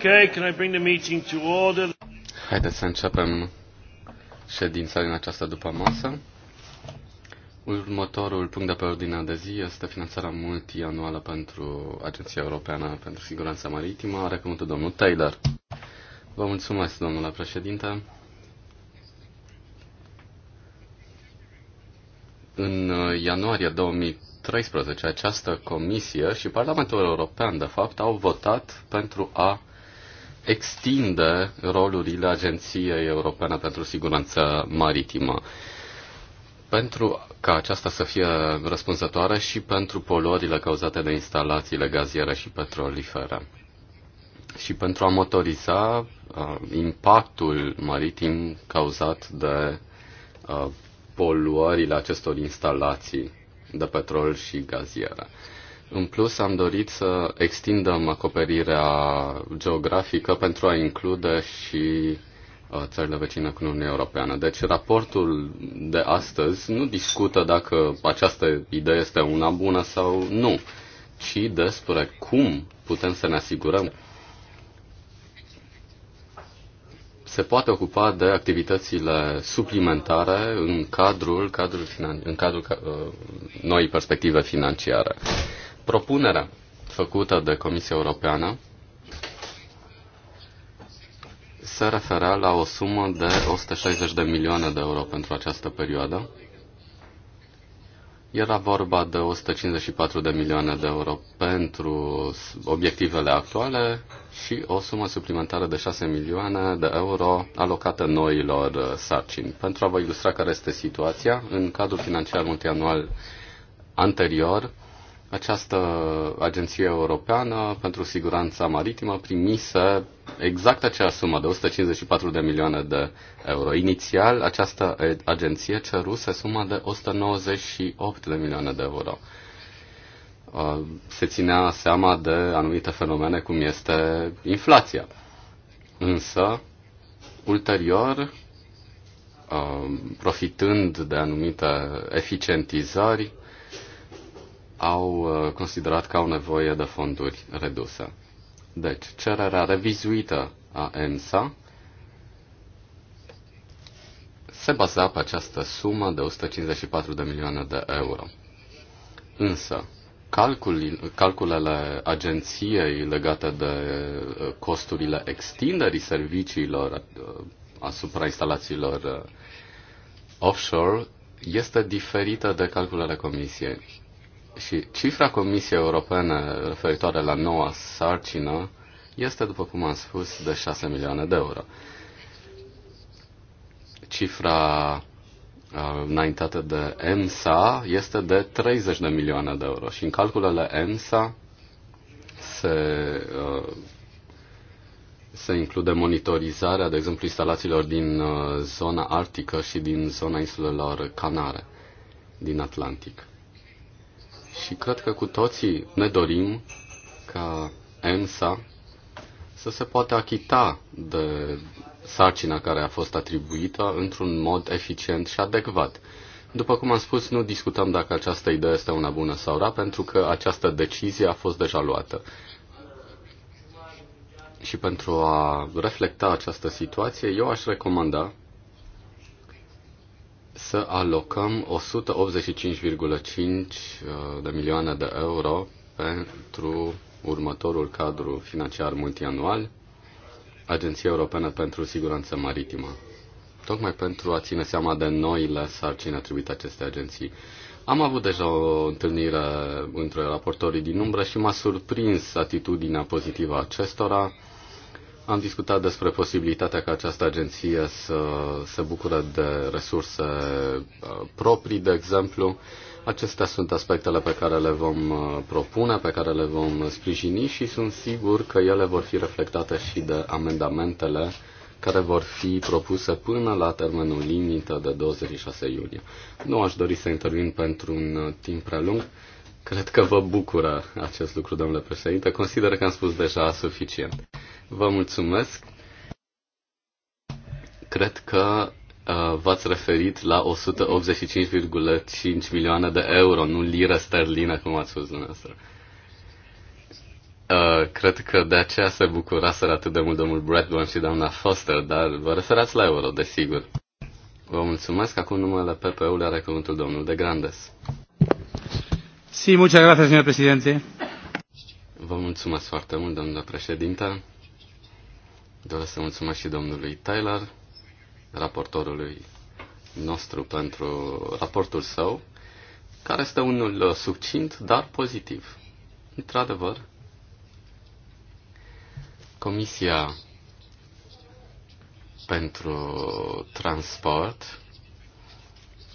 Okay, can I bring the meeting to order? Haideți să începem ședința din această după masă. Următorul punct de pe ordinea de zi este finanțarea multianuală pentru Agenția Europeană pentru Siguranța Maritimă. Are cuvântul domnul Taylor. Vă mulțumesc, domnule președinte. În ianuarie 2013, această comisie și Parlamentul European, de fapt, au votat pentru a extinde rolurile Agenției Europene pentru Siguranță Maritimă pentru ca aceasta să fie răspunzătoare și pentru poluările cauzate de instalațiile gaziere și petrolifere și pentru a motoriza uh, impactul maritim cauzat de uh, poluările acestor instalații de petrol și gaziere. Uh, în plus, am dorit să extindăm acoperirea geografică pentru a include și uh, țările vecine cu Uniunea Europeană. Deci raportul de astăzi nu discută dacă această idee este una bună sau nu, ci despre cum putem să ne asigurăm se poate ocupa de activitățile suplimentare în cadrul, cadrul, finan, în cadrul uh, noii perspective financiare. Propunerea făcută de Comisia Europeană se referea la o sumă de 160 de milioane de euro pentru această perioadă. Era vorba de 154 de milioane de euro pentru obiectivele actuale și o sumă suplimentară de 6 milioane de euro alocată noilor sarcini. Pentru a vă ilustra care este situația, în cadrul financiar multianual anterior, această agenție europeană pentru siguranța maritimă primise exact aceeași sumă de 154 de milioane de euro. Inițial, această agenție ceruse suma de 198 de milioane de euro uh, se ținea seama de anumite fenomene cum este inflația. Însă, ulterior, uh, profitând de anumite eficientizări, au uh, considerat că au nevoie de fonduri reduse. Deci, cererea revizuită a EMSA se baza pe această sumă de 154 de milioane de euro. Însă, calculele agenției legate de uh, costurile extinderii serviciilor uh, asupra instalațiilor offshore este diferită de calculele comisiei. Și cifra Comisiei Europene referitoare la noua sarcină este, după cum am spus, de 6 milioane de euro. Cifra uh, înaintată de EMSA este de 30 de milioane de euro și în calculele EMSA se, uh, se include monitorizarea, de exemplu, instalațiilor din uh, zona arctică și din zona insulelor Canare, din Atlantic. Și cred că cu toții ne dorim ca ENSA să se poată achita de sarcina care a fost atribuită într-un mod eficient și adecvat. După cum am spus, nu discutăm dacă această idee este una bună sau rea, pentru că această decizie a fost deja luată. Și pentru a reflecta această situație, eu aș recomanda să alocăm 185,5 uh, de milioane de euro pentru următorul cadru financiar multianual, Agenția Europeană pentru Siguranță Maritimă, tocmai pentru a ține seama de noile sarcini atribuite acestei agenții. Am avut deja o întâlnire între raportorii din umbră și m-a surprins atitudinea pozitivă a acestora am discutat despre posibilitatea ca această agenție să se bucure de resurse uh, proprii, de exemplu. Acestea sunt aspectele pe care le vom uh, propune, pe care le vom sprijini și sunt sigur că ele vor fi reflectate și de amendamentele care vor fi propuse până la termenul limită de 26 iulie. Nu aș dori să intervin pentru un uh, timp prea lung. Cred că vă bucură acest lucru, domnule președinte. Consider că am spus deja suficient. Vă mulțumesc. Cred că uh, v-ați referit la 185,5 milioane de euro, nu lire sterline, cum ați spus dumneavoastră. Uh, cred că de aceea se bucuraseră atât de mult domnul Bradburn și doamna Foster, dar vă referați la euro, desigur. Vă mulțumesc. Acum numele PPU-ului are cuvântul domnul de Grandes. Sí, muchas gracias, señor presidente. Vă mulțumesc foarte mult, domnule președinte. Doresc să mulțumesc și domnului Taylor, raportorului nostru pentru raportul său, care este unul uh, succint, dar pozitiv. Într-adevăr, Comisia pentru Transport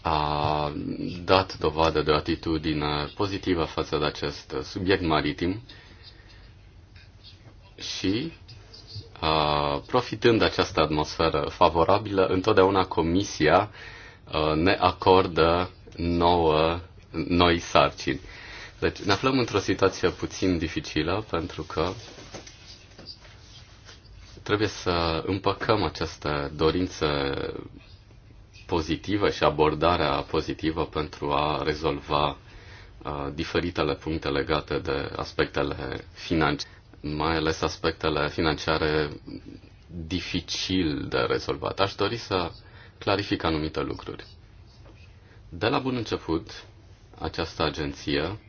a dat dovadă de o atitudine pozitivă față de acest subiect maritim și profitând de această atmosferă favorabilă, întotdeauna Comisia ne acordă nouă, noi sarcini. Deci ne aflăm într-o situație puțin dificilă pentru că trebuie să împăcăm această dorință pozitivă și abordarea pozitivă pentru a rezolva diferitele puncte legate de aspectele financiare mai ales aspectele financiare dificil de rezolvat. Aș dori să clarific anumite lucruri. De la bun început, această agenție,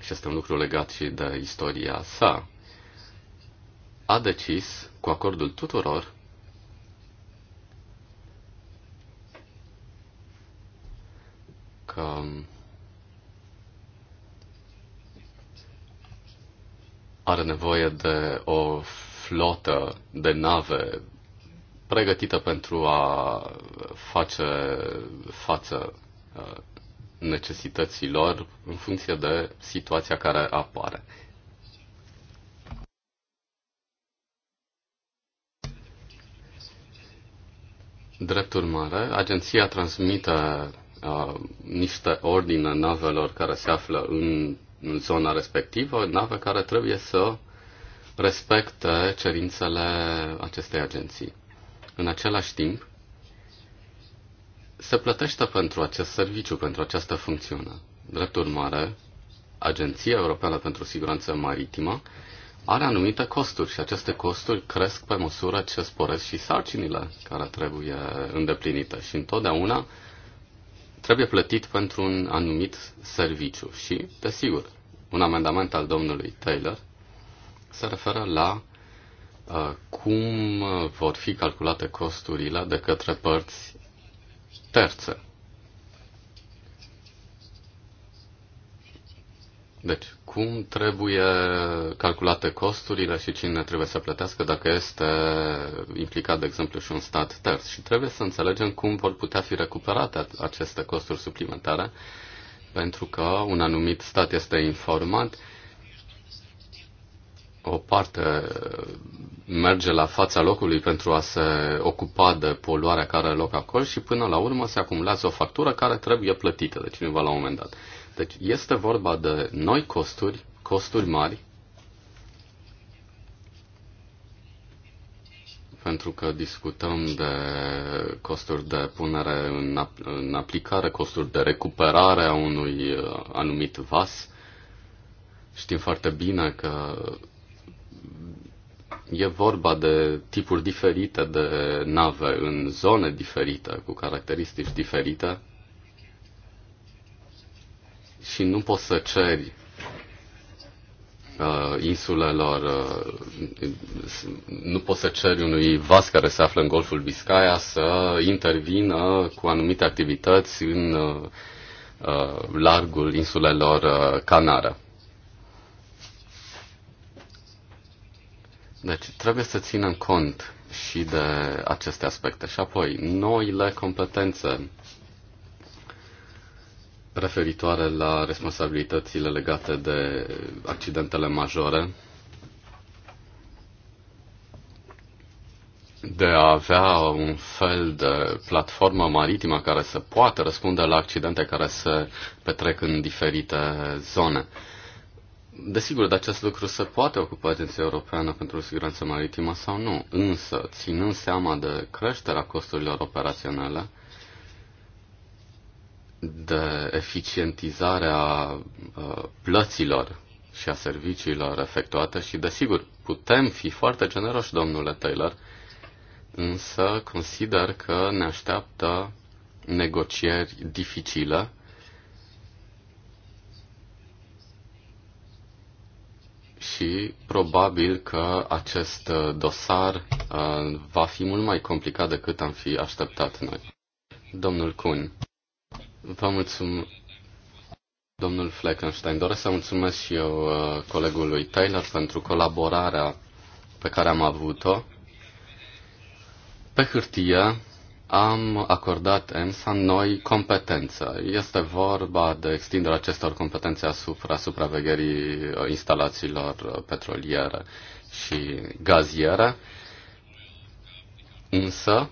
și este un lucru legat și de istoria sa, a decis, cu acordul tuturor, că are nevoie de o flotă de nave pregătită pentru a face față uh, necesităților în funcție de situația care apare. Drept urmare, agenția transmite uh, niște ordine navelor care se află în în zona respectivă, nave care trebuie să respecte cerințele acestei agenții. În același timp, se plătește pentru acest serviciu, pentru această funcțiune. Drept urmare, Agenția Europeană pentru Siguranță Maritimă are anumite costuri și aceste costuri cresc pe măsură ce sporesc și sarcinile care trebuie îndeplinite și întotdeauna trebuie plătit pentru un anumit serviciu. Și, desigur, un amendament al domnului Taylor se referă la uh, cum uh, vor fi calculate costurile de către părți terțe. Deci, cum trebuie calculate costurile și cine trebuie să plătească dacă este implicat, de exemplu, și un stat terț? Și trebuie să înțelegem cum vor putea fi recuperate aceste costuri suplimentare, pentru că un anumit stat este informat, o parte merge la fața locului pentru a se ocupa de poluarea care are loc acolo și până la urmă se acumulează o factură care trebuie plătită de cineva la un moment dat. Deci este vorba de noi costuri, costuri mari, pentru că discutăm de costuri de punere în, în aplicare, costuri de recuperare a unui uh, anumit vas. Știm foarte bine că e vorba de tipuri diferite de nave în zone diferite, cu caracteristici diferite și nu poți să ceri uh, insulelor, uh, nu poți să ceri unui vas care se află în Golful Biscaya să intervină cu anumite activități în uh, uh largul insulelor uh, Canara. Deci trebuie să ținem cont și de aceste aspecte. Și apoi, noile competențe referitoare la responsabilitățile legate de accidentele majore, de a avea un fel de platformă maritimă care să poată răspunde la accidente care se petrec în diferite zone. Desigur, de acest lucru se poate ocupa Agenția Europeană pentru Siguranță Maritimă sau nu, însă, ținând seama de creșterea costurilor operaționale, de eficientizare a uh, plăților și a serviciilor efectuate și, desigur, putem fi foarte generoși, domnule Taylor, însă consider că ne așteaptă negocieri dificile și probabil că acest uh, dosar uh, va fi mult mai complicat decât am fi așteptat noi. Domnul Kuhn. Vă mulțumesc, domnul Fleckenstein. Doresc să mulțumesc și eu uh, colegului Taylor pentru colaborarea pe care am avut-o. Pe hârtie am acordat EMSA noi competență. Este vorba de extinderea acestor competențe asupra supravegherii uh, instalațiilor uh, petroliere și gaziere, însă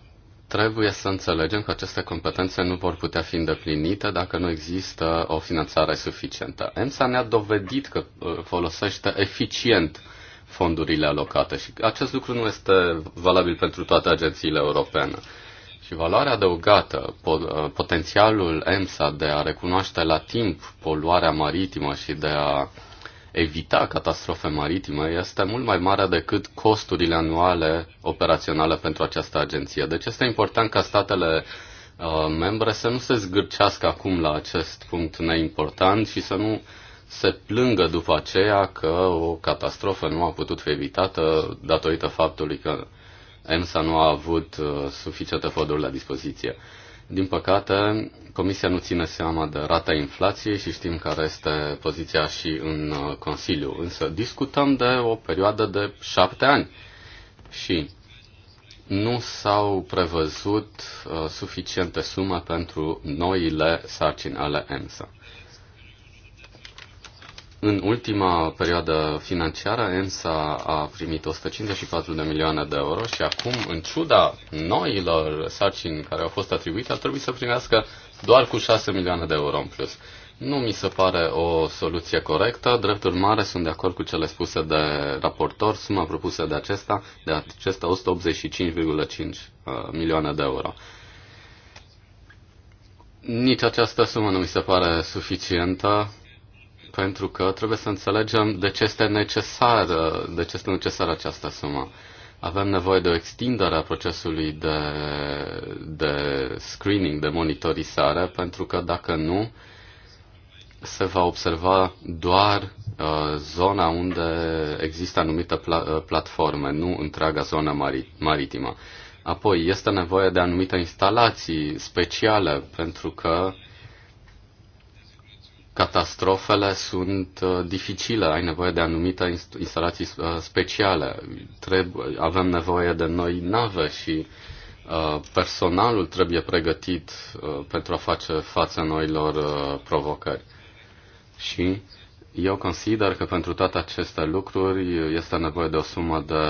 Trebuie să înțelegem că aceste competențe nu vor putea fi îndeplinite dacă nu există o finanțare suficientă. EMSA ne-a dovedit că uh, folosește eficient fondurile alocate și acest lucru nu este valabil pentru toate agențiile europene. Și valoarea adăugată, uh, potențialul EMSA de a recunoaște la timp poluarea maritimă și de a evita catastrofe maritime este mult mai mare decât costurile anuale operaționale pentru această agenție. Deci este important ca statele uh, membre să nu se zgârcească acum la acest punct neimportant și să nu se plângă după aceea că o catastrofă nu a putut fi evitată datorită faptului că EMSA nu a avut uh, suficiente fonduri la dispoziție. Din păcate, Comisia nu ține seama de rata inflației și știm care este poziția și în uh, Consiliu. Însă discutăm de o perioadă de șapte ani și nu s-au prevăzut uh, suficiente sume pentru noile sarcini ale EMSA. În ultima perioadă financiară, EMSA a primit 154 de milioane de euro și acum, în ciuda noilor sarcini care au fost atribuite, ar trebui să primească doar cu 6 milioane de euro în plus. Nu mi se pare o soluție corectă. Drept urmare, sunt de acord cu cele spuse de raportor. Suma propusă de acesta, de acesta 185,5 uh, milioane de euro. Nici această sumă nu mi se pare suficientă pentru că trebuie să înțelegem de ce este necesară, de ce este necesară această sumă. Avem nevoie de o extindere a procesului de, de screening, de monitorizare, pentru că dacă nu, se va observa doar uh, zona unde există anumite pla- uh, platforme, nu întreaga zonă mari- maritimă. Apoi, este nevoie de anumite instalații speciale, pentru că uh, catastrofele sunt uh, dificile, ai nevoie de anumite instalații uh, speciale, trebuie, avem nevoie de noi nave și uh, personalul trebuie pregătit pentru a face față noilor provocări. Și eu consider că pentru toate aceste lucruri este nevoie de o sumă de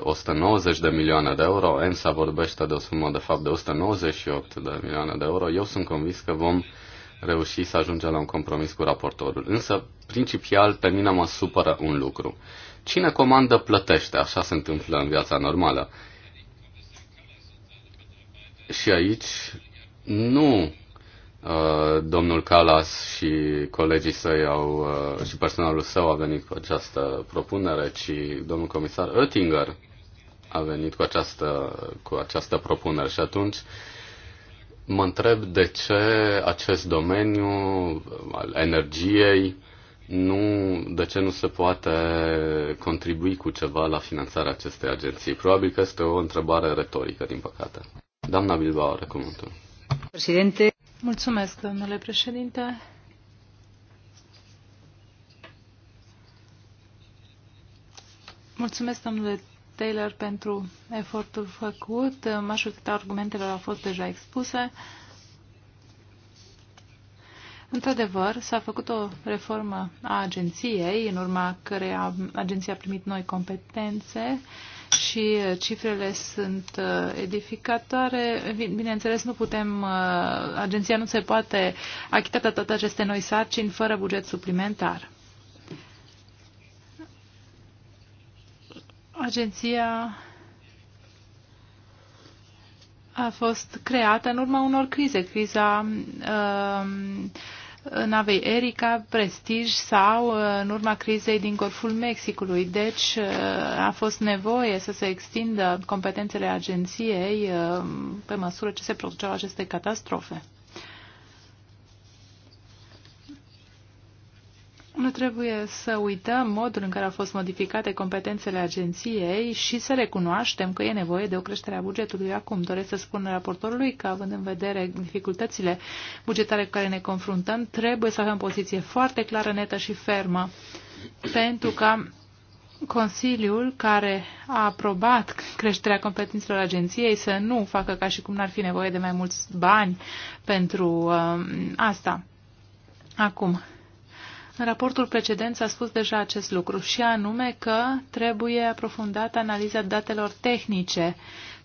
190 de milioane de euro. EMSA vorbește de o sumă de fapt de 198 de milioane de euro. Eu sunt convins că vom uh, reuși să ajungem la un compromis cu raportorul. Însă, principial, pe mine mă supără un lucru. Cine comandă, plătește. Așa se întâmplă în viața normală. Și aici nu uh, domnul Calas și colegii săi au, uh, și personalul său a venit cu această propunere, ci domnul comisar Oettinger a venit cu această, cu această propunere și atunci uh, mă întreb de ce acest domeniu al energiei nu, de ce nu se poate contribui cu ceva la finanțarea acestei agenții. Probabil că este o întrebare retorică, din păcate. Doamna Bilbao, recomandul. Președinte. Mulțumesc, domnule președinte. Mulțumesc, domnule Taylor pentru efortul făcut. Majoritatea argumentelor au fost deja expuse. Într-adevăr, s-a făcut o reformă a agenției, în urma căreia agenția a primit noi competențe și cifrele sunt uh, edificatoare. Bineînțeles, nu putem, uh, agenția nu se poate achita toate aceste noi sarcini fără buget suplimentar. Agenția a fost creată în urma unor crize, criza uh, navei Erika, Prestige sau uh, în urma crizei din Golful Mexicului. Deci uh, a fost nevoie să se extindă competențele agenției um, pe măsură ce se produceau aceste catastrofe. Nu trebuie să uităm modul în care au fost modificate competențele agenției și să recunoaștem că e nevoie de o creștere a bugetului acum. Doresc să spun raportorului că, având în vedere dificultățile bugetare cu care ne confruntăm, trebuie să avem poziție foarte clară, netă și fermă, pentru că Consiliul care a aprobat creșterea competențelor agenției să nu facă ca și cum n-ar fi nevoie de mai mulți bani pentru uh, asta. Acum, în raportul precedent s-a spus deja acest lucru și anume că trebuie aprofundată analiza datelor tehnice,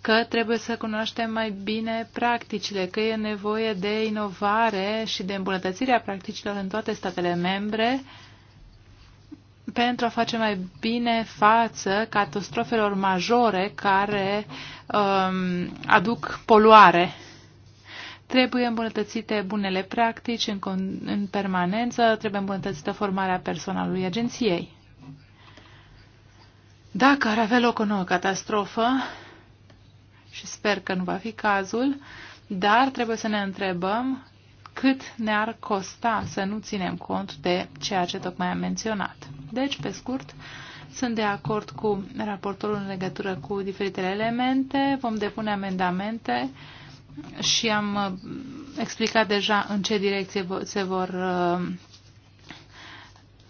că trebuie să cunoaștem mai bine practicile, că e nevoie de inovare și de îmbunătățirea practicilor în toate statele membre pentru a face mai bine față catastrofelor majore care um, aduc poluare Trebuie îmbunătățite bunele practici în, în permanență, trebuie îmbunătățită formarea personalului agenției. Dacă ar avea loc o nouă catastrofă, și sper că nu va fi cazul, dar trebuie să ne întrebăm cât ne-ar costa să nu ținem cont de ceea ce tocmai am menționat. Deci, pe scurt, sunt de acord cu raportorul în legătură cu diferitele elemente, vom depune amendamente și am uh, explicat deja în ce direcție se vor uh,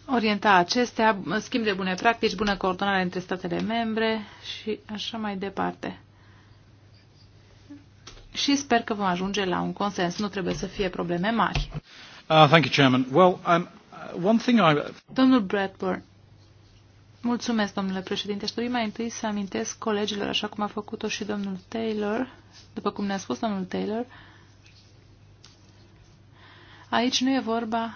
orienta acestea, schimb de bune practici, bună coordonare între statele membre și așa mai departe. Și sper că vom ajunge la un consens, nu trebuie să fie probleme mari. Uh, thank you, Chairman. Well, um, uh, one thing I... Domnul Bradburn, Mulțumesc, domnule președinte. Aș dori mai întâi să amintesc colegilor, așa cum a făcut-o și domnul Taylor, după cum ne-a spus domnul Taylor, aici nu e vorba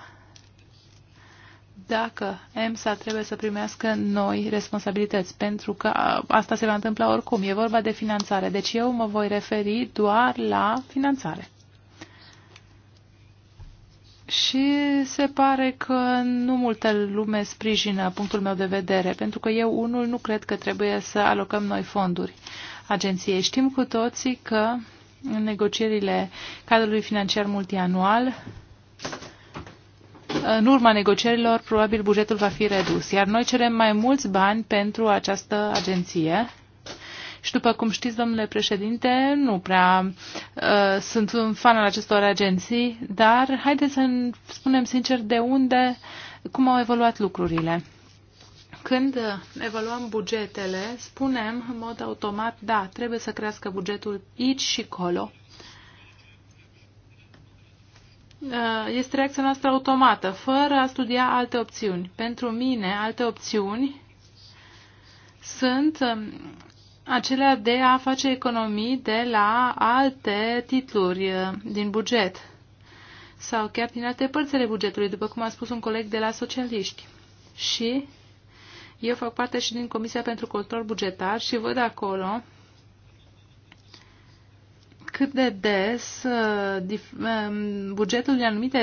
dacă EMSA trebuie să primească noi responsabilități, pentru că asta se va întâmpla oricum. E vorba de finanțare. Deci eu mă voi referi doar la finanțare. Și se pare că nu multă lume sprijină punctul meu de vedere, pentru că eu unul nu cred că trebuie să alocăm noi fonduri agenției. Știm cu toții că în negocierile cadrului financiar multianual, în urma negocierilor, probabil bugetul va fi redus, iar noi cerem mai mulți bani pentru această agenție și după cum știți, domnule președinte, nu prea uh, sunt un fan al acestor agenții, dar haideți să spunem sincer de unde, cum au evoluat lucrurile. Când uh, evaluăm bugetele, spunem în mod automat, da, trebuie să crească bugetul aici și colo, uh, este reacția noastră automată, fără a studia alte opțiuni. Pentru mine, alte opțiuni sunt um, acelea de a face economii de la alte titluri uh, din buget sau chiar din alte părțile bugetului, după cum a spus un coleg de la socialiști. Și eu fac parte și din Comisia pentru Control Bugetar și văd acolo cât de des uh, um, bugetul de anumite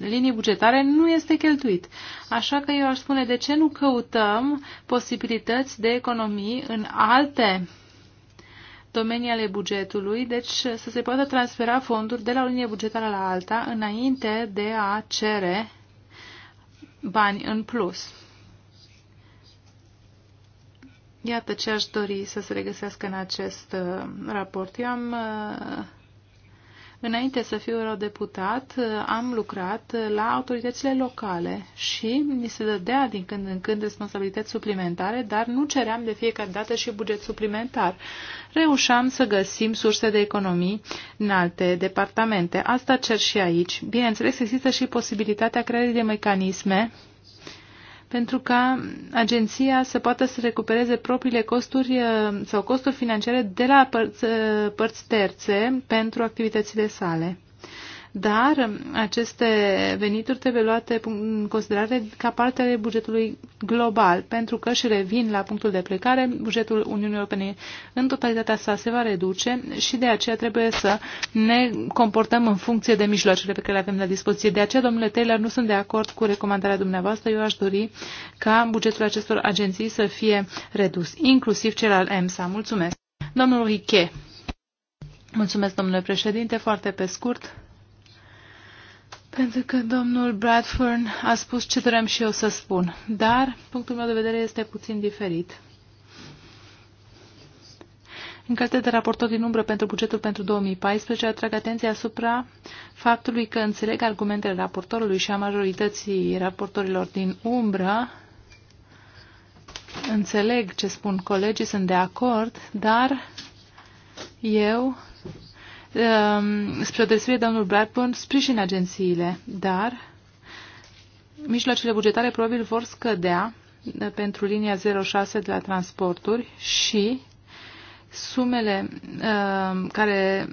linii bugetare nu este cheltuit. Așa că eu aș spune de ce nu căutăm posibilități de economii în alte domenii ale bugetului, deci uh, să se poată transfera fonduri de la o linie bugetară la alta înainte de a cere bani în plus. Iată ce aș dori să se regăsească în acest uh, raport. Eu am, uh, înainte să fiu eurodeputat, uh, am lucrat la autoritățile locale și mi se dădea din când în când responsabilități suplimentare, dar nu ceream de fiecare dată și buget suplimentar. Reușeam să găsim surse de economii în alte departamente. Asta cer și aici. Bineînțeles, există și posibilitatea creării de mecanisme pentru ca agenția să poată să recupereze propriile costuri uh, sau costuri financiare de la părți, uh, părți terțe pentru activitățile sale dar aceste venituri trebuie luate în considerare ca parte ale bugetului global, pentru că, și revin la punctul de plecare, bugetul Uniunii Europene în totalitatea sa se va reduce și de aceea trebuie să ne comportăm în funcție de mijloacele pe care le avem la dispoziție. De aceea, domnule Taylor, nu sunt de acord cu recomandarea dumneavoastră. Eu aș dori ca bugetul acestor agenții să fie redus, inclusiv cel al EMSA. Mulțumesc. Domnul Riche. Mulțumesc, domnule președinte. Foarte pe scurt. Pentru că domnul Bradford a spus ce doream și eu să spun, dar punctul meu de vedere este puțin diferit. În calitate de raportor din umbră pentru bugetul pentru 2014, atrag atenția asupra faptului că înțeleg argumentele raportorului și a majorității raportorilor din umbră. Înțeleg ce spun colegii, sunt de acord, dar eu Um, spre o domnul Bradburn sprijină agențiile, dar mijloacele bugetare probabil vor scădea uh, pentru linia 06 de la transporturi și sumele uh, care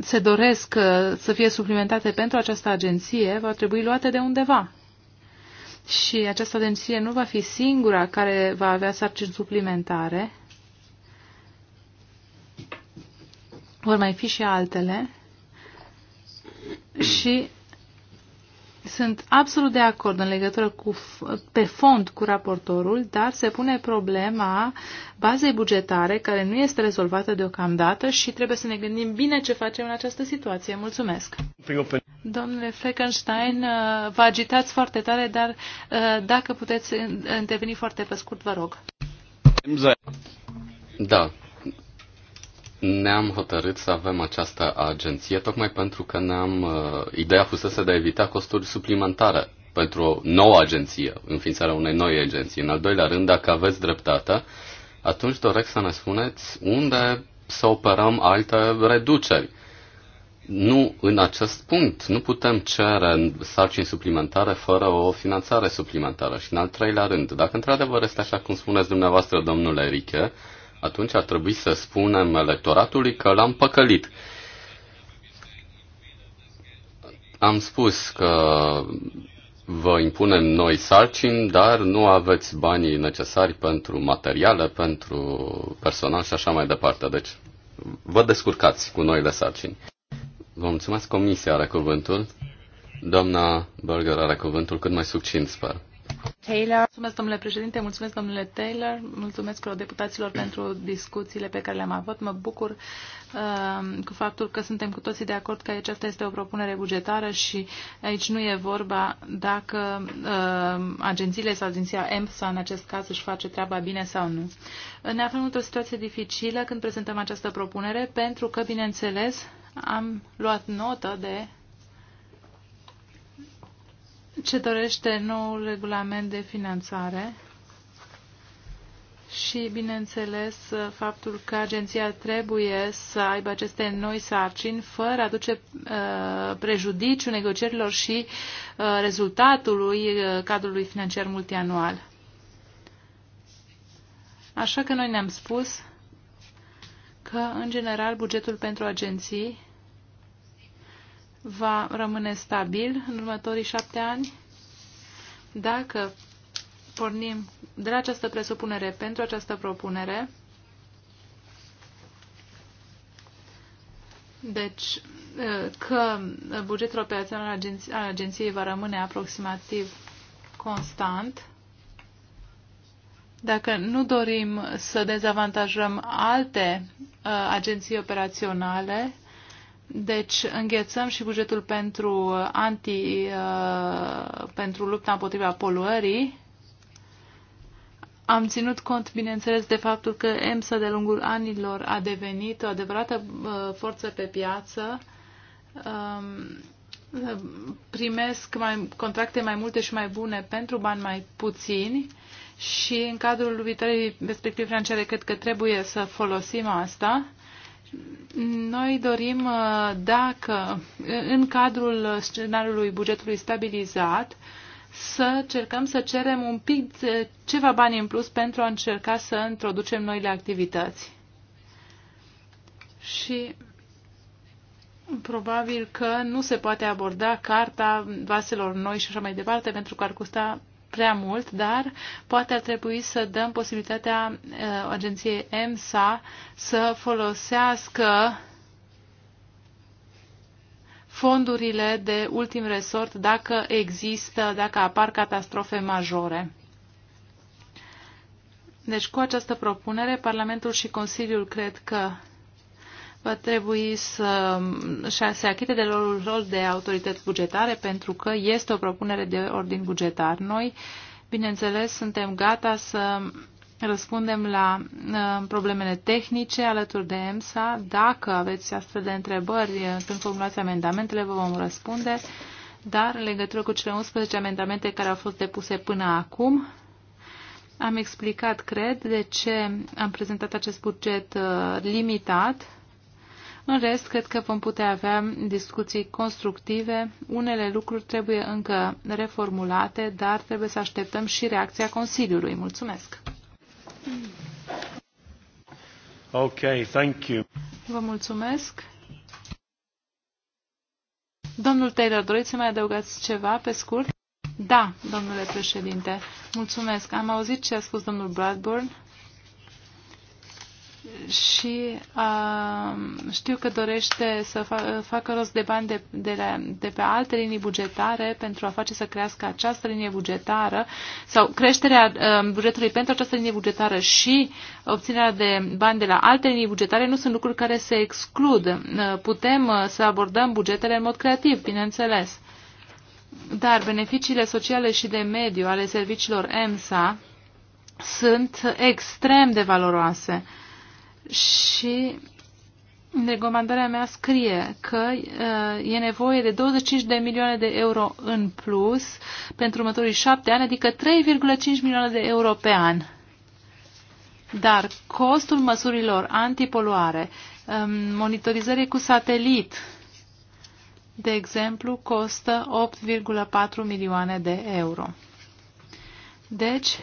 se doresc uh, să fie suplimentate pentru această agenție vor trebui luate de undeva. Și această agenție nu va fi singura care va avea sarcini suplimentare, Vor mai fi și altele. Și sunt absolut de acord în legătură cu, pe fond cu raportorul, dar se pune problema bazei bugetare, care nu este rezolvată deocamdată și trebuie să ne gândim bine ce facem în această situație. Mulțumesc! Domnule Fleckenstein, uh, vă agitați foarte tare, dar uh, dacă puteți uh, interveni foarte pe scurt, vă rog. Da, ne-am hotărât să avem această agenție tocmai pentru că ne-am, uh, ideea fusese de a evita costuri suplimentare pentru o nouă agenție, înființarea unei noi agenții. În al doilea rând, dacă aveți dreptate, atunci doresc să ne spuneți unde să operăm alte reduceri. Nu în acest punct. Nu putem cere sarcini suplimentare fără o finanțare suplimentară. Și în al treilea rând, dacă într-adevăr este așa cum spuneți dumneavoastră, domnule Riche, atunci ar trebui să spunem electoratului că l-am păcălit. Am spus că vă impunem noi sarcini, dar nu aveți banii necesari pentru materiale, pentru personal și așa mai departe. Deci vă descurcați cu noile sarcini. Vă mulțumesc, comisia are cuvântul. Doamna Berger are cuvântul cât mai succint, sper. Taylor. Mulțumesc, domnule președinte, mulțumesc, domnule Taylor, mulțumesc deputaților pentru discuțiile pe care le-am avut. Mă bucur uh, cu faptul că suntem cu toții de acord că aceasta este o propunere bugetară și aici nu e vorba dacă uh, agențiile sau agenția EMSA în acest caz își face treaba bine sau nu. Ne aflăm într-o situație dificilă când prezentăm această propunere pentru că, bineînțeles, am luat notă de ce dorește noul regulament de finanțare și, bineînțeles, faptul că agenția trebuie să aibă aceste noi sarcini fără a duce uh, prejudiciu negocierilor și uh, rezultatului uh, cadrului financiar multianual. Așa că noi ne-am spus că, în general, bugetul pentru agenții va rămâne stabil în următorii șapte ani? Dacă pornim de la această presupunere pentru această propunere, deci că bugetul operațional al agenției va rămâne aproximativ constant, dacă nu dorim să dezavantajăm alte agenții operaționale, deci înghețăm și bugetul pentru, anti, uh, pentru lupta împotriva poluării. Am ținut cont, bineînțeles, de faptul că EMSA de lungul anilor a devenit o adevărată uh, forță pe piață. Um, primesc mai, contracte mai multe și mai bune pentru bani mai puțini și în cadrul viitorii perspective financiare cred că trebuie să folosim asta noi dorim uh, dacă, uh, în cadrul scenariului bugetului stabilizat, să cercăm să cerem un pic ceva bani în plus pentru a încerca să introducem noile activități. Și probabil că nu se poate aborda carta vaselor noi și așa mai departe, pentru că ar costa prea mult, dar poate ar trebui să dăm posibilitatea uh, agenției EMSA să folosească fondurile de ultim resort dacă există, dacă apar catastrofe majore. Deci cu această propunere, Parlamentul și Consiliul cred că va trebui să se achite de rolul, rol de autorități bugetare pentru că este o propunere de ordin bugetar. Noi, bineînțeles, suntem gata să răspundem la uh, problemele tehnice alături de EMSA. Dacă aveți astfel de întrebări uh, când formulați amendamentele, vă vom răspunde. Dar în legătură cu cele 11 amendamente care au fost depuse până acum, am explicat, cred, de ce am prezentat acest buget uh, limitat în rest, cred că vom putea avea discuții constructive. Unele lucruri trebuie încă reformulate, dar trebuie să așteptăm și reacția Consiliului. Mulțumesc! Ok, thank you. Vă mulțumesc. Domnul Taylor, doriți să mai adăugați ceva pe scurt? Da, domnule președinte. Mulțumesc. Am auzit ce a spus domnul Bradburn și uh, știu că dorește să fa facă rost de bani de, de, la, de pe alte linii bugetare pentru a face să crească această linie bugetară sau creșterea uh, bugetului pentru această linie bugetară și obținerea de bani de la alte linii bugetare nu sunt lucruri care se exclud. Uh, putem uh, să abordăm bugetele în mod creativ, bineînțeles. Dar beneficiile sociale și de mediu ale serviciilor EMSA sunt extrem de valoroase. Uh, și în recomandarea mea scrie că uh, e nevoie de 25 de milioane de euro în plus pentru următorii șapte ani, adică 3,5 milioane de euro pe an. Dar costul măsurilor antipoluare, um, monitorizării cu satelit, de exemplu, costă 8,4 milioane de euro. Deci,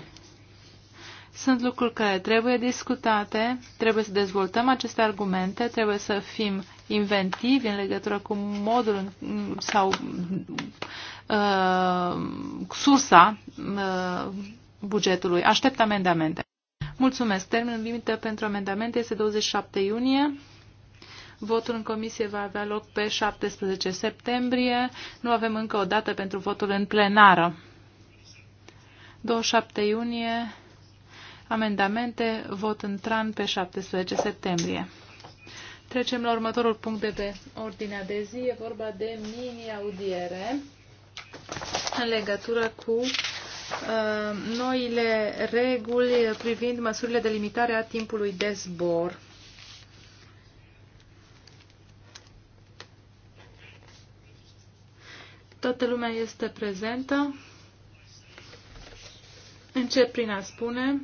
sunt lucruri care trebuie discutate, trebuie să dezvoltăm aceste argumente, trebuie să fim inventivi în legătură cu modul sau uh, sursa uh, bugetului. Aștept amendamente. Mulțumesc. Termenul limită pentru amendamente este 27 iunie. Votul în comisie va avea loc pe 17 septembrie. Nu avem încă o dată pentru votul în plenară. 27 iunie Amendamente, vot în tran pe 17 septembrie. Trecem la următorul punct de pe ordinea de zi. E vorba de mini-audiere în legătură cu uh, noile reguli privind măsurile de limitare a timpului de zbor. Toată lumea este prezentă. Încep prin a spune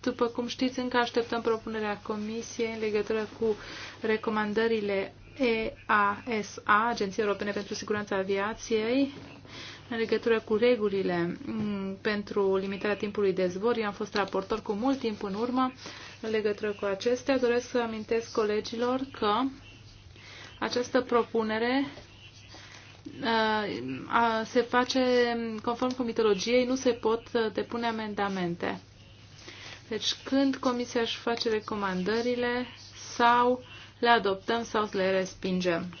după cum știți, încă așteptăm propunerea Comisiei în legătură cu recomandările EASA, Agenția Europene pentru Siguranța Aviației, în legătură cu regulile mm, pentru limitarea timpului de zbor. Eu am fost raportor cu mult timp în urmă în legătură cu acestea. Doresc să amintesc colegilor că această propunere uh, se face conform cu mitologiei, nu se pot uh, depune amendamente. Deci când Comisia își face recomandările sau le adoptăm sau le respingem.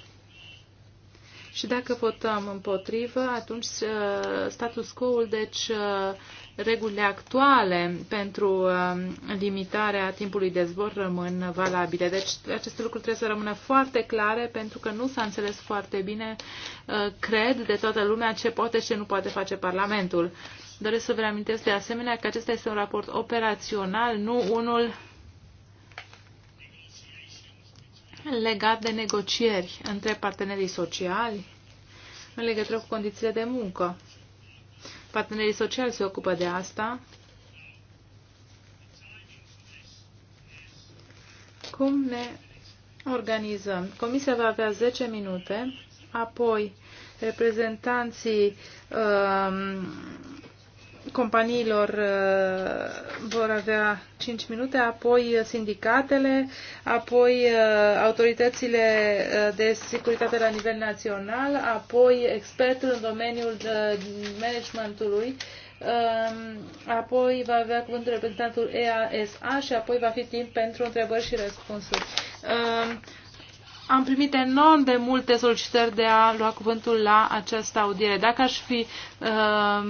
Și dacă votăm împotrivă, atunci uh, status quo-ul, deci uh, regulile actuale pentru uh, limitarea timpului de zbor rămân valabile. Deci aceste lucruri trebuie să rămână foarte clare pentru că nu s-a înțeles foarte bine, cred, de toată lumea ce poate și ce nu poate face Parlamentul. Doresc să vă reamintesc de asemenea că acesta este un raport operațional, nu unul legat de negocieri între partenerii sociali în legătură cu condițiile de muncă. Partenerii sociali se ocupă de asta. Cum ne organizăm? Comisia va avea 10 minute, apoi reprezentanții uh, companiilor uh, vor avea 5 minute, apoi sindicatele, apoi uh, autoritățile uh, de securitate la nivel național, apoi expertul în domeniul managementului, um, apoi va avea cuvântul reprezentantul EASA și apoi va fi timp pentru întrebări și răspunsuri. Um, am primit enorm de multe solicitări de a lua cuvântul la această audiere. Dacă aș fi uh,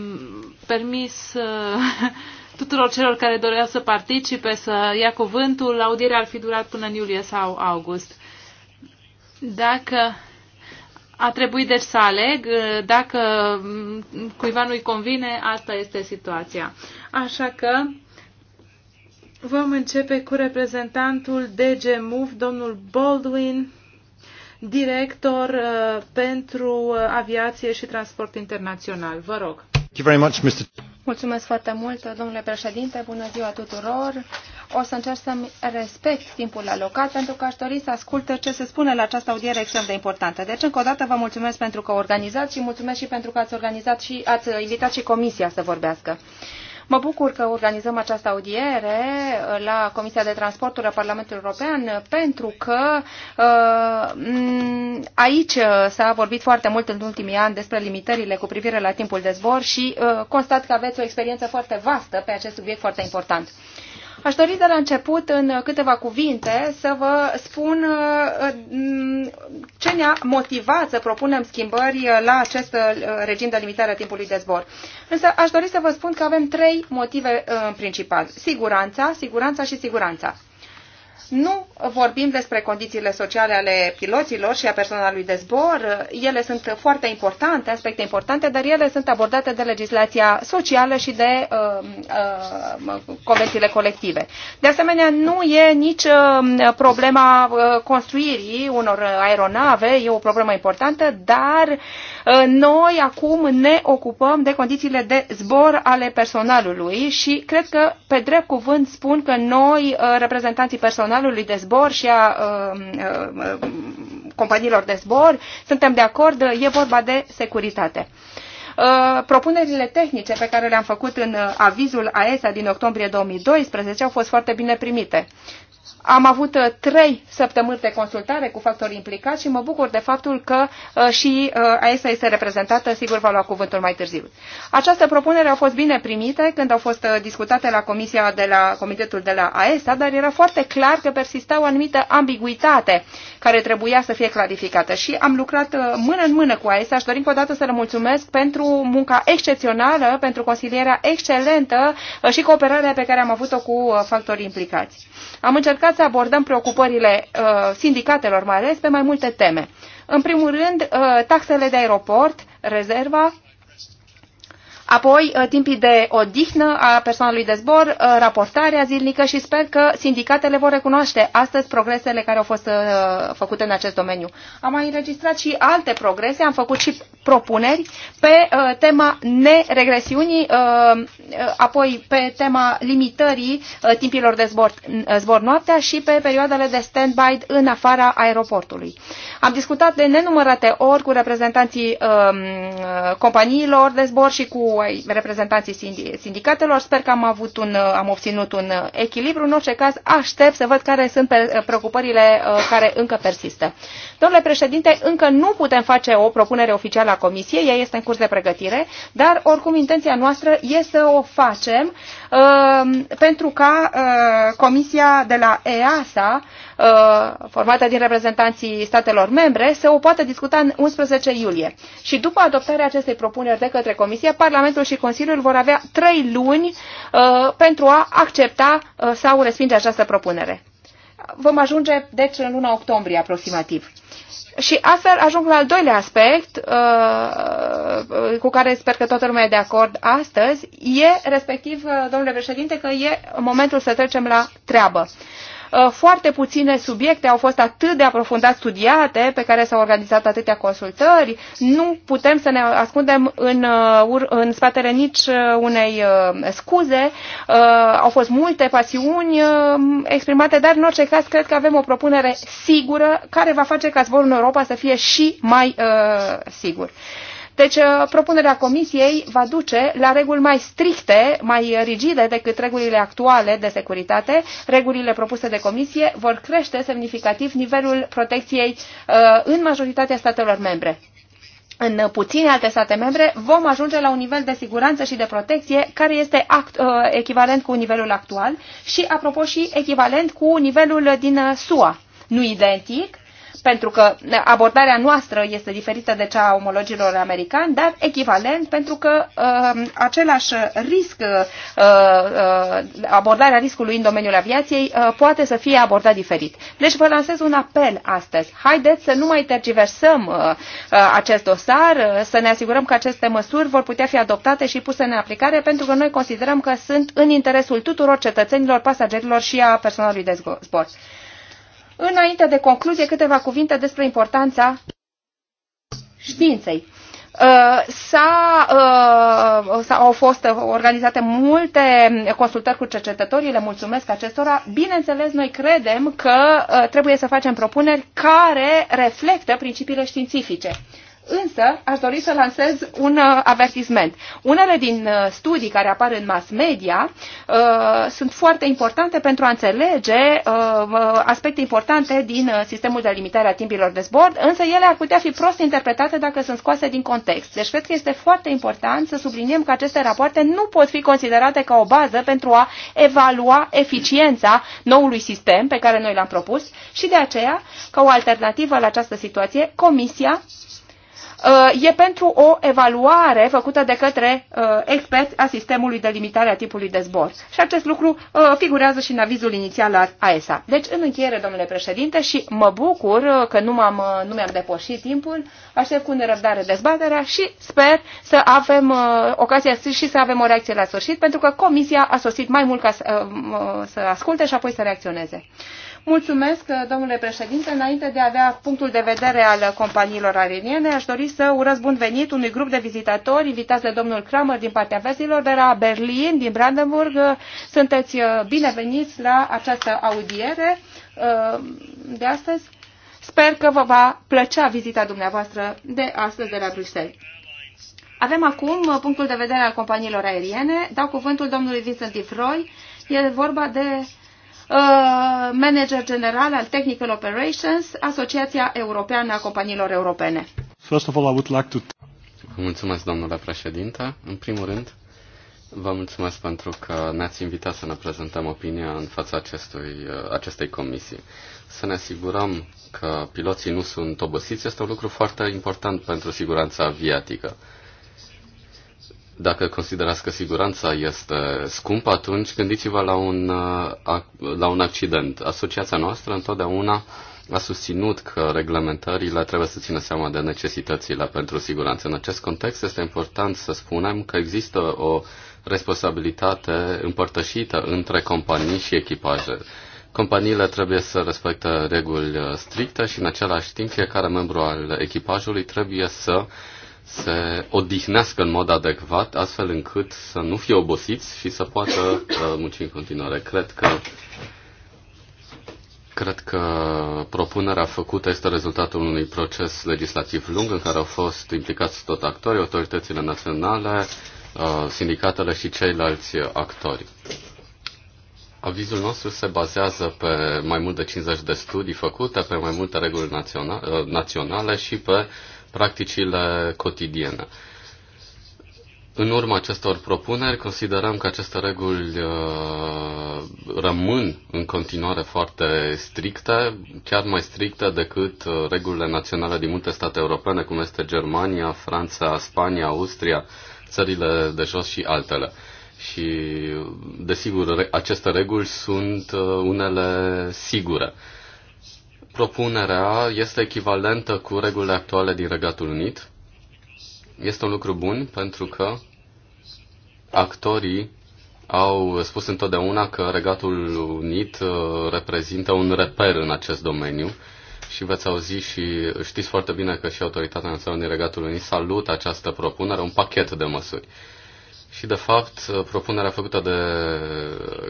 permis uh, tuturor celor care doreau să participe să ia cuvântul, audierea ar fi durat până în iulie sau august. Dacă a trebuit deci să aleg, uh, dacă mm, cuiva nu-i convine, asta este situația. Așa că vom începe cu reprezentantul DG Move, domnul Baldwin director uh, pentru uh, aviație și transport internațional. Vă rog. Mulțumesc foarte mult, domnule președinte. Bună ziua tuturor. O să încerc să-mi respect timpul alocat pentru că aș dori să ascult ce se spune la această audiere extrem de importantă. Deci, încă o dată, vă mulțumesc pentru că organizați și mulțumesc și pentru că ați organizat și ați invitat și comisia să vorbească. Uh, Mă bucur că organizăm această audiere la Comisia de Transporturi a Parlamentului European pentru că uh, aici s-a vorbit foarte mult în ultimii ani despre limitările cu privire la timpul de zbor și uh, constat că aveți o experiență foarte vastă pe acest subiect foarte important. Aș dori de la început, în câteva cuvinte, să vă spun uh, ce ne-a motivat să propunem schimbări uh, la acest uh, regim de limitare a timpului de zbor. Însă aș dori să vă spun că avem trei motive în principal. Siguranța, siguranța și siguranța. Nu vorbim despre condițiile sociale ale piloților și a personalului de zbor. Ele sunt foarte importante, aspecte importante, dar ele sunt abordate de legislația socială și de uh, uh, convențiile colective. De asemenea, nu e nici uh, problema uh, construirii unor aeronave, e o problemă importantă, dar uh, noi acum ne ocupăm de condițiile de zbor ale personalului și cred că, pe drept cuvânt, spun că noi, uh, reprezentanții personalului, personalului de zbor și a uh, uh, companiilor de zbor. Suntem de acord, e vorba de securitate uh, propunerile tehnice pe care le-am făcut în avizul AESA din octombrie 2012 au fost foarte bine primite. Am avut uh, trei săptămâni de consultare cu factorii implicați și mă bucur de faptul că uh, și uh, AESA este reprezentată, sigur va lua cuvântul mai târziu. Această propunere a fost bine primită când au fost discutate la comisia de la comitetul de la AESA, dar era foarte clar că persista o anumită ambiguitate care trebuia să fie clarificată și am lucrat mână în mână cu AESA și dorim o dată să le mulțumesc pentru munca excepțională, pentru consilierea excelentă și cooperarea pe care am avut-o cu factorii implicați. Am încercat să abordăm preocupările uh, sindicatelor, mai ales pe mai multe teme. În primul rând, uh, taxele de aeroport, rezerva Apoi, uh, timpii de odihnă a personalului de zbor, uh, raportarea zilnică și sper că sindicatele vor recunoaște astăzi progresele care au fost uh, făcute în acest domeniu. Am mai înregistrat și alte progrese, am făcut și propuneri pe tema neregresiunii, apoi pe tema limitării timpilor de zbor, zbor noaptea și pe perioadele de stand-by în afara aeroportului. Am discutat de nenumărate ori cu reprezentanții um, companiilor de zbor și cu reprezentanții sindicatelor. Sper că am, avut un, am obținut un echilibru. În orice caz, aștept să văd care sunt preocupările uh, care încă persistă. Domnule președinte, încă nu putem face o propunere oficială a Comisiei, ea este în curs de pregătire, dar oricum intenția noastră este să o facem uh, pentru ca uh, Comisia de la EASA Uh, formată din reprezentanții statelor membre se o poată discuta în 11 iulie. Și după adoptarea acestei propuneri de către Comisie, Parlamentul și Consiliul vor avea trei luni uh, pentru a accepta uh, sau respinge această propunere. Vom ajunge, deci, în luna octombrie aproximativ. Și astfel ajung la al doilea aspect uh, cu care sper că toată lumea e de acord astăzi, e respectiv, domnule președinte, că e momentul să trecem la treabă. Uh, foarte puține subiecte au fost atât de aprofundat studiate, pe care s-au organizat atâtea consultări. Nu putem să ne ascundem în, uh, în spatele nici uh, unei scuze. Au fost multe pasiuni exprimate, dar în orice caz cred că avem o propunere sigură care va face ca zborul în Europa să fie și mai sigur. Deci, uh, propunerea Comisiei va duce la reguli mai stricte, mai rigide decât regulile actuale de securitate. Regulile propuse de Comisie vor crește semnificativ nivelul protecției uh, în majoritatea statelor membre în puține alte state membre, vom ajunge la un nivel de siguranță și de protecție care este act, uh, echivalent cu nivelul actual și, apropo, și echivalent cu nivelul din uh, SUA. Nu identic, pentru că abordarea noastră este diferită de cea a omologilor americani, dar echivalent pentru că uh, același risc, uh, uh, abordarea riscului în domeniul aviației uh, poate să fie abordat diferit. Deci vă lansez un apel astăzi. Haideți să nu mai tergiversăm uh, uh, acest dosar, uh, să ne asigurăm că aceste măsuri vor putea fi adoptate și puse în aplicare pentru că noi considerăm că sunt în interesul tuturor cetățenilor, pasagerilor și a personalului de zbor. Înainte de concluzie, câteva cuvinte despre importanța științei. Uh, s-a, uh, au fost organizate multe consultări cu cercetătorii, le mulțumesc acestora. Bineînțeles, noi credem că uh, trebuie să facem propuneri care reflectă principiile științifice. Însă, aș dori să lansez un uh, avertisment. Unele din uh, studii care apar în mass media uh, sunt foarte importante pentru a înțelege uh, uh aspecte importante din sistemul de limitare a timpilor de zbor, însă ele ar putea fi prost interpretate dacă sunt scoase din context. Deci, cred că este foarte important să subliniem că aceste rapoarte nu pot fi considerate ca o bază pentru a evalua eficiența noului sistem pe care noi l-am propus și de aceea, ca o alternativă la această situație, Comisia Uh, e pentru o evaluare făcută de către uh, experți a sistemului de limitare a tipului de zbor. Și acest lucru uh, figurează și în avizul inițial al AESA. Deci, în încheiere, domnule președinte, și mă bucur că nu, m-am, nu mi-am depășit timpul, aștept cu nerăbdare dezbaterea și sper să avem ocazia și să avem o reacție la sfârșit, pentru că comisia a sosit mai mult ca să, să asculte și apoi să reacționeze. Mulțumesc, domnule președinte. Înainte de a avea punctul de vedere al companiilor aeriene, aș dori să urez bun venit unui grup de vizitatori invitați de domnul Kramer din partea vestilor de la Berlin, din Brandenburg. Sunteți uh, bineveniți la această audiere uh, de astăzi. Sper că vă va plăcea vizita dumneavoastră de astăzi de la Bruxelles. Avem acum punctul de vedere al companiilor aeriene. Dau cuvântul domnului Vincent Ifroy. E vorba de Uh, manager general al Technical Operations, Asociația Europeană a Companiilor Europene. First of all, I would like to... Vă mulțumesc, domnule președinte. În primul rând, vă mulțumesc pentru că ne-ați invitat să ne prezentăm opinia în fața acestui, uh, acestei comisii. Să ne asigurăm că piloții nu sunt obosiți este un lucru foarte important pentru siguranța aviatică. Dacă considerați că siguranța este scumpă, atunci gândiți-vă la un, uh, la un accident. Asociația noastră întotdeauna a susținut că reglementările trebuie să țină seama de necesitățile pentru siguranță. În acest context este important să spunem că există o responsabilitate împărtășită între companii și echipaje. Companiile trebuie să respecte reguli uh, stricte și în același timp fiecare membru al echipajului trebuie să uh, se odihnească în mod adecvat, astfel încât să nu fie obosiți și să poată uh, munci în continuare. Cred că Cred că propunerea făcută este rezultatul unui proces legislativ lung în care au fost implicați tot actorii, autoritățile naționale, uh, sindicatele și ceilalți actori. Avizul nostru se bazează pe mai mult de 50 de studii făcute, pe mai multe reguli uh, naționale și pe practicile cotidiene. În urma acestor propuneri, considerăm că aceste reguli uh, rămân în continuare foarte stricte, chiar mai stricte decât uh, regulile naționale din multe state europene, cum este Germania, Franța, Spania, Austria, țările de jos și altele. Și, desigur, aceste reguli sunt uh, unele sigure propunerea este echivalentă cu regulile actuale din Regatul Unit. Este un lucru bun pentru că actorii au spus întotdeauna că Regatul Unit uh, reprezintă un reper în acest domeniu și veți auzi și știți foarte bine că și Autoritatea Națională din Regatul Unit salută această propunere, un pachet de măsuri. Și, de fapt, propunerea făcută de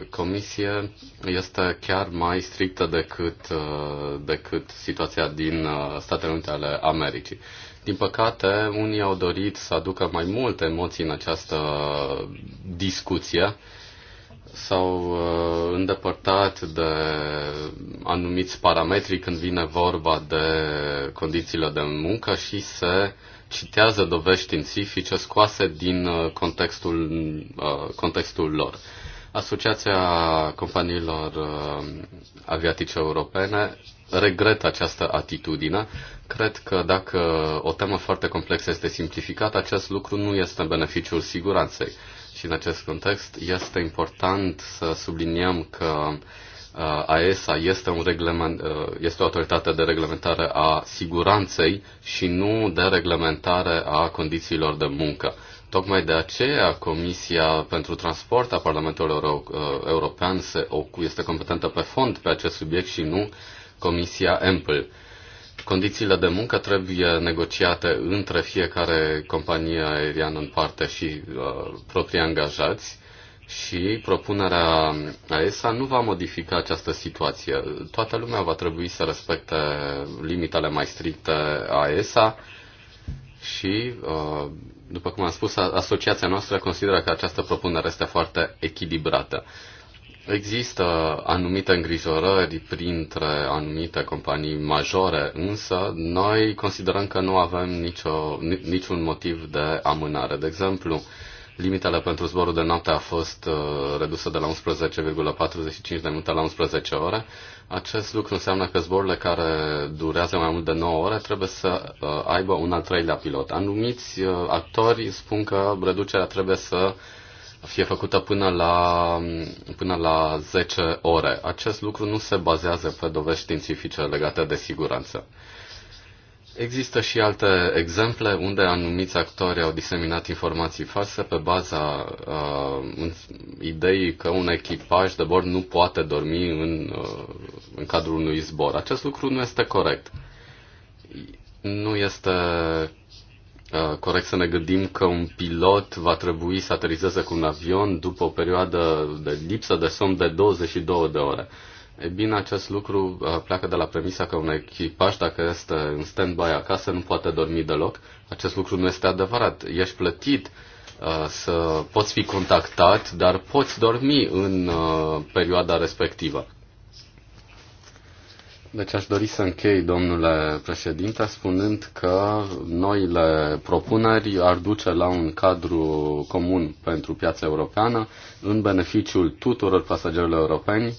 comisie este chiar mai strictă decât, uh, decât situația din uh, Statele Unite ale Americii. Din păcate, unii au dorit să aducă mai multe emoții în această discuție, s-au uh, îndepărtat de anumiți parametri când vine vorba de condițiile de muncă și se citează dovești științifice scoase din uh, contextul, uh, contextul lor. Asociația companiilor uh, aviatice europene regretă această atitudine. Cred că dacă o temă foarte complexă este simplificată, acest lucru nu este în beneficiul siguranței. Și în acest context este important să subliniem că uh, AESA uh, este, un reglement, uh, este o autoritate de reglementare a siguranței și nu de reglementare a condițiilor de muncă. Tocmai de aceea Comisia pentru Transport a Parlamentului Euro- uh, European se, este competentă pe fond pe acest subiect și nu Comisia EMPL. Condițiile de muncă trebuie negociate între fiecare companie aeriană în parte și uh, proprii angajați și propunerea ESA nu va modifica această situație. Toată lumea va trebui să respecte limitele mai stricte a ESA și, uh, după cum am spus, asociația noastră consideră că această propunere este foarte echilibrată. Există anumite îngrijorări printre anumite companii majore, însă noi considerăm că nu avem nicio, niciun motiv de amânare. De exemplu, Limitele pentru zborul de noapte a fost uh, redusă de la 11,45 de minute la 11 ore. Acest lucru înseamnă că zborurile care durează mai mult de 9 ore trebuie să uh, aibă un al treilea pilot. Anumiți uh, actori spun că reducerea trebuie să fie făcută până la, până la 10 ore. Acest lucru nu se bazează pe dovești științifice legate de siguranță. Există și alte exemple unde anumiți actori au diseminat informații false pe baza uh, ideii că un echipaj de bord nu poate dormi în, uh, în cadrul unui zbor. Acest lucru nu este corect. Nu este uh, corect să ne gândim că un pilot va trebui să aterizeze cu un avion după o perioadă de lipsă de somn de 22 de ore. Uh, E bine, acest lucru uh, pleacă de la premisa că un echipaj, dacă este în stand-by acasă, nu poate dormi deloc. Acest lucru nu este adevărat. Ești plătit uh, să poți fi contactat, dar poți dormi în uh, perioada respectivă. Deci aș dori să închei, domnule președinte, spunând că noile propuneri ar duce la un cadru comun pentru piața europeană în beneficiul tuturor pasagerilor europeni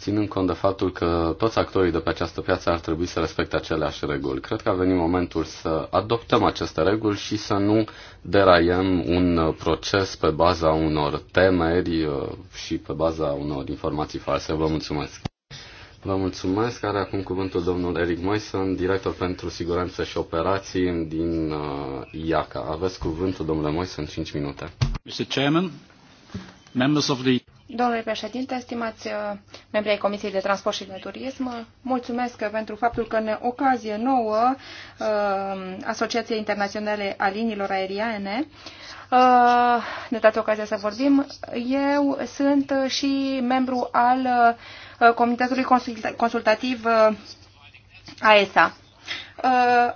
ținând cont de faptul că toți actorii de pe această piață ar trebui să respecte aceleași reguli. Cred că a venit momentul să adoptăm aceste reguli și să nu deraiem un proces pe baza unor temeri uh, și pe baza unor informații false. Vă mulțumesc! Vă mulțumesc. Are acum cuvântul domnul Eric Moison, director pentru siguranță și operații din uh, IACA. Aveți cuvântul, domnule Moison, 5 minute. Mr. Chairman, members of the Domnule președinte, stimați uh, membri ai Comisiei de Transport și de Turism, mulțumesc pentru faptul că în ocazie nouă uh, Asociației Internaționale a Liniilor Aeriene ne uh, dați ocazia să vorbim. Eu sunt și membru al Comitetului Consultativ AESA.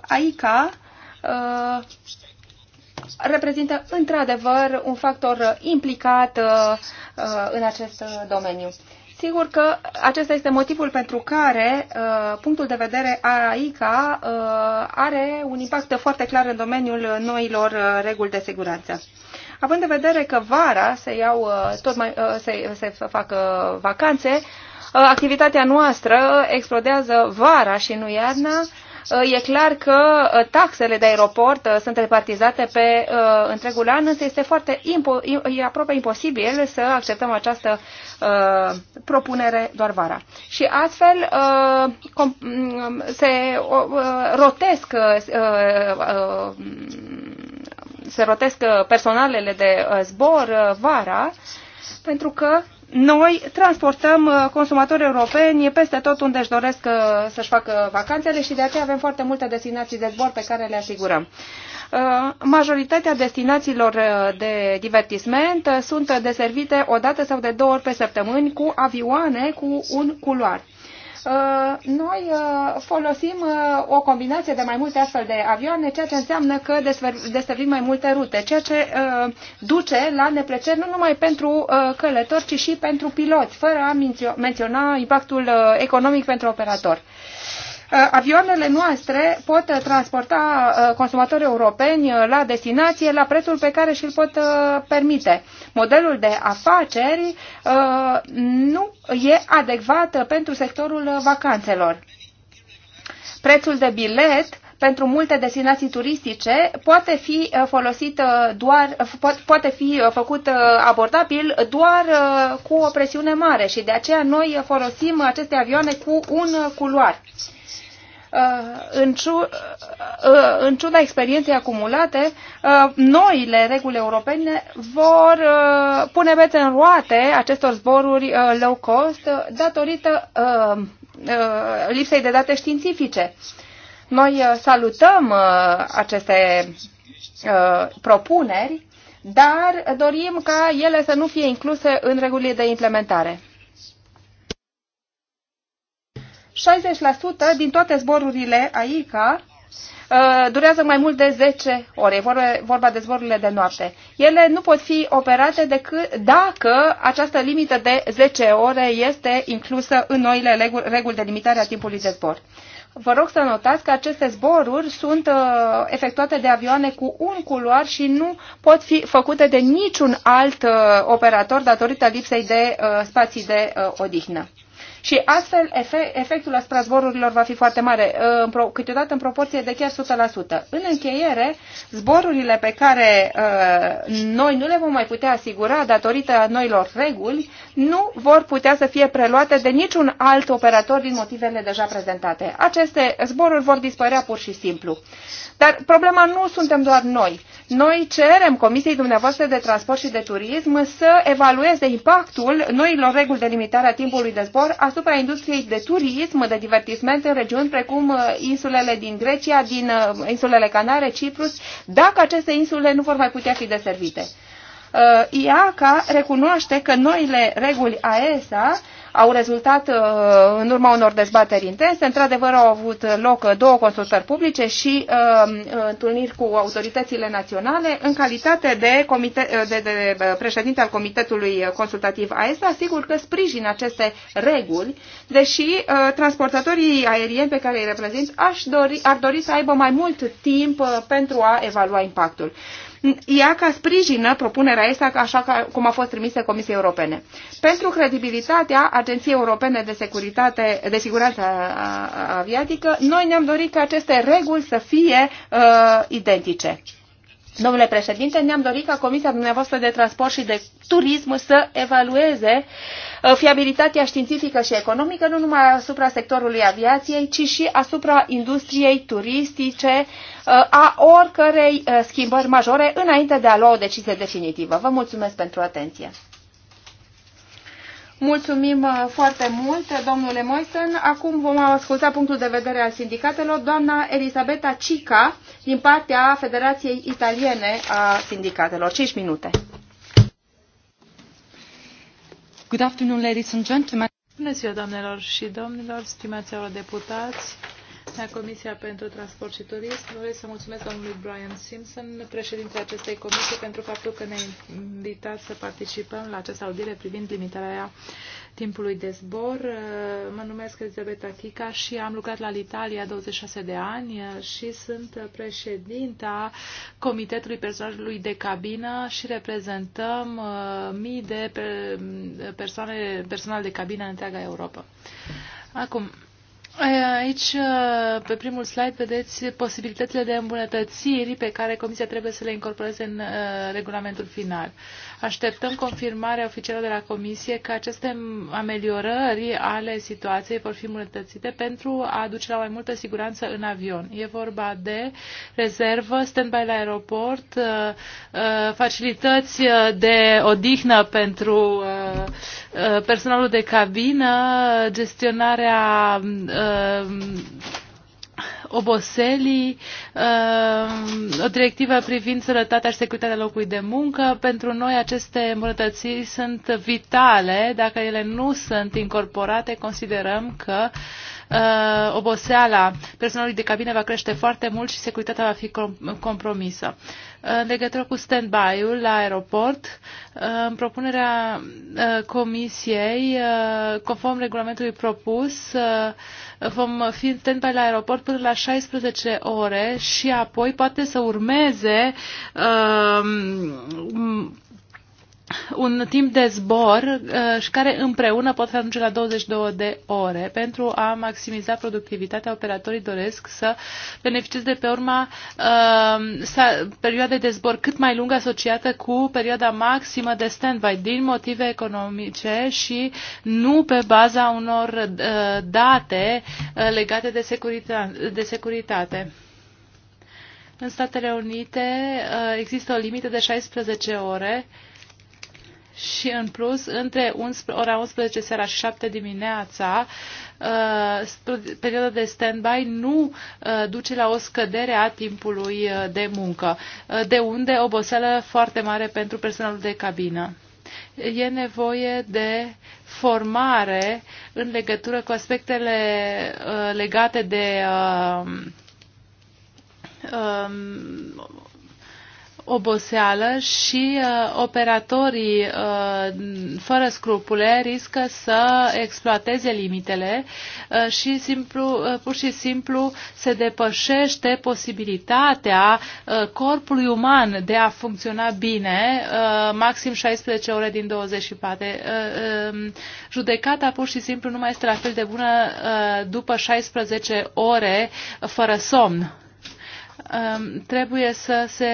AICA reprezintă într-adevăr un factor implicat uh, uh, în acest domeniu. Sigur că acesta este motivul pentru care uh, punctul de vedere a ICA uh, are un impact foarte clar în domeniul noilor uh, reguli de siguranță. Având în vedere că vara se, iau, uh, tot mai, uh, se, se fac uh, vacanțe, uh, activitatea noastră explodează vara și nu iarna, uh, Uh, e clar că uh, taxele de aeroport uh, sunt repartizate pe întregul an, însă este foarte e aproape imposibil să acceptăm această propunere doar vara. Și astfel mm, se rotesc se rotesc personalele de zbor vara pentru că noi transportăm uh, consumatori europeni peste tot unde își doresc uh, să-și facă vacanțele și de aceea avem foarte multe destinații de zbor pe care le asigurăm. Uh, majoritatea destinațiilor de divertisment sunt deservite o dată sau de două ori pe săptămâni cu avioane cu un culoar. Uh, noi uh, folosim uh, o combinație de mai multe astfel de avioane, ceea ce înseamnă că deservim mai multe rute, ceea ce duce la neplăceri nu numai pentru călători, ci și pentru piloți, fără a menționa impactul economic pentru operator. Uh, avioanele noastre pot uh, transporta uh, consumatorii europeni la destinație la prețul pe care și-l pot permite. Modelul de afaceri nu e adecvat pentru sectorul vacanțelor. Prețul de bilet pentru multe destinații turistice poate fi folosit doar, poate fi făcut abordabil doar cu o presiune mare și de aceea noi folosim aceste avioane cu un culoar. Uh, în, ciu, uh, uh, în ciuda experienței acumulate, noile reguli europene vor pune bețe în roate acestor zboruri low cost datorită lipsei de date științifice. Noi salutăm aceste propuneri, dar dorim ca ele să nu fie incluse în regulile de implementare. 60% din toate zborurile AICA uh, durează mai mult de 10 ore, vorba, vorba de zborurile de noapte. Ele nu pot fi operate decât dacă această limită de 10 ore este inclusă în noile reguli de limitare a timpului de zbor. Vă rog să notați că aceste zboruri sunt uh, efectuate de avioane cu un culoar și nu pot fi făcute de niciun alt uh, operator datorită lipsei de uh, spații de uh, odihnă și astfel efectul asupra zborurilor va fi foarte mare, uh, câteodată în proporție de chiar 100%. În încheiere, zborurile pe care uh, noi nu le vom mai putea asigura datorită noilor reguli nu vor putea să fie preluate de niciun alt operator din motivele deja prezentate. Aceste zboruri vor dispărea pur și simplu. Dar problema nu suntem doar noi. Noi cerem Comisiei dumneavoastră de Transport și de Turism să evalueze impactul noilor reguli de limitare a timpului de zbor asupra industriei de turism, de divertisment în regiuni precum uh, insulele din Grecia, din uh, insulele Canare, Ciprus, dacă aceste insule nu vor mai putea fi deservite. Uh, IACA recunoaște că noile reguli AESA au rezultat uh, în urma unor dezbateri intense. Într-adevăr, au avut loc uh, două consultări publice și uh, întâlniri cu autoritățile naționale în calitate de, comite- de, de președinte al Comitetului Consultativ AESA. Sigur că sprijin aceste reguli, deși transportatorii aerieni pe care îi reprezint aș dori, ar dori să aibă mai mult timp pentru a evalua impactul ca sprijină propunerea ESA așa cum a fost trimisă Comisiei Europene. Pentru credibilitatea Agenției Europene de, Securitate, de Siguranță Aviatică, noi ne-am dorit ca aceste reguli să fie uh, identice. Domnule președinte, ne-am dorit ca Comisia dumneavoastră de Transport și de Turism să evalueze uh, fiabilitatea științifică și economică nu numai asupra sectorului aviației, ci și asupra industriei turistice, uh, a oricărei uh, schimbări majore înainte de a lua o decizie definitivă. Vă mulțumesc pentru atenție. Mulțumim uh, foarte mult, domnule Moisen. Acum vom asculta punctul de vedere al sindicatelor, doamna Elisabeta Cica, din partea Federației Italiene a Sindicatelor. 5 minute. Good afternoon, ladies and gentlemen. Bună ziua, doamnelor și domnilor, stimați eurodeputați la Comisia pentru Transport și Turism. Vreau să mulțumesc domnului Brian Simpson, președintele acestei comisii, pentru faptul că ne-a invitat să participăm la această audiere privind limitarea timpului de zbor. Mă numesc Elizabeta Chica și am lucrat la Italia 26 de ani și sunt președinta Comitetului Personalului de Cabină și reprezentăm uh, mii de persoane, personal de cabină în întreaga Europa. Acum, Aici, uh, pe primul slide, vedeți posibilitățile de îmbunătățiri pe care Comisia trebuie să le incorporeze în uh, regulamentul final. Așteptăm confirmarea oficială de la Comisie că aceste ameliorări ale situației vor fi îmbunătățite pentru a aduce la mai multă siguranță în avion. E vorba de rezervă, stand-by la aeroport, uh, uh, facilități uh, de odihnă pentru personalul de cabină, gestionarea oboselii, uh, o directivă privind sănătatea și securitatea locului de muncă. Pentru noi aceste îmbunătățiri sunt vitale. Dacă ele nu sunt incorporate, considerăm că uh, oboseala personalului de cabine va crește foarte mult și securitatea va fi compromisă. Uh, în legătură cu stand-by-ul la aeroport, în propunerea ă, comisiei, ă, conform regulamentului propus, ă, vom fi în stand-by la aeroport până la 16 ore și apoi poate să urmeze un timp de zbor uh, și care împreună pot ajunge la 22 de ore. Pentru a maximiza productivitatea, operatorii doresc să beneficieze de pe urma uh, perioade de zbor cât mai lungă asociată cu perioada maximă de standby din motive economice și nu pe baza unor uh, date uh, legate de, securita de securitate. În Statele Unite uh, există o limită de 16 ore uh, și în plus, între 11, ora 11 seara și 7 dimineața, uh, perioada de stand-by nu uh, duce la o scădere a timpului uh, de muncă, de unde oboseală foarte mare pentru personalul de cabină. E nevoie de formare în legătură cu aspectele legate de um, oboseală și uh, operatorii uh, fără scrupule riscă să exploateze limitele uh, și simplu, uh, pur și simplu se depășește posibilitatea uh, corpului uman de a funcționa bine, uh, maxim 16 ore din 24. Uh, uh, judecata pur și simplu nu mai este la fel de bună uh, după 16 ore fără somn Um, trebuie să se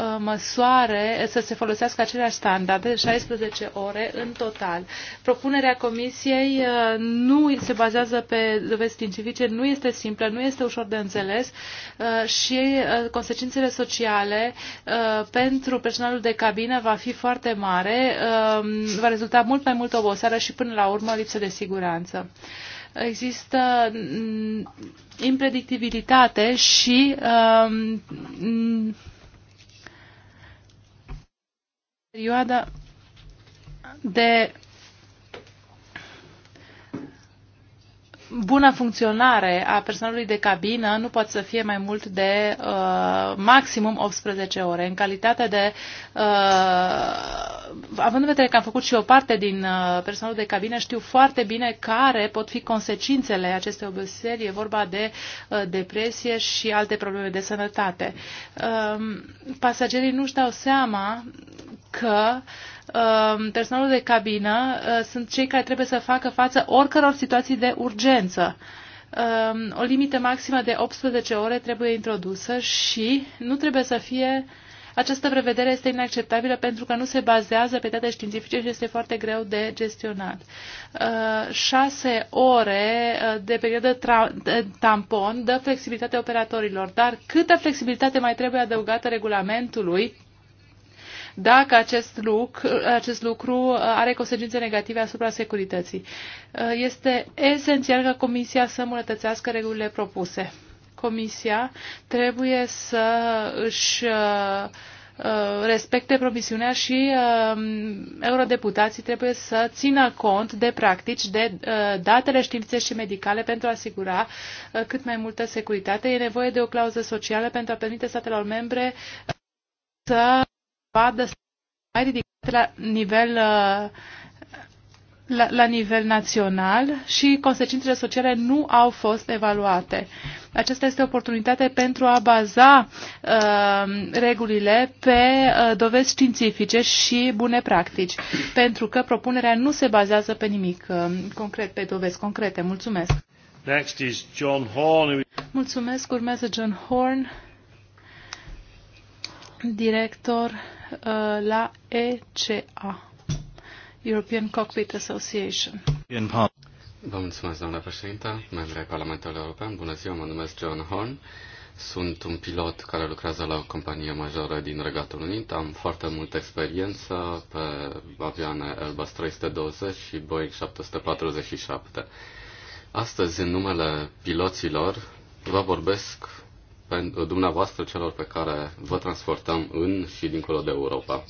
uh, măsoare, să se folosească aceleași standarde, 16 ore în total. Propunerea comisiei uh, nu se bazează pe dovezi științifice, nu este simplă, nu este ușor de înțeles uh, și consecințele sociale pentru personalul de cabină va fi foarte mare, um, va rezulta mult mai mult oboseară și până la urmă lipsă de siguranță există mm, impredictibilitate și um, mm, perioada de bună funcționare a personalului de cabină nu poate să fie mai mult de uh, maximum 18 ore. În calitate de, uh, având în vedere că am făcut și o parte din uh, personalul de cabină, știu foarte bine care pot fi consecințele acestei obosiri. E vorba de uh, depresie și alte probleme de sănătate. Uh, pasagerii nu-și dau seama că uh, Um, personalul de cabină uh, sunt cei care trebuie să facă față oricăror situații de urgență. Um, o limită maximă de 18 ore trebuie introdusă și nu trebuie să fie această prevedere este inacceptabilă pentru că nu se bazează pe date științifice și este foarte greu de gestionat. Uh, șase ore uh, de perioadă tampon dă flexibilitate operatorilor, dar câtă flexibilitate mai trebuie adăugată regulamentului dacă acest lucru, acest lucru uh, are consecințe negative asupra securității. Uh, este esențial ca Comisia să îmbunătățească regulile propuse. Comisia trebuie să își uh, respecte promisiunea și uh, eurodeputații trebuie să țină cont de practici, de uh, datele științe și medicale pentru a asigura uh, cât mai multă securitate. E nevoie de o clauză socială pentru a permite statelor membre să dovadă mai ridicat la nivel, uh, la, la nivel național și consecințele sociale nu au fost evaluate. Aceasta este o oportunitate pentru a baza uh, regulile pe uh, dovezi științifice și bune practici, pentru că propunerea nu se bazează pe nimic uh, concret, pe dovezi concrete. Mulțumesc! Next is John Horn. Mulțumesc, urmează John Horn, director Uh, la ECA, European Cockpit Association. Vă mulțumesc, doamnă președintă, membrii Parlamentului European. Bună ziua, mă numesc John Horn. Sunt un pilot care lucrează la o companie majoră din Regatul Unit. Am foarte multă experiență pe avioane Airbus 320 și Boeing 747. Astăzi, în numele piloților, vă vorbesc pentru dumneavoastră, celor pe care vă transportăm în și dincolo de Europa.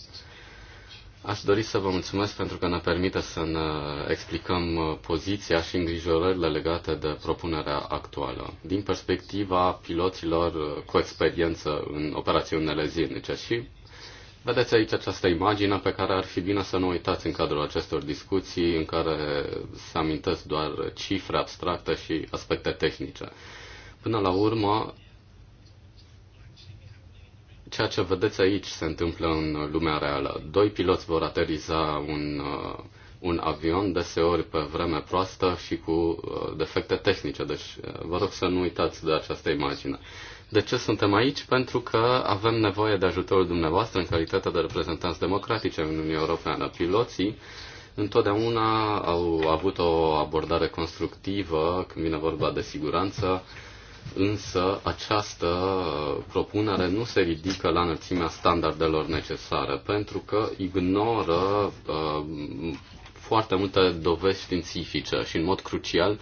Aș dori să vă mulțumesc pentru că ne permite să ne explicăm uh, poziția și îngrijorările legate de propunerea actuală, din perspectiva piloților uh, cu experiență în operațiunile zilnice. Și vedeți aici această imagine pe care ar fi bine să nu uitați în cadrul acestor discuții, în care se amintesc doar cifre abstracte și aspecte tehnice. Până la urmă, Ceea ce vedeți aici se întâmplă în lumea reală. Doi piloți vor ateriza un, uh, un avion, deseori pe vreme proastă și cu uh, defecte tehnice. Deci uh, vă rog să nu uitați de această imagine. De ce suntem aici? Pentru că avem nevoie de ajutorul dumneavoastră în calitate de reprezentanți democratice în Uniunea Europeană. Piloții întotdeauna au avut o abordare constructivă când vine vorba de siguranță însă această uh, propunere nu se ridică la înălțimea standardelor necesare, pentru că ignoră uh, foarte multe dovezi științifice și, în mod crucial,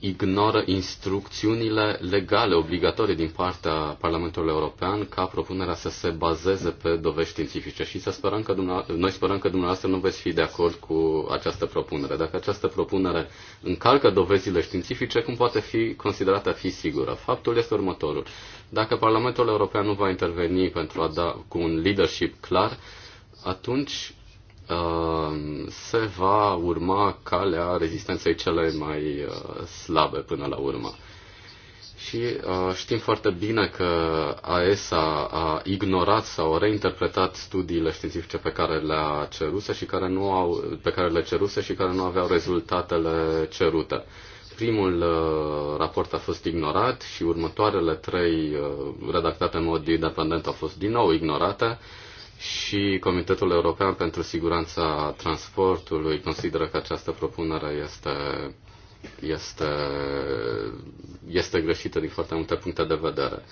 ignoră instrucțiunile legale obligatorii din partea Parlamentului European ca propunerea să se bazeze pe dovezi științifice și să sperăm că noi sperăm că dumneavoastră nu veți fi de acord cu această propunere. Dacă această propunere încalcă dovezile științifice, cum poate fi considerată a fi sigură? Faptul este următorul. Dacă Parlamentul European nu va interveni pentru a da cu un leadership clar, atunci Uh, se va urma calea rezistenței cele mai uh, slabe până la urmă. Și uh, știm foarte bine că AESA a ignorat sau a reinterpretat studiile științifice pe care le-a ceruse și care nu au, pe care le ceruse și care nu aveau rezultatele cerute. Primul uh, raport a fost ignorat și următoarele trei uh, redactate în mod independent au fost din nou ignorate. Uh, și Comitetul European pentru Siguranța Transportului consideră că această propunere este, este, este greșită din foarte multe puncte de vedere.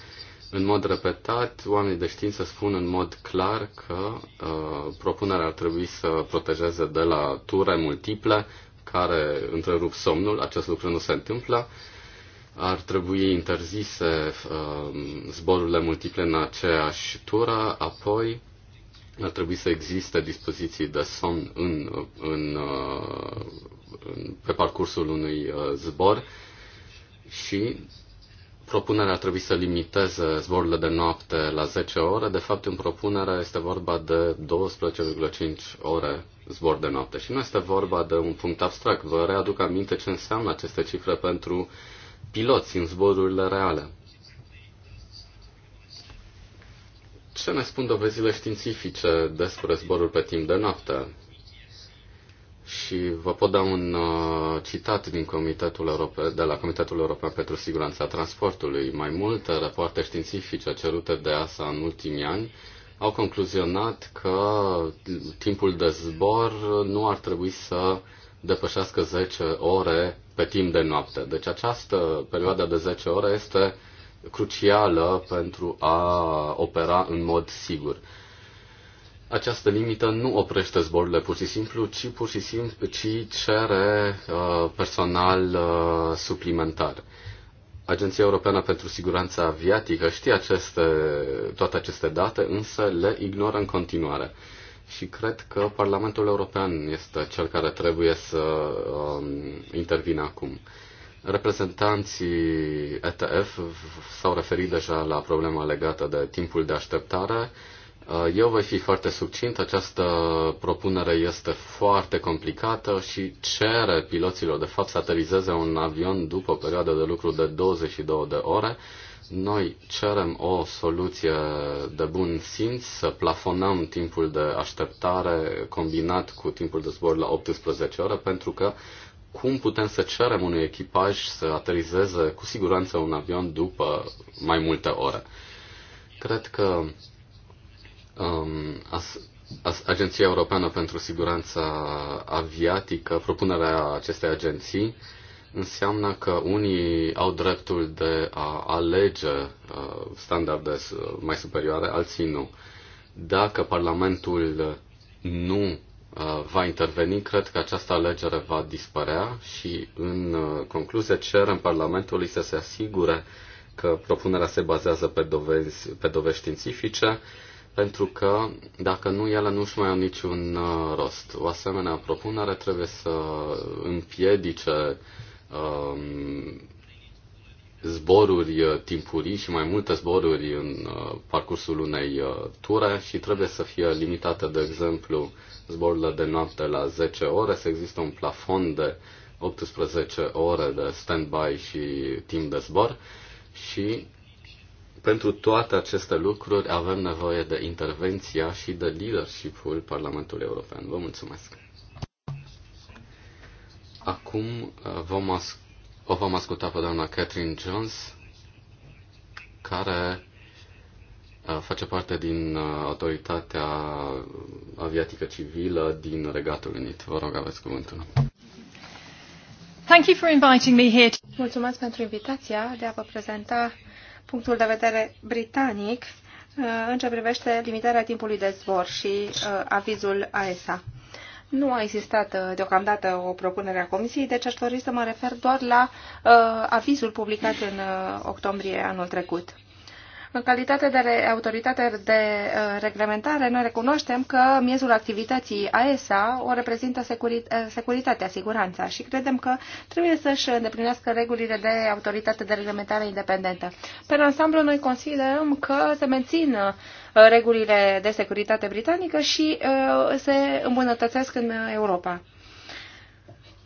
În mod repetat, oamenii de știință spun în mod clar că uh, propunerea ar trebui să protejeze de la ture multiple care întrerup somnul. Acest lucru nu se întâmplă. Ar trebui interzise uh, zborurile multiple în aceeași tură, apoi ar trebui să existe dispoziții de somn în, în, uh, în, pe parcursul unui uh, zbor și propunerea ar trebui să limiteze zborurile de noapte la 10 ore. De fapt, în propunere este vorba de 12,5 ore zbor de noapte. Și nu este vorba de un punct abstract. Vă readuc aminte ce înseamnă aceste cifre pentru piloți în zborurile reale. Ce ne spun dovezile științifice despre zborul pe timp de noapte? Și vă pot da un uh, citat din Comitetul Europe, de la Comitetul European pentru Siguranța Transportului. Mai multe rapoarte științifice cerute de ASA în ultimii ani au concluzionat că timpul de zbor nu ar trebui să depășească 10 ore pe timp de noapte. Deci această perioadă de 10 ore este uh, crucială pentru a opera în mod sigur. Această limită nu oprește zborurile pur și simplu, ci pur și simplu ci cere uh, personal uh, suplimentar. Agenția Europeană pentru Siguranța Aviatică știe aceste, toate aceste date, însă le ignoră în continuare. Și cred că Parlamentul European este cel care trebuie să um, intervină acum. Uh, Reprezentanții ETF s-au referit deja la problema legată de timpul de așteptare. Uh, eu voi fi foarte succint. Această propunere este foarte complicată și cere piloților, de fapt, să aterizeze un avion după o perioadă de lucru de 22 de ore. Noi cerem o soluție de bun simț, să plafonăm timpul de așteptare combinat cu timpul de zbor la 18 ore, pentru că cum putem să cerem unui echipaj să aterizeze cu siguranță un avion după mai multe ore? Cred că um, as, as, Agenția Europeană pentru Siguranța Aviatică, propunerea acestei agenții, înseamnă că unii au dreptul de a alege uh, standarde mai superioare, alții nu. Dacă Parlamentul nu Uh, va interveni, cred că această alegere va dispărea și, în uh, concluzie, cerem Parlamentului să se asigure că propunerea se bazează pe dovezi, pe dovezi științifice, pentru că, dacă nu, ele nu își mai au niciun uh, rost. O asemenea propunere trebuie să împiedice um, zboruri timpurii și mai multe zboruri în parcursul unei ture și trebuie să fie limitată, de exemplu, zborurile de noapte la 10 ore, să există un plafon de 18 ore de stand-by și timp de zbor și pentru toate aceste lucruri avem nevoie de intervenția și de leadership-ul Parlamentului European. Vă mulțumesc! Acum uh, vom as- o vom asculta pe doamna Catherine Jones, care face parte din autoritatea aviatică civilă din Regatul Unit. Vă rog, aveți cuvântul. Thank you for inviting me here. Mulțumesc pentru invitația de a vă prezenta punctul de vedere britanic în ce privește limitarea timpului de zbor și avizul AESA. Nu a existat deocamdată o propunere a Comisiei, deci aș dori să mă refer doar la avizul publicat în octombrie anul trecut. În calitate de re, autoritate de uh, reglementare, noi recunoaștem că miezul activității AESA o reprezintă uh, securitatea, siguranța și credem că trebuie să-și îndeplinească regulile de autoritate de reglementare independentă. Pe ansamblu, noi considerăm că se mențin uh, regulile de securitate britanică și uh, se îmbunătățesc în Europa.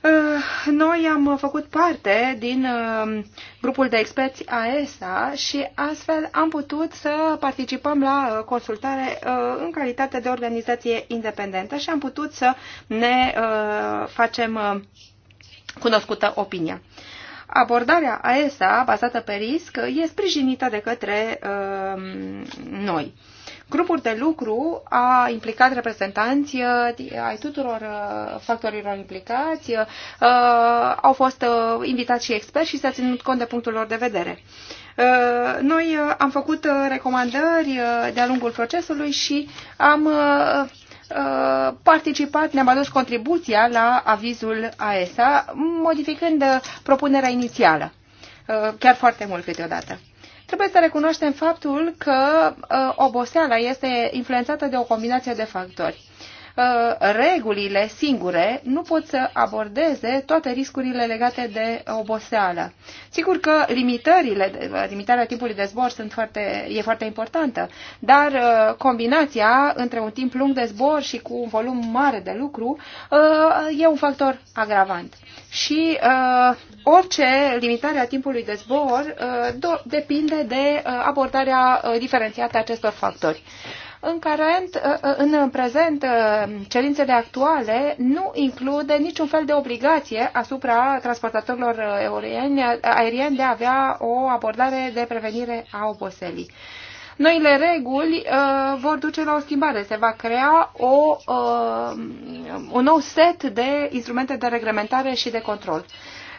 Eh, noi am făcut parte din eh, grupul de experți AESA și astfel am putut să participăm la eh, consultare în calitate de organizație independentă și am putut să ne facem cunoscută opinia. Abordarea AESA, bazată pe risc, e sprijinită de către noi. Grupul de lucru a implicat reprezentanți uh, ai tuturor uh, factorilor implicați, uh, au fost invitați și experți și s-a ținut cont de punctul lor de vedere. Noi am făcut recomandări de-a lungul procesului și am participat, ne-am adus contribuția la avizul AESA, modificând propunerea inițială, chiar foarte mult câteodată. Trebuie să recunoaștem faptul că uh, oboseala este influențată de o combinație de factori. Uh, regulile singure nu pot să abordeze toate riscurile legate de oboseală. Sigur că limitările, uh, limitarea timpului de zbor sunt foarte, e foarte importantă, dar uh, combinația între un timp lung de zbor și cu un volum mare de lucru e un factor agravant. Și uh, orice limitare a timpului de zbor uh, depinde de uh, abordarea uh, diferențiată a acestor factori. Uh, în care ă, ă, în prezent ă, cerințele actuale nu include niciun fel de obligație asupra transportatorilor aerieni de a avea o abordare de prevenire a oboselii. Noile reguli uh, vor duce la o schimbare. Se va crea o, uh, un nou set de instrumente de reglementare și de control.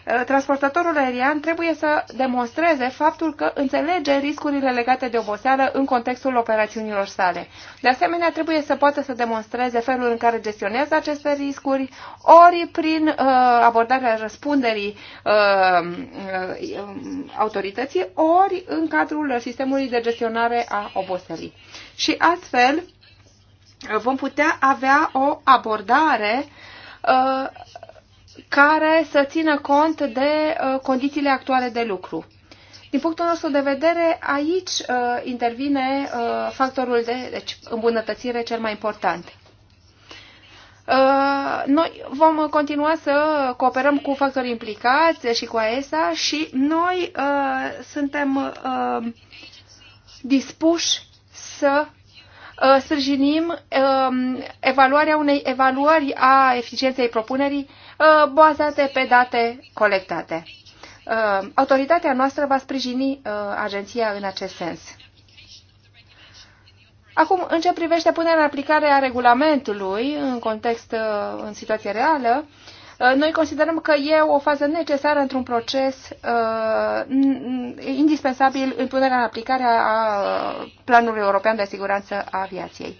Eh, transportatorul aerian trebuie să demonstreze faptul că înțelege riscurile legate de oboseală în contextul operațiunilor sale. De asemenea, trebuie să poată să demonstreze felul în care gestionează aceste riscuri, ori prin uh, abordarea răspunderii uh, uh, autorității, ori în cadrul sistemului de gestionare a oboselii. Și astfel vom putea avea o abordare care să țină cont de uh, condițiile actuale de lucru. Din punctul nostru de vedere, aici uh, intervine uh, factorul de deci, îmbunătățire cel mai important. noi vom continua să cooperăm cu factorii implicați și cu AESA și noi suntem dispuși să uh, sprijinim evaluarea unei evaluări a eficienței propunerii Uh, bazate pe date colectate. Uh, autoritatea noastră va sprijini uh, agenția în acest sens. Acum, în ce privește punerea în aplicare a regulamentului în context, în situație reală, noi considerăm că e o fază necesară într-un proces uh, indispensabil în punerea în aplicare a planului european de siguranță a aviației.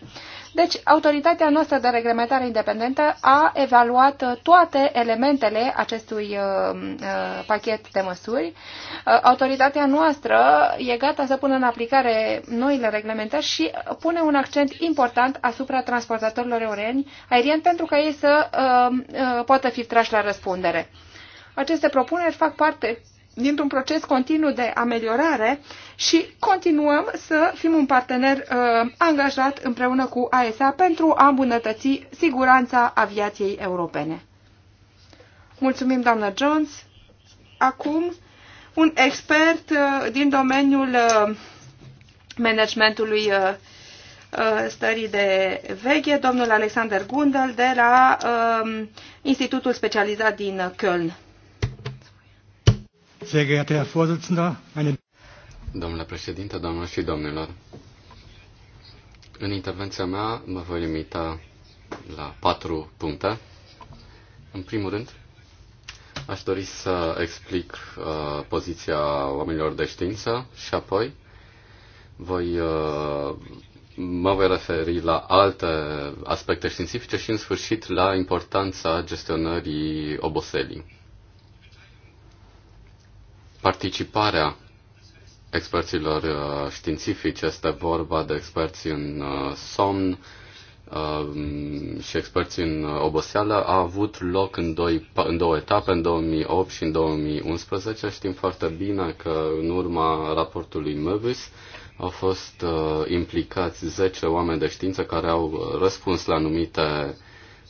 Deci, autoritatea noastră de reglementare independentă a evaluat uh, toate elementele acestui uh, uh, pachet de măsuri. Autoritatea noastră e gata să pună în aplicare noile reglementări și pune un accent important asupra transportatorilor aerieni, aerieni pentru ca ei să poată fi trași la răspundere. Aceste propuneri fac parte dintr-un proces continuu de ameliorare și continuăm să fim un partener uh, angajat împreună cu ASA pentru a îmbunătăți siguranța aviației europene. Mulțumim, doamnă Jones. Acum, un expert uh, din domeniul uh, managementului uh, uh stării de veche, domnul Alexander Gundel de la uh, Institutul Specializat din Köln. Sehr geehrter Herr Vorsitzender, meine Domnule președinte, doamnelor și domnilor, în intervenția mea mă voi limita la patru puncte. În primul rând, aș dori să explic uh, poziția oamenilor de știință și apoi voi, uh, mă voi referi la alte aspecte științifice și, în sfârșit, la importanța gestionării oboselii participarea experților uh, științifici. Este vorba de experți în uh, somn uh, și experți în oboseală. A avut loc în, doi, în două etape, în 2008 și în 2011. Știm foarte bine că în urma raportului Mövis au fost implicați 10 oameni de știință care au răspuns la anumite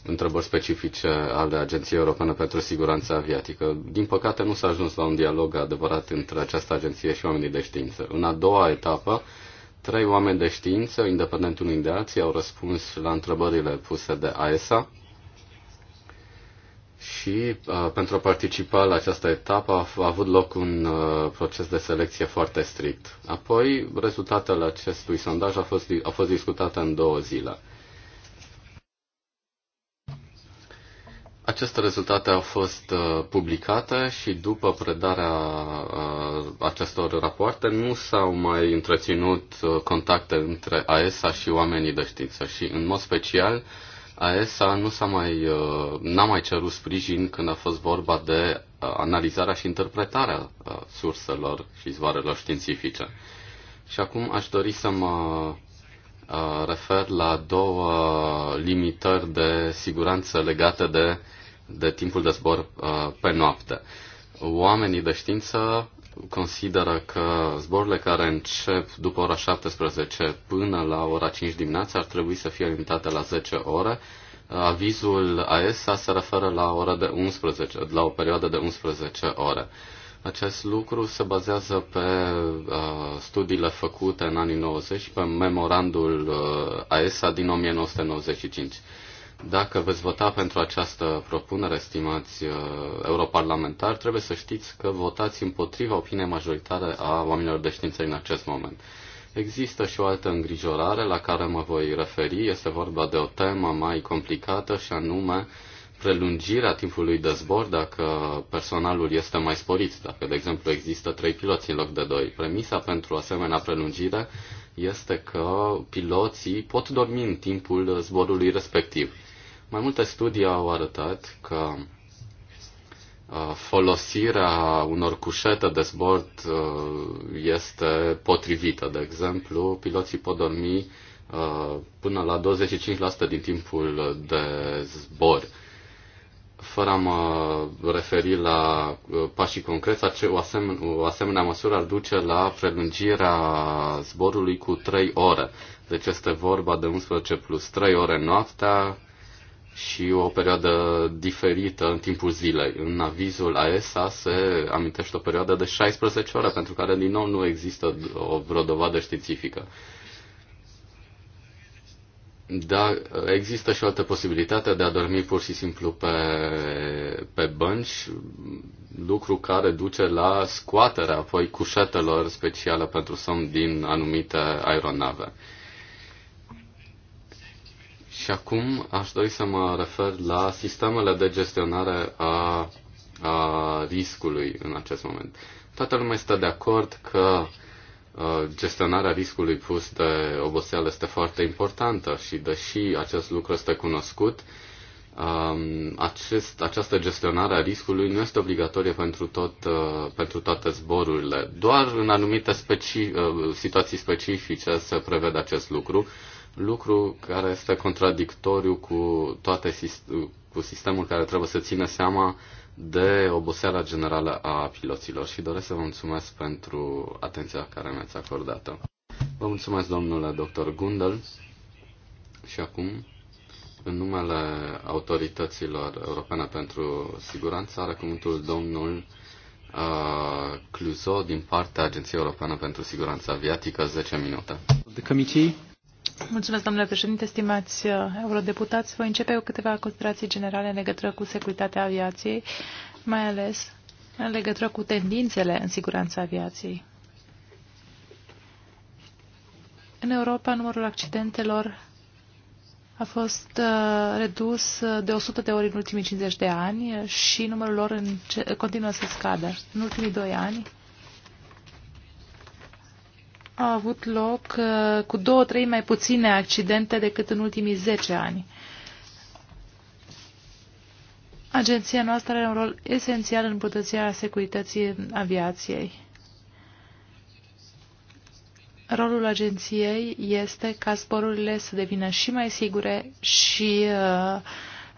întrebări specifice ale Agenției Europene pentru Siguranța Aviatică. Din păcate nu s-a ajuns la un dialog adevărat între această agenție și oamenii de știință. În a doua etapă, trei oameni de știință, independent unii de alții, au răspuns la întrebările puse de AESA și uh, pentru a participa la această etapă a, a avut loc un uh, proces de selecție foarte strict. Apoi, rezultatele acestui sondaj au fost, au fost discutate în două zile. Aceste rezultate au fost uh, publicate și după predarea uh, acestor rapoarte nu s-au mai întreținut uh, contacte între AESA și oamenii de știință și în mod special AESA nu s-a mai, n-a mai cerut sprijin când a fost vorba de analizarea și interpretarea surselor și izvoarelor științifice. Și acum aș dori să mă Uh, refer la două limitări de siguranță legate de, de timpul de zbor uh, pe noapte. Oamenii de știință consideră că zborurile care încep după ora 17 până la ora 5 dimineața ar trebui să fie limitate la 10 ore. Avizul AESA se referă la, ora de 11, la o perioadă de 11 ore. Acest lucru se bazează pe uh, studiile făcute în anii 90 și pe memorandul uh, AESA din 1995. Dacă veți vota pentru această propunere, stimați uh, europarlamentari, trebuie să știți că votați împotriva opiniei majoritare a oamenilor de știință în acest moment. Există și o altă îngrijorare la care mă voi referi. Este vorba de o temă mai complicată și anume uh, prelungirea timpului de zbor dacă personalul este mai sporit, dacă, de exemplu, există trei piloți în loc de doi. Premisa pentru asemenea prelungire este că piloții pot dormi în timpul zborului respectiv. Mai multe studii au arătat că uh, folosirea unor cușete de zbor uh, este potrivită. De exemplu, piloții pot dormi uh, până la 25% din timpul de zbor fără a mă referi la uh, pașii concreți, o asemen- o asemenea măsură ar duce la prelungirea zborului cu 3 ore. Deci este vorba de 11 plus 3 ore noaptea și o perioadă diferită în timpul zilei. În avizul AESA se amintește o perioadă de 16 ore, pentru care din nou nu există o vreo dovadă științifică. Da, există și o altă posibilitate de a dormi pur și simplu pe, pe bănci, lucru care duce la scoaterea apoi cușetelor speciale pentru somn din anumite aeronave. Și acum aș dori să mă refer la sistemele de gestionare a, a riscului în acest moment. Toată lumea este de acord că uh, Uh, gestionarea riscului pus de oboseală este foarte importantă și deși acest lucru este cunoscut, um, acest, această gestionare a riscului nu este obligatorie pentru, tot, uh, pentru toate zborurile. Doar în anumite speci, uh, situații specifice se prevede acest lucru, lucru care este contradictoriu cu, toate, cu sistemul care trebuie să țină seama de oboseala generală a piloților și doresc să vă mulțumesc pentru atenția care mi-ați acordat-o. Vă mulțumesc, domnule dr. Gundel. Și acum, în numele autorităților europene pentru siguranță, are cuvântul domnul uh, Cluzo din partea Agenției europene pentru Siguranță Aviatică, 10 minute. The committee Mulțumesc, domnule președinte, stimați uh, eurodeputați. Voi începe cu câteva considerații generale în legătură cu securitatea aviației, mai ales în legătură cu tendințele în siguranța aviației. În Europa, numărul accidentelor a fost uh, redus uh, de 100 de ori în ultimii 50 de ani și numărul lor continuă să scadă. În ultimii doi ani, au avut loc uh, cu două, trei mai puține accidente decât în ultimii 10 ani. Agenția noastră are un rol esențial în îmbunătățirea securității aviației. Rolul agenției este ca zborurile să devină și mai sigure și uh,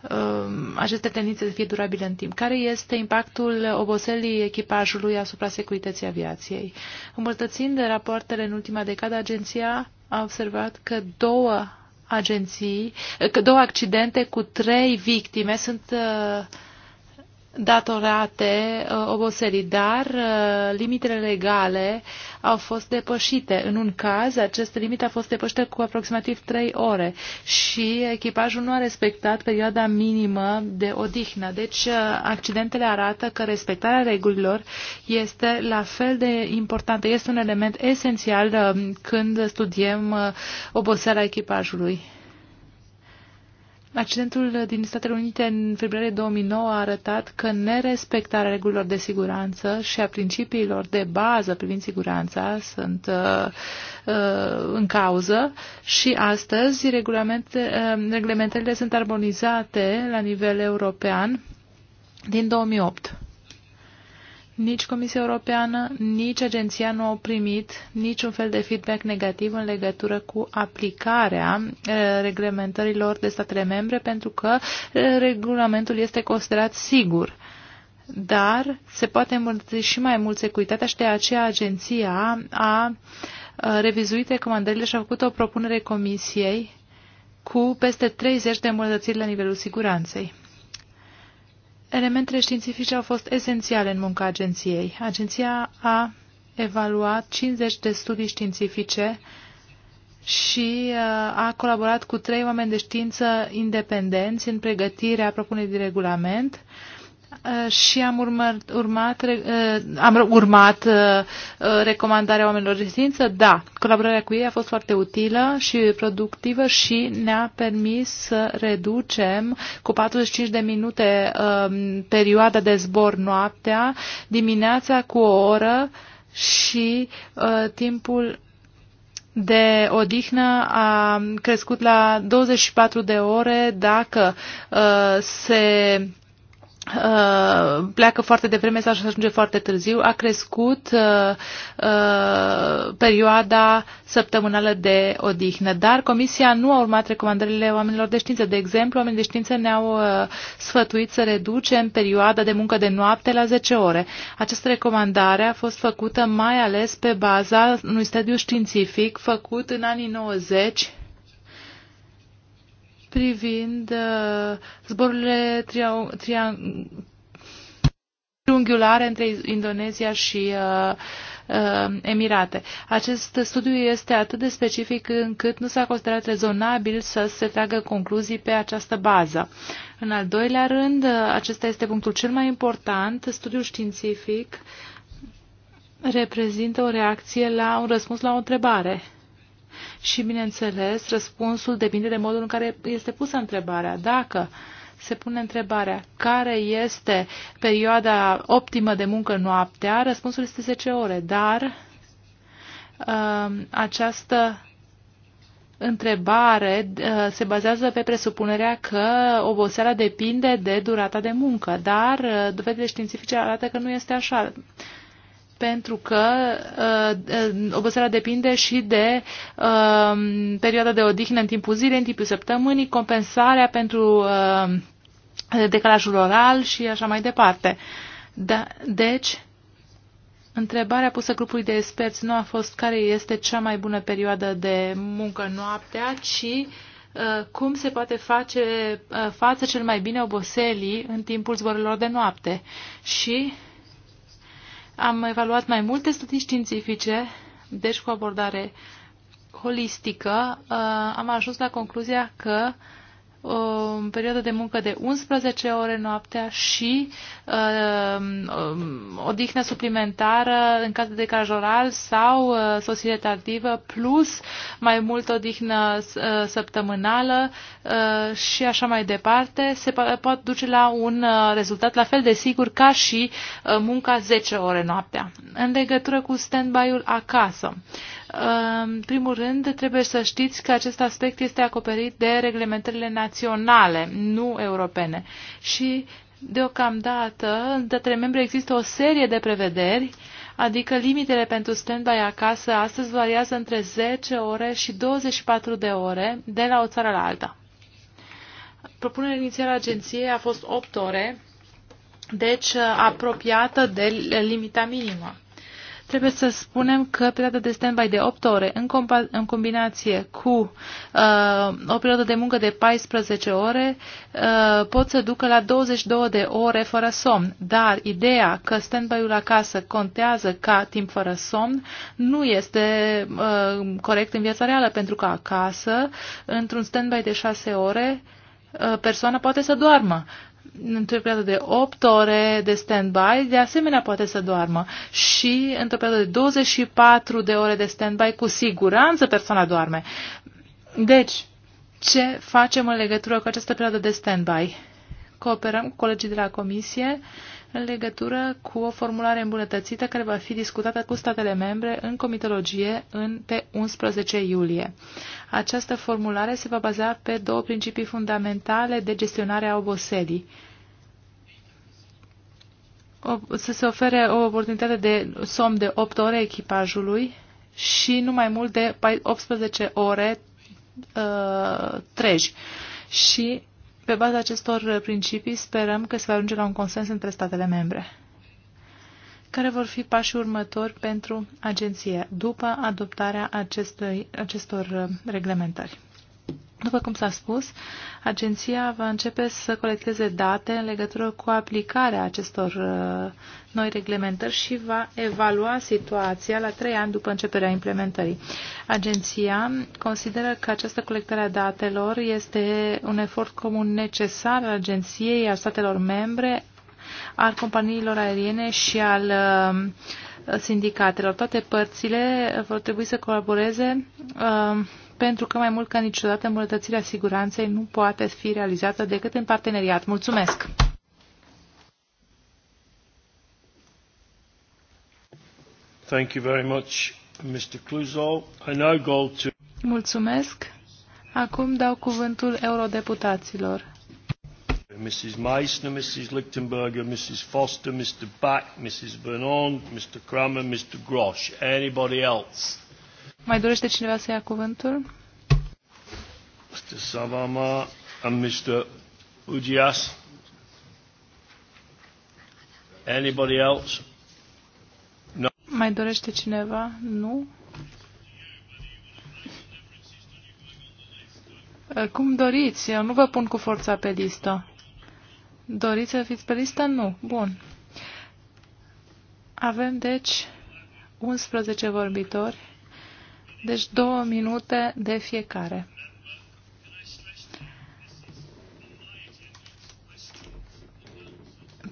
Um, aceste tendințe să fie durabile în timp. Care este impactul oboselii echipajului asupra securității aviației? Îmbărtățind de rapoartele în ultima decadă, agenția a observat că două agenții, că două accidente cu trei victime sunt uh, datorate uh, oboselii, dar uh, limitele legale au fost depășite. În un caz, această limită a fost depășită cu aproximativ 3 ore și echipajul nu a respectat perioada minimă de odihnă. Deci, uh, accidentele arată că respectarea regulilor este la fel de importantă, este un element esențial când studiem oboseala echipajului. Accidentul din Statele Unite în februarie 2009 a arătat că nerespectarea regulilor de siguranță și a principiilor de bază privind siguranța sunt uh, uh, în cauză și astăzi uh, reglementările sunt armonizate la nivel european din 2008. Nici Comisia Europeană, nici agenția nu au primit niciun fel de feedback negativ în legătură cu aplicarea eh, reglementărilor de statele membre, pentru că eh, regulamentul este considerat sigur. Dar se poate îmbunătăți și mai mult securitatea și de aceea agenția a eh, revizuit recomandările și a făcut o propunere Comisiei cu peste 30 de îmbunătățiri la nivelul siguranței. Elementele științifice au fost esențiale în munca agenției. Agenția a evaluat 50 de studii științifice și uh, a colaborat cu trei oameni de știință independenți în pregătirea propunerii de regulament Eh, și am urmat, urmat, eh, am urmat eh, recomandarea oamenilor de știință. Da, colaborarea cu ei a fost foarte utilă și productivă și ne-a permis să reducem cu 45 de minute ehm, perioada de zbor noaptea, dimineața cu o oră și timpul de odihnă a crescut la 24 de ore dacă uh, se Uh, pleacă foarte devreme sau ajunge foarte târziu, a crescut uh, uh, perioada săptămânală de odihnă. Dar Comisia nu a urmat recomandările oamenilor de știință. De exemplu, oamenii de știință ne-au uh, sfătuit să reducem perioada de muncă de noapte la 10 ore. Această recomandare a fost făcută mai ales pe baza unui studiu științific făcut în anii 90 privind uh, zborurile triunghiulare între Indonezia și uh, uh, Emirate. Acest studiu este atât de specific încât nu s-a considerat rezonabil să se tragă concluzii pe această bază. În al doilea rând, uh, acesta este punctul cel mai important, studiul științific reprezintă o reacție la un răspuns la o întrebare și, bineînțeles, răspunsul depinde de modul în care este pusă întrebarea. Dacă se pune întrebarea care este perioada optimă de muncă noaptea, răspunsul este 10 ore, dar um, această întrebare uh, se bazează pe presupunerea că oboseala depinde de durata de muncă, dar uh, dovedele științifice arată că nu este așa pentru că uh, uh, oboseala depinde și de uh, perioada de odihnă în timpul zilei, în timpul săptămânii, compensarea pentru uh, decalajul oral și așa mai departe. Da, deci, întrebarea pusă grupului de experți nu a fost care este cea mai bună perioadă de muncă noaptea, ci uh, cum se poate face uh, față cel mai bine oboselii în timpul zborilor de noapte. Și am evaluat mai multe studii științifice, deci cu abordare holistică, uh, am ajuns la concluzia că o perioadă de muncă de 11 ore noaptea și uh, um, odihnă suplimentară în caz de decalaj oral sau uh, sosire tardivă, plus mai mult odihnă uh, săptămânală uh, și așa mai departe, se po- pot duce la un uh, rezultat la fel de sigur ca și uh, munca 10 ore noaptea. În legătură cu stand-by-ul acasă, uh, în primul rând, trebuie să știți că acest aspect este acoperit de reglementările naționale, nu europene. Și, deocamdată, între membre există o serie de prevederi adică limitele pentru stand-by acasă astăzi variază între 10 ore și 24 de ore de la o țară la alta. Propunerea inițială a agenției a fost 8 ore, deci apropiată de limita minimă trebuie să spunem că perioada de stand-by de 8 ore în, în combinație cu uh, o perioadă de muncă de 14 ore uh, pot să ducă la 22 de ore fără somn. Dar ideea că stand-by-ul acasă contează ca timp fără somn nu este uh, corect în viața reală, pentru că acasă, într-un stand-by de 6 ore, uh, persoana poate să doarmă într-o perioadă de 8 ore de stand-by, de asemenea poate să doarmă. Și într-o perioadă de 24 de ore de stand-by, cu siguranță persoana doarme. Deci, ce facem în legătură cu această perioadă de stand-by? Cooperăm cu colegii de la comisie în legătură cu o formulare îmbunătățită care va fi discutată cu statele membre în comitologie în, pe 11 iulie. Această formulare se va baza pe două principii fundamentale de gestionare a oboselii. O, să se ofere o oportunitate de somn de 8 ore echipajului și nu mai mult de 18 ore uh, treji. Și pe baza acestor principii sperăm că se va ajunge la un consens între statele membre. Care vor fi pașii următori pentru agenție după adoptarea acestui, acestor uh, reglementări? După cum s-a spus, agenția va începe să colecteze date în legătură cu aplicarea acestor uh, noi reglementări și va evalua situația la trei ani după începerea implementării. Agenția consideră că această colectare a datelor este un efort comun necesar al agenției, al statelor membre, al companiilor aeriene și al uh, sindicatelor. Toate părțile vor trebui să colaboreze uh, pentru că mai mult ca niciodată îmbunătățirea siguranței nu poate fi realizată decât în parteneriat. Mulțumesc! Thank you very much, Mr. I now go to... Mulțumesc. Acum dau cuvântul eurodeputaților. Mrs. Meissner, Mrs. Lichtenberger, Mrs. Foster, Mr. Back, Mrs. Vernon, Mr. Kramer, Mr. Grosch. Anybody else? Mai dorește cineva să ia cuvântul? Savama and Mr. Ujias. Anybody else? No. Mai dorește cineva? Nu? Cum doriți, eu nu vă pun cu forța pe listă. Doriți să fiți pe listă? Nu. Bun. Avem, deci, 11 vorbitori deci două minute de fiecare.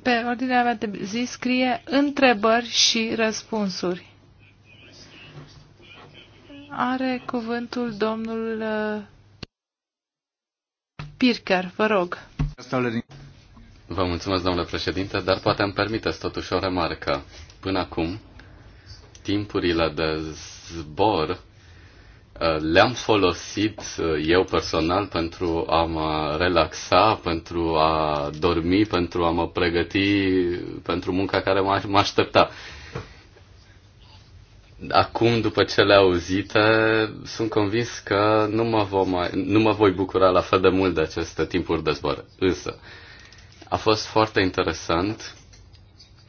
Pe ordinea mea de zi scrie întrebări și răspunsuri. Are cuvântul domnul uh, Pirker, vă rog. Vă mulțumesc, domnule președinte, dar poate îmi permiteți totuși o remarcă. Până acum, timpurile de zbor Uh, le-am folosit uh, eu personal pentru a mă relaxa, pentru a dormi, pentru a mă pregăti pentru munca care mă aștepta. Acum, după ce le auzite, sunt convins că nu mă, vom mai, nu mă voi bucura la fel de mult de aceste timpuri de zbor. Însă, a fost foarte interesant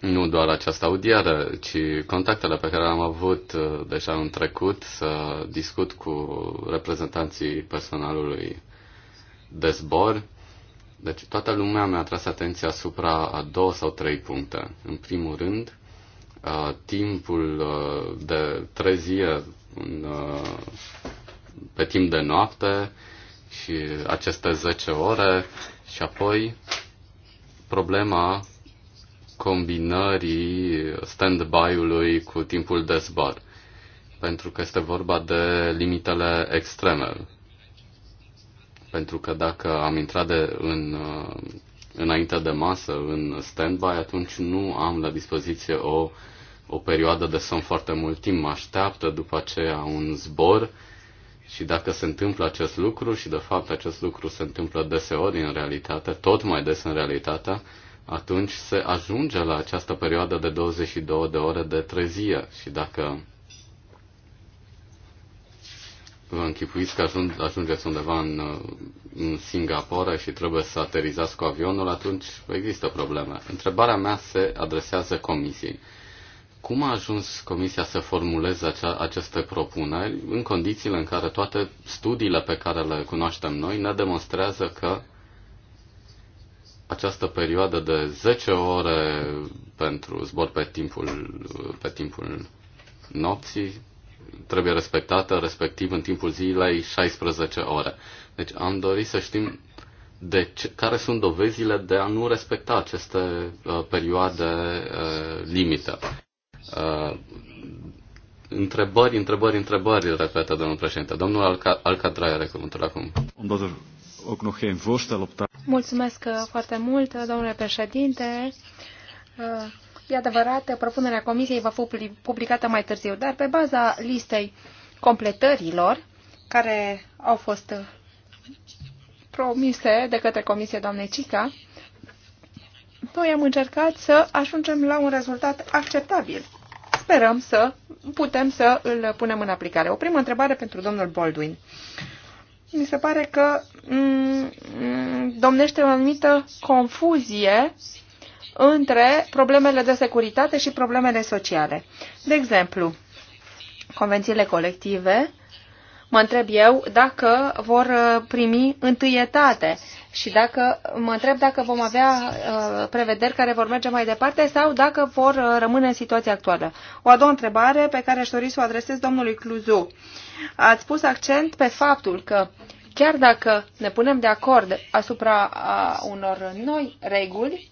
nu doar această audiere, ci contactele pe care am avut uh, deja în trecut să discut cu reprezentanții personalului de zbor. Deci toată lumea mi-a tras atenția asupra a două sau trei puncte. În primul rând, uh, timpul uh, de trezie pe timp de noapte și aceste 10 ore și apoi problema combinării stand-by-ului cu timpul de zbor, pentru că este vorba de limitele extreme. Pentru că dacă am intrat de în, înainte de masă în stand-by, atunci nu am la dispoziție o, o perioadă de somn foarte mult timp. Mă așteaptă după aceea un zbor și dacă se întâmplă acest lucru, și de fapt acest lucru se întâmplă deseori în realitate, tot mai des în realitate, atunci se ajunge la această perioadă de 22 de ore de trezie și dacă vă închipuiți că ajungeți undeva în, în Singapore și trebuie să aterizați cu avionul, atunci există probleme. Întrebarea mea se adresează comisiei. Cum a ajuns comisia să formuleze acea, aceste propuneri în condițiile în care toate studiile pe care le cunoaștem noi ne demonstrează că această perioadă de 10 ore pentru zbor pe timpul, pe timpul nopții trebuie respectată, respectiv în timpul zilei 16 ore. Deci am dorit să știm de ce, care sunt dovezile de a nu respecta aceste uh, perioade uh, limită. Uh, întrebări, întrebări, întrebări, repetă domnul președinte. Domnul Alca, Alcadra acum ook nog geen voorstel op tafel. Mulțumesc uh, foarte mult, uh, domnule președinte. Uh, e adevărat, propunerea comisiei va fi publicată mai târziu, dar pe baza listei completărilor care au fost promise de către comisie doamnei Cica, noi am încercat să ajungem la un rezultat acceptabil. Sperăm să putem să îl punem în aplicare. O primă întrebare pentru domnul Baldwin mi se pare că mm, mm, domnește o anumită confuzie între problemele de securitate și problemele sociale. De exemplu, convențiile colective mă întreb eu dacă vor uh, primi întâietate și dacă mă întreb dacă vom avea uh, prevederi care vor merge mai departe sau dacă vor uh, rămâne în situația actuală. O a doua întrebare pe care aș dori să o adresez domnului Cluzu. Ați pus accent pe faptul că chiar dacă ne punem de acord asupra a unor noi reguli,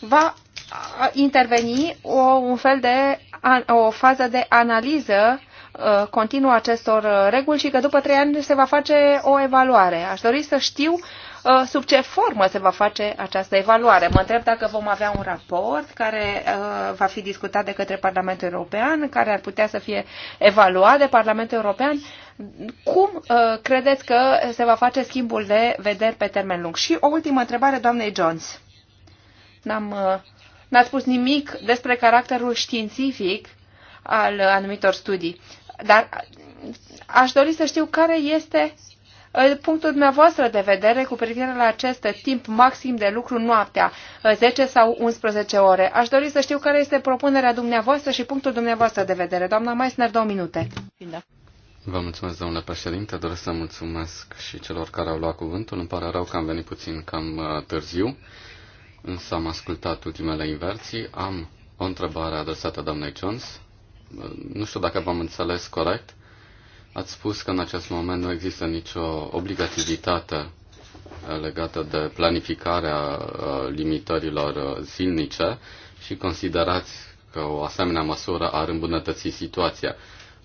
va interveni o, un fel de o fază de analiză Uh, continuă acestor uh, reguli și că după trei ani se va face o evaluare. Aș dori să știu uh, sub ce formă se va face această evaluare. Mă întreb dacă vom avea un raport care va fi discutat de către Parlamentul European, care ar putea să fie evaluat de Parlamentul European. Cum credeți că se va face schimbul de vederi pe termen lung? Și o ultimă întrebare doamnei Jones. N-am, n-ați spus nimic despre caracterul științific al anumitor studii. Dar aș dori să știu care este uh, punctul dumneavoastră de vedere cu privire la acest timp maxim de lucru noaptea, 10 uh, sau 11 ore. Aș dori să știu care este propunerea dumneavoastră și punctul dumneavoastră de vedere. Doamna Meissner, două minute. Vă mulțumesc, domnule președinte. Doresc să mulțumesc și celor care au luat cuvântul. Îmi pare rău că am venit puțin cam uh, târziu, însă am ascultat ultimele inversii. Am o întrebare adresată doamnei Jones nu știu dacă v-am înțeles corect. Ați spus că în acest moment nu există nicio obligativitate uh, legată de planificarea uh, limitărilor uh, zilnice și considerați că o asemenea măsură ar îmbunătăți situația.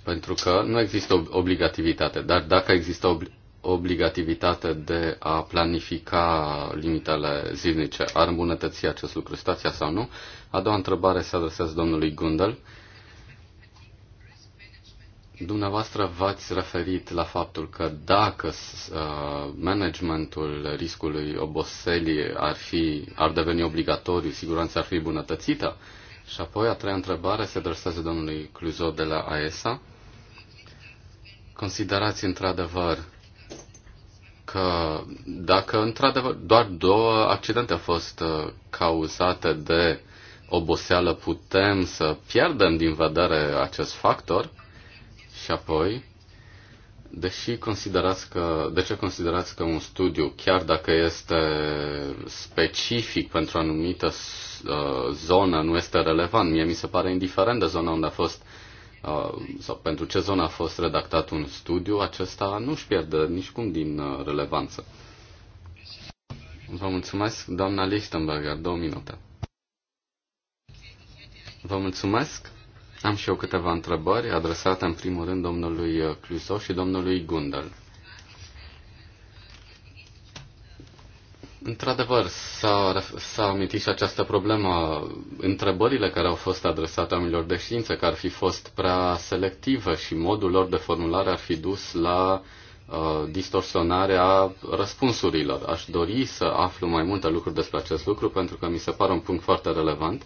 Pentru că nu există obligativitate, dar dacă există ob- obligativitate de a planifica limitele zilnice, ar îmbunătăți acest lucru stația sau nu? A doua întrebare se adresează domnului Gundel. Uh, Dumneavoastră v-ați referit la faptul că dacă uh, managementul riscului oboselii ar, fi, ar deveni obligatoriu, siguranța ar fi bunătățită. Și apoi a treia întrebare se adresează domnului Cluzo de la AESA. Considerați într-adevăr că dacă într-adevăr doar două accidente au fost uh, cauzate de oboseală, putem să pierdem din vedere acest factor? Și apoi, deși considerați că, de ce considerați că un studiu, chiar dacă este specific pentru o anumită uh, zonă, nu este relevant? Mie mi se pare indiferent de zona unde a fost uh, sau pentru ce zonă a fost redactat un studiu, acesta nu își pierde nicicum din uh, relevanță. Vă mulțumesc, doamna Lichtenberger, două minute. Vă mulțumesc. Am și eu câteva întrebări adresate în primul rând domnului uh, Cluso și domnului Gundel. Într-adevăr, s-a, s-a amintit și această problemă. Întrebările care au fost adresate oamenilor de știință, care ar fi fost prea selective și modul lor de formulare ar fi dus la uh, distorsionarea răspunsurilor. Aș dori să aflu mai multe lucruri despre acest lucru pentru că mi se pare un punct foarte relevant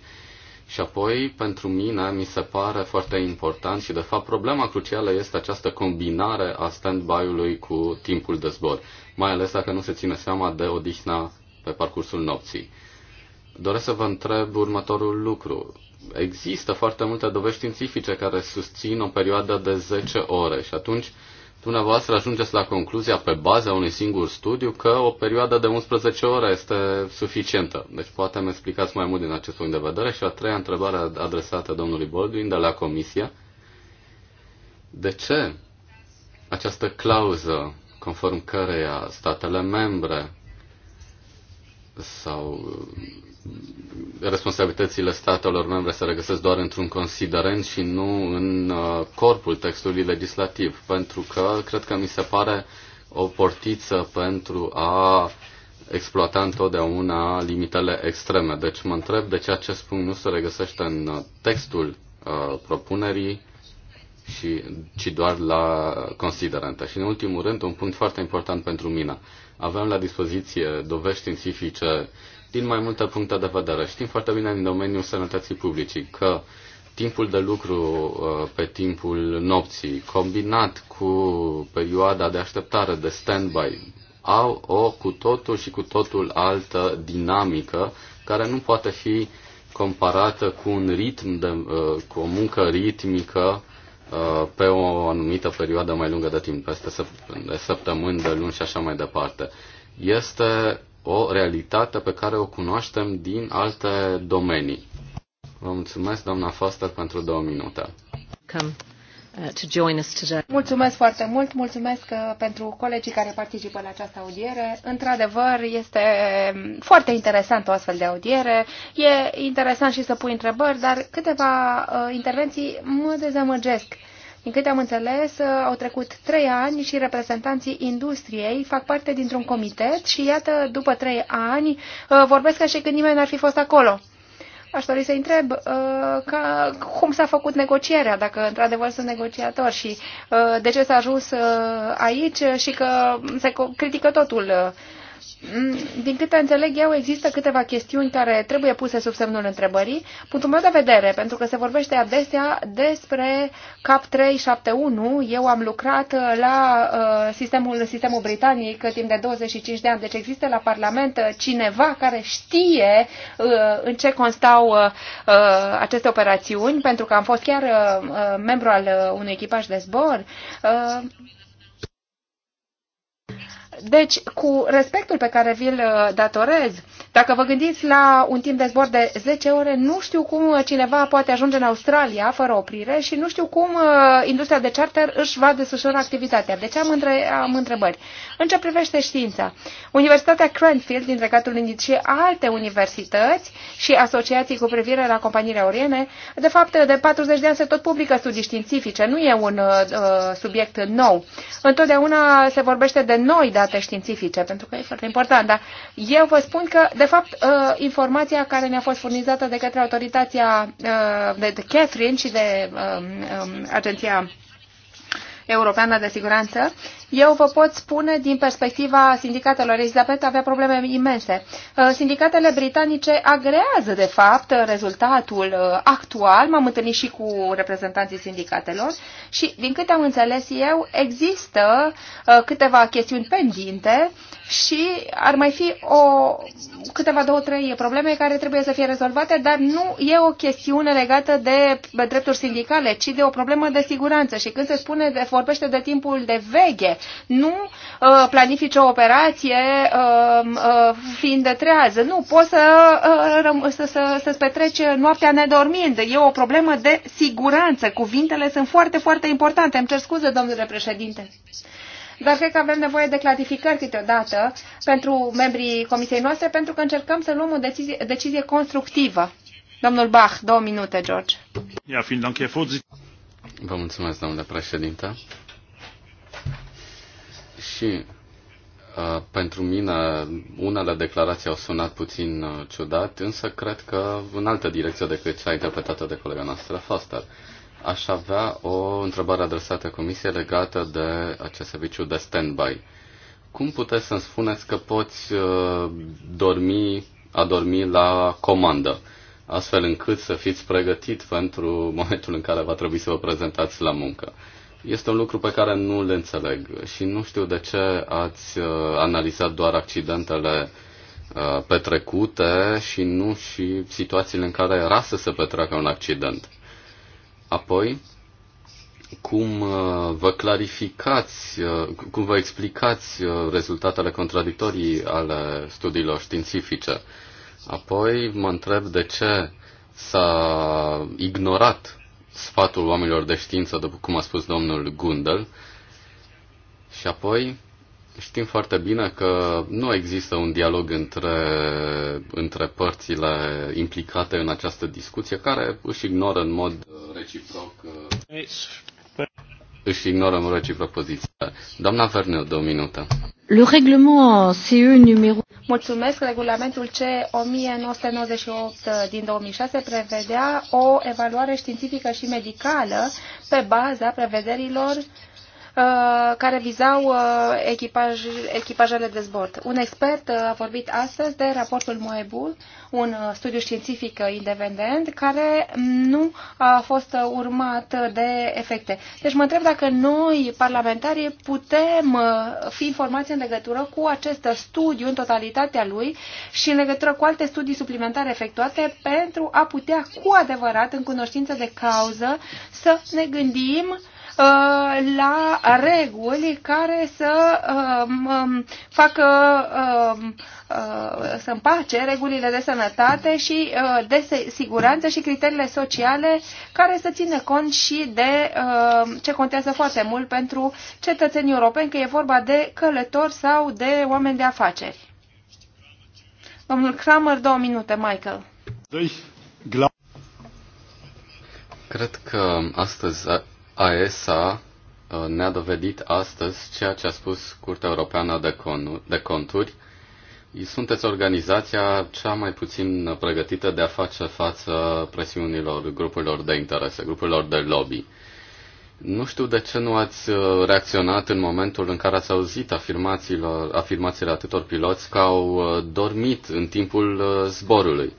și apoi, pentru mine, mi se pare foarte important și, de fapt, problema crucială este această combinare a stand-by-ului cu timpul de zbor, mai ales dacă nu se ține seama de odihna pe parcursul nopții. Doresc să vă întreb următorul lucru. Există foarte multe dovești științifice care susțin o perioadă de 10 ore și atunci dumneavoastră ajungeți la concluzia pe baza unui singur studiu că o perioadă de 11 ore este suficientă. Deci poate îmi explicați mai mult din acest punct de vedere. Și a treia întrebare adresată domnului Baldwin de la Comisia. De ce această clauză conform căreia statele membre sau responsabilitățile statelor membre se regăsesc doar într-un considerent și nu în uh, corpul textului legislativ, pentru că cred că mi se pare o portiță pentru a exploata întotdeauna limitele extreme. Deci mă întreb de ce acest punct nu se regăsește în uh, textul uh, propunerii, și, ci doar la considerente. Și în ultimul rând, un punct foarte important pentru mine. Avem la dispoziție dovești științifice din mai multe puncte de vedere. Știm foarte bine în domeniul sănătății publice că timpul de lucru uh, pe timpul nopții, combinat cu perioada de așteptare, de stand-by, au o cu totul și cu totul altă dinamică care nu poate fi comparată cu un ritm de, uh, cu o muncă ritmică uh, pe o anumită perioadă mai lungă de timp, peste săptămâni, de luni și așa mai departe. Este o realitate pe care o cunoaștem din alte domenii. Vă mulțumesc, doamna Foster, pentru două minute. Come. Uh, to join us today. Mulțumesc foarte mult, mulțumesc uh, pentru colegii care participă la această audiere. Într-adevăr, este um, foarte interesant o astfel de audiere. E interesant și să pui întrebări, dar câteva uh, intervenții mă dezamăgesc din câte am înțeles, uh, au trecut trei ani și reprezentanții industriei fac parte dintr-un comitet și iată, după trei ani, uh, vorbesc ca și când nimeni n-ar fi fost acolo. Aș dori să întreb uh, ca, cum s-a făcut negocierea, dacă într-adevăr sunt negociator și uh, de ce s-a ajuns uh, aici și că se critică totul. Uh, Mm, din câte înțeleg eu, există câteva chestiuni care trebuie puse sub semnul întrebării. Punctul meu de vedere, pentru că se vorbește adesea despre CAP 371, eu am lucrat la uh, sistemul, sistemul britanic timp de 25 de ani, deci există la Parlament cineva care știe uh, în ce constau uh, aceste operațiuni, pentru că am fost chiar membru al unui echipaj de zbor. Deci, cu respectul pe care vi-l uh, datorez dacă vă gândiți la un timp de zbor de 10 ore, nu știu cum uh, cineva poate ajunge în Australia fără oprire și nu știu cum uh, industria de charter își va desfășura activitatea. Deci am, între, am întrebări. În ce privește știința? Universitatea Cranfield din Regatul Unit și alte universități și asociații cu privire la companiile aeriene, de fapt, de 40 de ani se tot publică studii științifice. Nu e un uh, uh, subiect nou. Întotdeauna se vorbește de noi date științifice, pentru că e foarte important. Dar eu vă spun că de fapt, uh, informația care ne-a fost furnizată de către autoritatea uh, de Catherine și de um, um, agenția Europeană de Siguranță, eu vă pot spune din perspectiva sindicatelor. Elizabeth avea probleme imense. Uh, sindicatele britanice agrează, de fapt, rezultatul actual. M-am întâlnit și cu reprezentanții sindicatelor și, din câte am înțeles eu, există câteva chestiuni pendinte și ar mai fi o, câteva, două, trei probleme care trebuie să fie rezolvate, dar nu e o chestiune legată de drepturi sindicale, ci de o problemă de siguranță. Și când se spune, de, vorbește de timpul de veghe, nu uh, planifici o operație uh, uh, fiind de trează. Nu, poți să, uh, să, să, să-ți petreci noaptea nedormind. E o problemă de siguranță. Cuvintele sunt foarte, foarte importante. Îmi cer scuze, domnule președinte dar cred că avem nevoie de clarificări câteodată pentru membrii comisiei noastre, pentru că încercăm să luăm o decizie, decizie constructivă. Domnul Bach, două minute, George. Ja, Dank, Vă mulțumesc, domnule președinte. Și uh, pentru mine unele declarații au sunat puțin uh, ciudat, însă cred că în altă direcție decât cea interpretată de colega noastră Foster. Uh, Aș avea o întrebare adresată Comisiei legată de acest serviciu de standby. Cum puteți să-mi spuneți că poți uh, dormi, adormi la comandă, astfel încât să fiți pregătit pentru momentul în care va trebui să vă prezentați la muncă? Este un lucru pe care nu le înțeleg și nu știu de ce ați uh, analizat doar accidentele uh, petrecute și nu și situațiile în care era să se petreacă un accident. Apoi, cum uh, vă clarificați, uh, cum vă explicați uh, rezultatele contradictorii ale studiilor științifice. Apoi mă întreb de ce s-a ignorat sfatul oamenilor de știință, după cum a spus domnul Gundel, și apoi Știm foarte bine că nu există un dialog între, între părțile implicate în această discuție, care își ignoră în mod reciproc uh, își ignoră în reciproc poziția. Doamna Verneu, două minute. Le règlement CE numero... Mulțumesc. Regulamentul C1998 din 2006 prevedea o evaluare științifică și medicală pe baza prevederilor uh, Uh, care vizau uh, echipaj, echipajele de zbord. Un expert uh, a vorbit astăzi de raportul Moebu, un studiu științific independent, care nu a fost urmat de efecte. Deci mă întreb dacă noi, parlamentarii, putem fi informați în legătură cu acest studiu în totalitatea lui și în legătură cu alte studii suplimentare efectuate pentru a putea cu adevărat, în cunoștință de cauză, să ne gândim Uh, la reguli care să uh, facă uh, să împace regulile de sănătate și de siguranță și criteriile sociale care să țină cont și de ce contează foarte mult pentru cetățenii europeni, că e vorba de călători sau de oameni de afaceri. Domnul Kramer, două minute, Michael. Deci, Cred că astăzi AESA uh, ne-a dovedit astăzi ceea ce a spus Curtea Europeană de, Con- de Conturi. Sunteți organizația cea mai puțin pregătită de a face față presiunilor grupurilor de interese, grupurilor de lobby. Nu știu de ce nu ați uh, reacționat în momentul în care ați auzit afirmațiile, afirmațiile atâtor piloți că au uh, dormit în timpul zborului.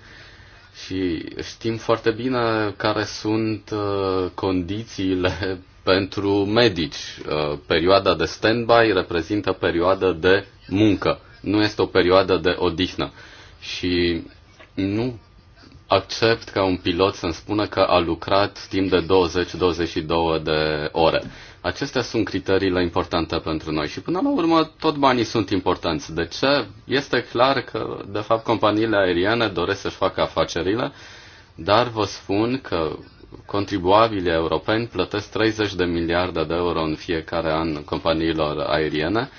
Și știm foarte bine care sunt uh, condițiile pentru medici. Uh, perioada de stand-by reprezintă perioada de muncă, nu este o perioadă de odihnă. Și nu accept ca un pilot să-mi spună că a lucrat timp de 20-22 de ore. Acestea sunt criteriile importante pentru noi și până la urmă tot banii sunt importanți. De ce? Este clar că de fapt companiile aeriene doresc să-și facă afacerile, dar vă spun că contribuabilii europeni plătesc 30 de miliarde de euro în fiecare an companiilor aeriene,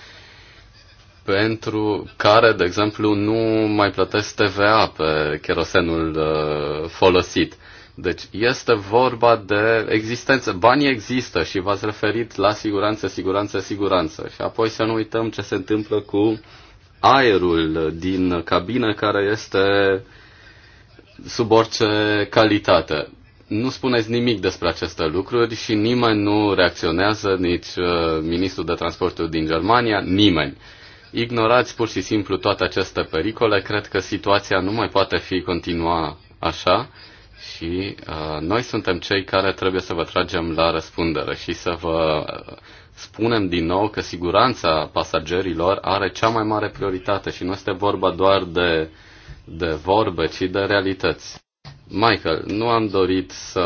pentru care, de exemplu, nu mai plătesc TVA pe cherosenul uh, folosit. Deci este vorba de existență. Banii există și v-ați referit la siguranță, siguranță, siguranță. Și apoi să nu uităm ce se întâmplă cu aerul din cabină care este sub orice calitate. Nu spuneți nimic despre aceste lucruri și nimeni nu reacționează, nici uh, ministrul de transporturi din Germania, nimeni. Ignorați pur și simplu toate aceste pericole. Cred că situația nu mai poate fi continua așa și uh, noi suntem cei care trebuie să vă tragem la răspundere și să vă uh, spunem din nou că siguranța pasagerilor are cea mai mare prioritate și nu este vorba doar de, de vorbe, ci de realități. Michael, nu am dorit să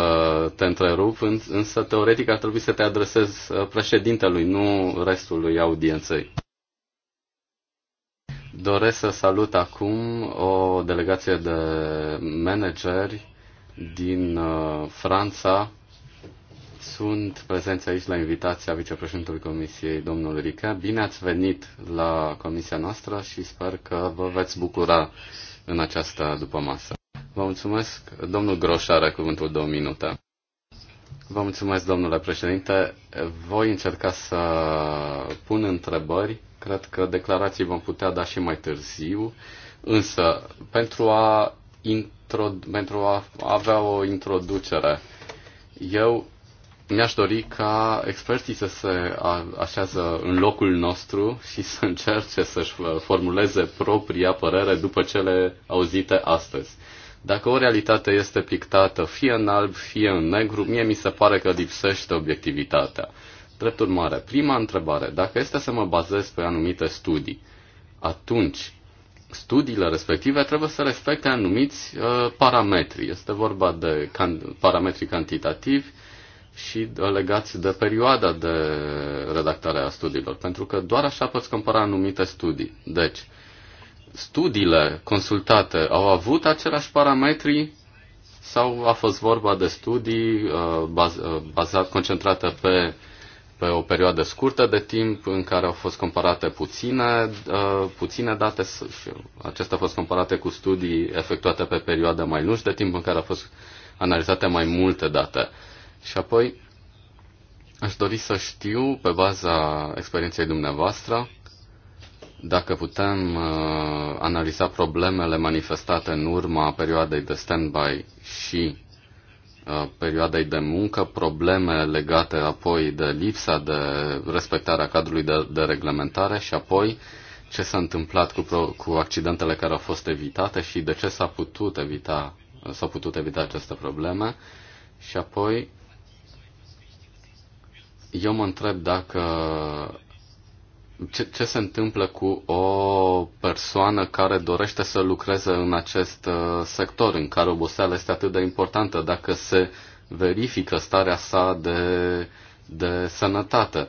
te întrerup, însă teoretic ar trebui să te adresez uh, președintelui, nu restului audienței. Doresc să salut acum o delegație de manageri din uh, Franța sunt prezenți aici la invitația vicepreședintelui Comisiei, domnul Rica. Bine ați venit la comisia noastră și sper că vă veți bucura în această după masă. Vă mulțumesc. Domnul Groș are cuvântul două minute. Vă mulțumesc, domnule președinte. Voi încerca să pun întrebări. Cred că declarații vom putea da și mai târziu. Însă, pentru a intro, pentru a avea o introducere. Eu mi-aș dori ca experții să se așează în locul nostru și să încerce să-și formuleze propria părere după cele auzite astăzi. Dacă o realitate este pictată fie în alb, fie în negru, mie mi se pare că lipsește obiectivitatea. Drept urmare, prima întrebare, dacă este să mă bazez pe anumite studii, atunci studiile respective trebuie să respecte anumiți uh, parametri. Este vorba de can- parametri cantitativi și uh, legați de perioada de redactare a studiilor, pentru că doar așa poți compara anumite studii. Deci, studiile consultate au avut același parametri sau a fost vorba de studii uh, baz- uh, bazat, concentrate pe pe o perioadă scurtă de timp în care au fost comparate puține, uh, puține date și acestea au fost comparate cu studii efectuate pe perioade mai lungi de timp în care au fost analizate mai multe date. Și apoi aș dori să știu, pe baza experienței dumneavoastră, dacă putem uh, analiza problemele manifestate în urma perioadei de stand-by și perioadei de muncă, probleme legate apoi de lipsa de respectarea cadrului de, de reglementare și apoi ce s-a întâmplat cu, cu accidentele care au fost evitate și de ce s-a putut evita, s a putut evita aceste probleme. Și apoi eu mă întreb dacă ce, ce se întâmplă cu o persoană care dorește să lucreze în acest uh, sector în care oboseala este atât de importantă, dacă se verifică starea sa de, de sănătate.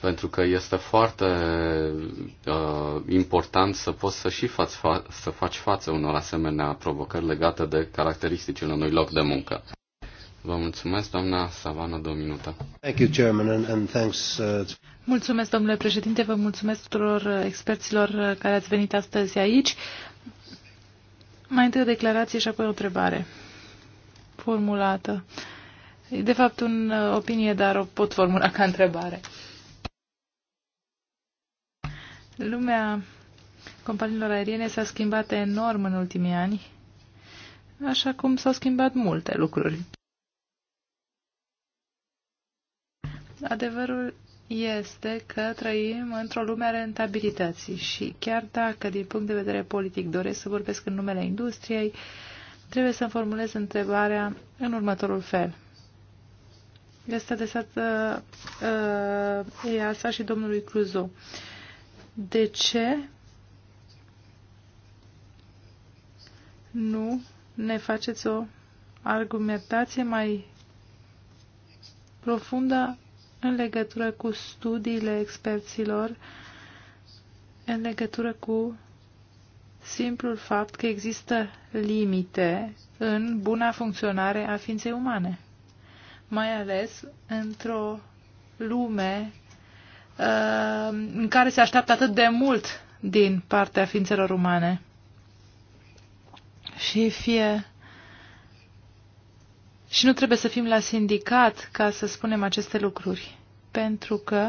Pentru că este foarte uh, important să poți să și faci, fa- să faci față unor asemenea provocări legate de caracteristicile unui loc de muncă. Vă mulțumesc, doamna Savana, două minute. Thank you, Chairman, and, and thanks, uh... Mulțumesc, domnule președinte, vă mulțumesc tuturor uh, experților uh, care ați venit astăzi aici. Mai întâi o declarație și apoi o întrebare formulată. E de fapt un uh, opinie, dar o pot formula ca întrebare. Lumea companiilor aeriene s-a schimbat enorm în ultimii ani, așa cum s-au schimbat multe lucruri. adevărul este că trăim într-o lume a rentabilității și chiar dacă, din punct de vedere politic, doresc să vorbesc în numele industriei, trebuie să formulez întrebarea în următorul fel. Este adresată uh, EASA uh, și domnului Cruzo. De ce nu ne faceți o argumentație mai profundă în legătură cu studiile experților, în legătură cu simplul fapt că există limite în buna funcționare a ființei umane, mai ales într-o lume uh, în care se așteaptă atât de mult din partea ființelor umane. Și fie și nu trebuie să fim la sindicat ca să spunem aceste lucruri, pentru că,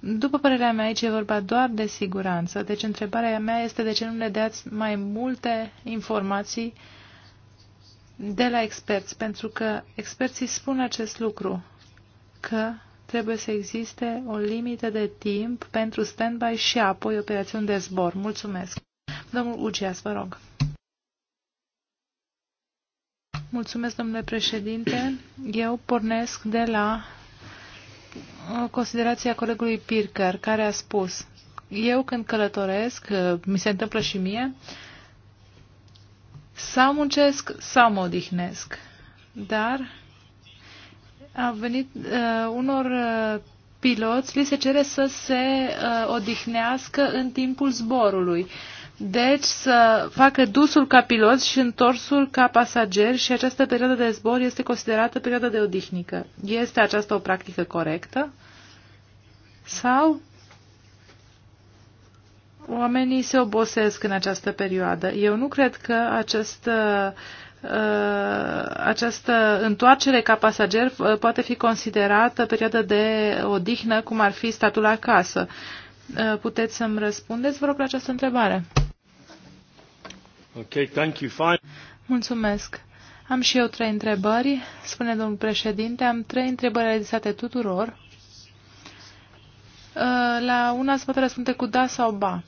după părerea mea, aici e vorba doar de siguranță. Deci întrebarea mea este de ce nu ne dați mai multe informații de la experți, pentru că experții spun acest lucru, că trebuie să existe o limită de timp pentru standby și apoi operațiuni de zbor. Mulțumesc. Domnul Ugias, vă rog. Mulțumesc, domnule președinte. Eu pornesc de la uh, considerația colegului Pirker, care a spus, eu când călătoresc, uh, mi se întâmplă și mie, sau muncesc, sau mă odihnesc. Dar a venit uh, unor uh, piloți, li se cere să se uh, odihnească în timpul zborului. Uh, deci să facă dusul ca pilot și întorsul ca pasager și această perioadă de zbor este considerată perioadă de odihnică. Este aceasta o practică corectă? Sau oamenii se obosesc în această perioadă? Eu nu cred că această, uh, această întoarcere ca pasager uh, poate fi considerată perioadă de odihnă cum ar fi statul acasă. Uh, puteți să-mi răspundeți, vă rog, la această întrebare. Okay, thank you. Fine. Mulțumesc. Am și eu trei întrebări, spune domnul președinte. Am trei întrebări adresate tuturor. Uh, la una se poate răspunde cu da sau ba.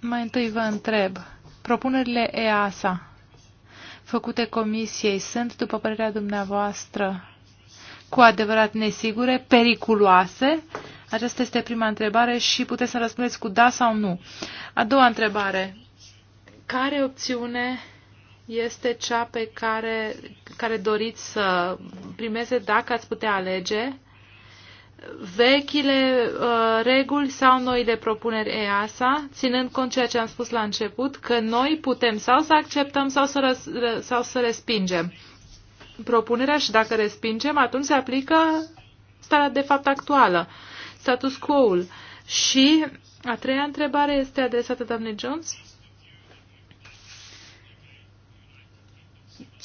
Mai întâi vă întreb, propunerile EASA făcute comisiei sunt, după părerea dumneavoastră, cu adevărat nesigure, periculoase? Aceasta este prima întrebare și puteți să răspundeți cu da sau nu. A doua întrebare care opțiune este cea pe care, care doriți să primeze dacă ați putea alege vechile uh, reguli sau noile propuneri EASA, ținând cont ceea ce am spus la început, că noi putem sau să acceptăm sau să, răs, sau să respingem propunerea și dacă respingem, atunci se aplică starea de fapt actuală, status quo-ul. Și a treia întrebare este adresată doamnei Jones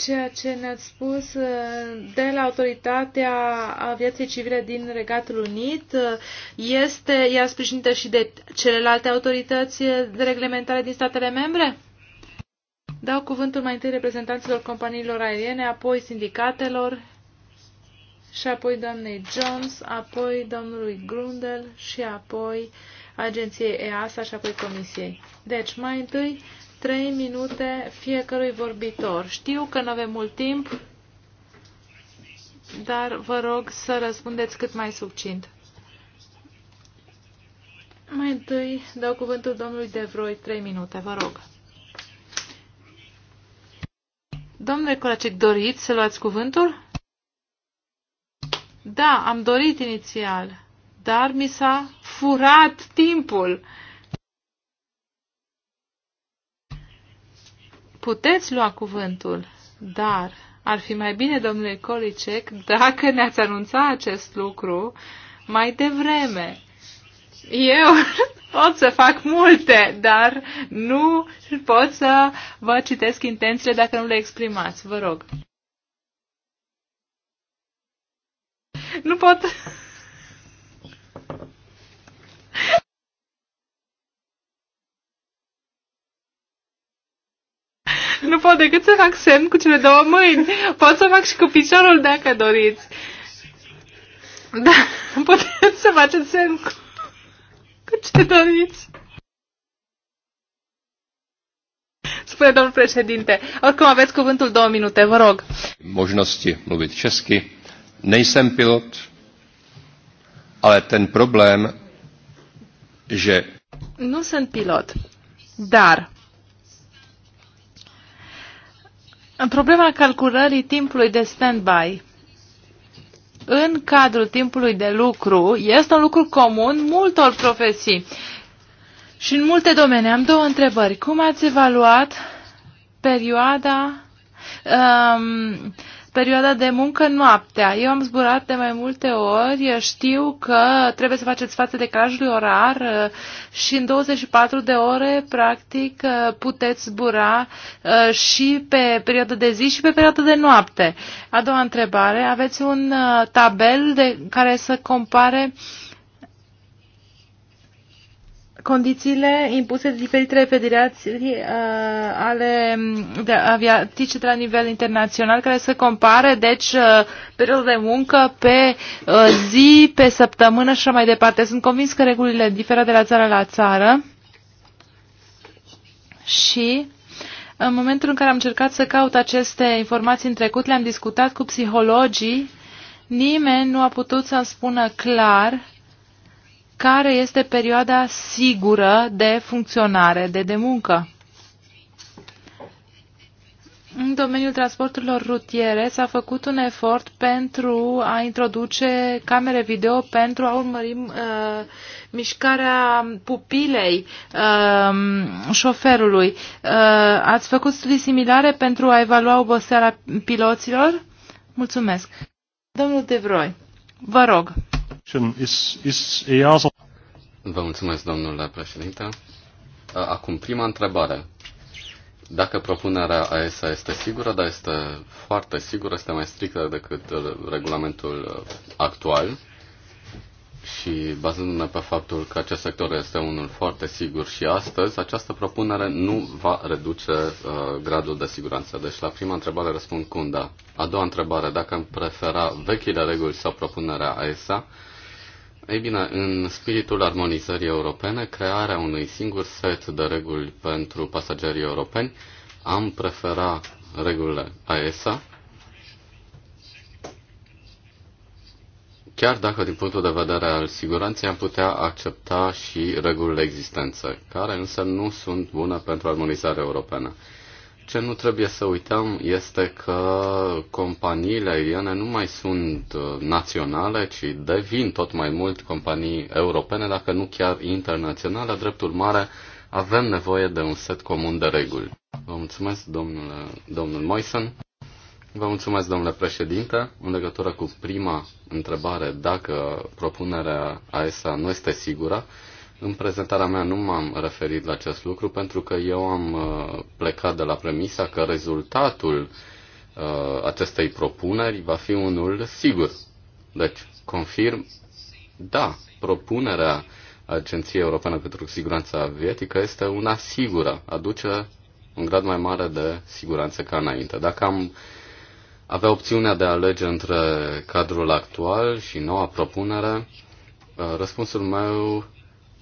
ceea ce ne-ați spus uh, de la Autoritatea Aviației Civile din Regatul Unit uh, este ea sprijinită și de celelalte autorități de reglementare din statele membre? Dau cuvântul mai întâi reprezentanților companiilor aeriene, apoi sindicatelor și apoi doamnei Jones, apoi domnului Grundel și apoi agenției EASA și apoi comisiei. Deci, mai întâi Trei minute fiecărui vorbitor. Știu că nu avem mult timp, dar vă rog să răspundeți cât mai succint. Mai întâi dau cuvântul domnului Devroi, trei minute, vă rog. Domnule Coracic, doriți să luați cuvântul? Da, am dorit inițial, dar mi s-a furat timpul. Puteți lua cuvântul, dar ar fi mai bine, domnule Colicec, dacă ne-ați anunța acest lucru mai devreme. Eu pot să fac multe, dar nu pot să vă citesc intențiile dacă nu le exprimați. Vă rog. Nu pot nu pot decât să fac semn cu cele două mâini. Pot să fac și cu piciorul dacă doriți. Da, puteți să faceți semn cu, cu ce doriți. Spune domnul președinte. Oricum aveți cuvântul două minute, vă rog. Možnosti mluvit česky. Nejsem pilot, ale ten problém, že... Nu sunt pilot, dar În problema calculării timpului de stand-by, în cadrul timpului de lucru, este un lucru comun multor profesii. Și în multe domenii am două întrebări. Cum ați evaluat perioada um, perioada de muncă noaptea. Eu am zburat de mai multe ori, știu că trebuie să faceți față decalajului orar eh, și în 24 de ore, practic, eh, puteți zbura eh, și pe perioada de zi și pe perioada de noapte. A doua întrebare, aveți un tabel de care să compare uh, condițiile impuse de diferitele federații uh, ale mm, de aviatice de la nivel internațional care se compare, deci, uh, perioada de muncă pe uh, zi, pe săptămână și așa mai departe. Sunt convins că regulile diferă de la țară la țară și în momentul în care am încercat să caut aceste informații în trecut, le-am discutat cu psihologii, nimeni nu a putut să-mi spună clar care este perioada sigură de funcționare, de, de muncă. În domeniul transporturilor rutiere s-a făcut un efort pentru a introduce camere video pentru a urmări uh, mișcarea pupilei uh, șoferului. Uh, ați făcut studii similare pentru a evalua oboseala piloților? Mulțumesc. Domnul Devroi, vă rog. Vă mulțumesc, domnule președinte. Acum, prima întrebare. Dacă propunerea AESA este sigură, dar este foarte sigură, este mai strictă decât uh, regulamentul uh, actual și bazându-ne pe faptul că acest sector este unul foarte sigur și astăzi, această propunere nu va reduce uh, gradul de siguranță. Deci la prima întrebare răspund cu un da. A doua întrebare, dacă îmi prefera vechile reguli sau propunerea AESA, ei bine, în spiritul armonizării europene, crearea unui singur set de reguli pentru pasagerii europeni, am prefera regulile AESA, chiar dacă din punctul de vedere al siguranței am putea accepta și regulile existențe, care însă nu sunt bune pentru armonizarea europeană. Ce nu trebuie să uităm este că companiile aeriene nu mai sunt uh, naționale, ci devin tot mai mult companii europene, dacă nu chiar internaționale. Drept urmare, avem nevoie de un set comun de reguli. Vă mulțumesc, domnule, domnul Moisen. Vă mulțumesc, domnule președinte. În legătură cu prima întrebare, dacă propunerea AESA nu este sigură, în prezentarea mea nu m-am referit la acest lucru pentru că eu am uh, plecat de la premisa că rezultatul uh, acestei propuneri va fi unul sigur. Deci, confirm, da, propunerea Agenției Europene pentru Siguranța Aviatică este una sigură, aduce un grad mai mare de siguranță ca înainte. Dacă am avea opțiunea de a alege între cadrul actual și noua propunere, uh, răspunsul meu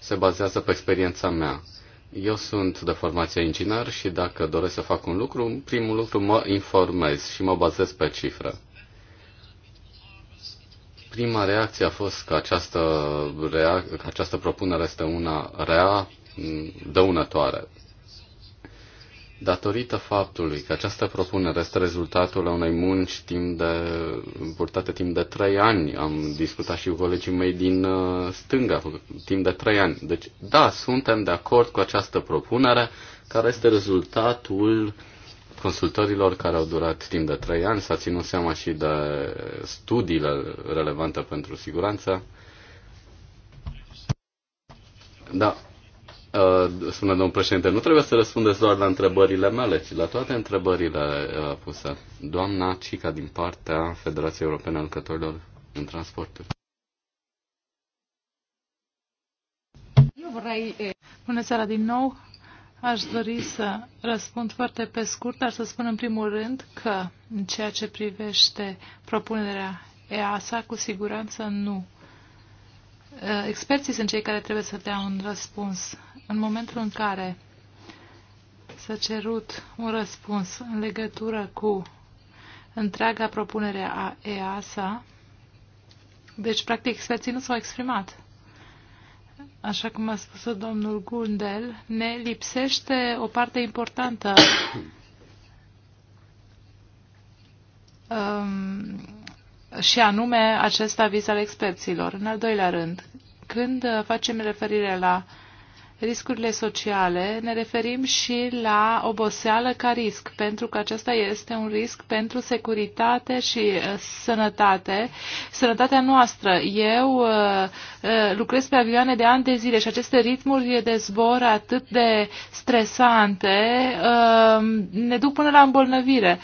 se bazează pe experiența mea. Eu sunt de formație inginer și dacă doresc să fac un lucru, primul lucru mă informez și mă bazez pe cifre. Prima reacție a fost că această, că această propunere este una rea, dăunătoare. Datorită faptului că această propunere este rezultatul unei munci timp de, purtate timp de trei ani, am discutat și cu colegii mei din uh, stânga, timp de trei ani. Deci, da, suntem de acord cu această propunere, care este rezultatul consultărilor care au durat timp de trei ani, s-a ținut seama și de studiile relevante pentru siguranță. Da, Uh, spune domnul președinte, nu trebuie să răspundeți doar la întrebările mele, ci la toate întrebările uh, puse. Doamna Cica din partea Federației Europene a Lucrătorilor în Transporturi. Eu vrei... Bună seara din nou! Aș dori să răspund foarte pe scurt, dar să spun în primul rând că în ceea ce privește propunerea EASA, cu siguranță nu Uh, experții sunt cei care trebuie să dea un răspuns. În momentul în care s-a cerut un răspuns în legătură cu întreaga propunere a EASA, deci, practic, experții nu s-au exprimat. Așa cum a spus domnul Gundel, ne lipsește o parte importantă um, și anume acest aviz al experților. În al doilea rând, când facem referire la riscurile sociale, ne referim și la oboseală ca risc, pentru că acesta este un risc pentru securitate și uh, sănătate, sănătatea noastră. Eu uh, uh, lucrez pe avioane de ani de zile și aceste ritmuri de zbor atât de stresante ne duc până la îmbolnăvire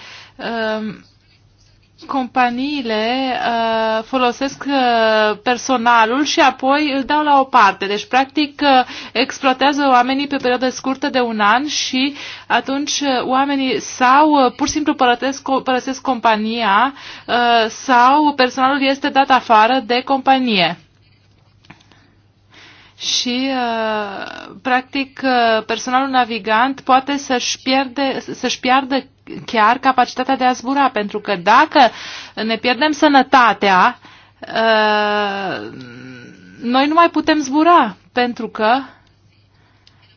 companiile uh, folosesc uh, personalul și apoi îl dau la o parte. Deci, practic, uh, exploatează oamenii pe perioadă scurtă de un an și atunci uh, oamenii sau uh, pur și simplu părăsesc, părăsesc compania uh, sau personalul este dat afară de companie și uh, practic uh, personalul navigant poate să-și, pierde, să-și piardă chiar capacitatea de a zbura, pentru că dacă ne pierdem sănătatea, uh, noi nu mai putem zbura, pentru că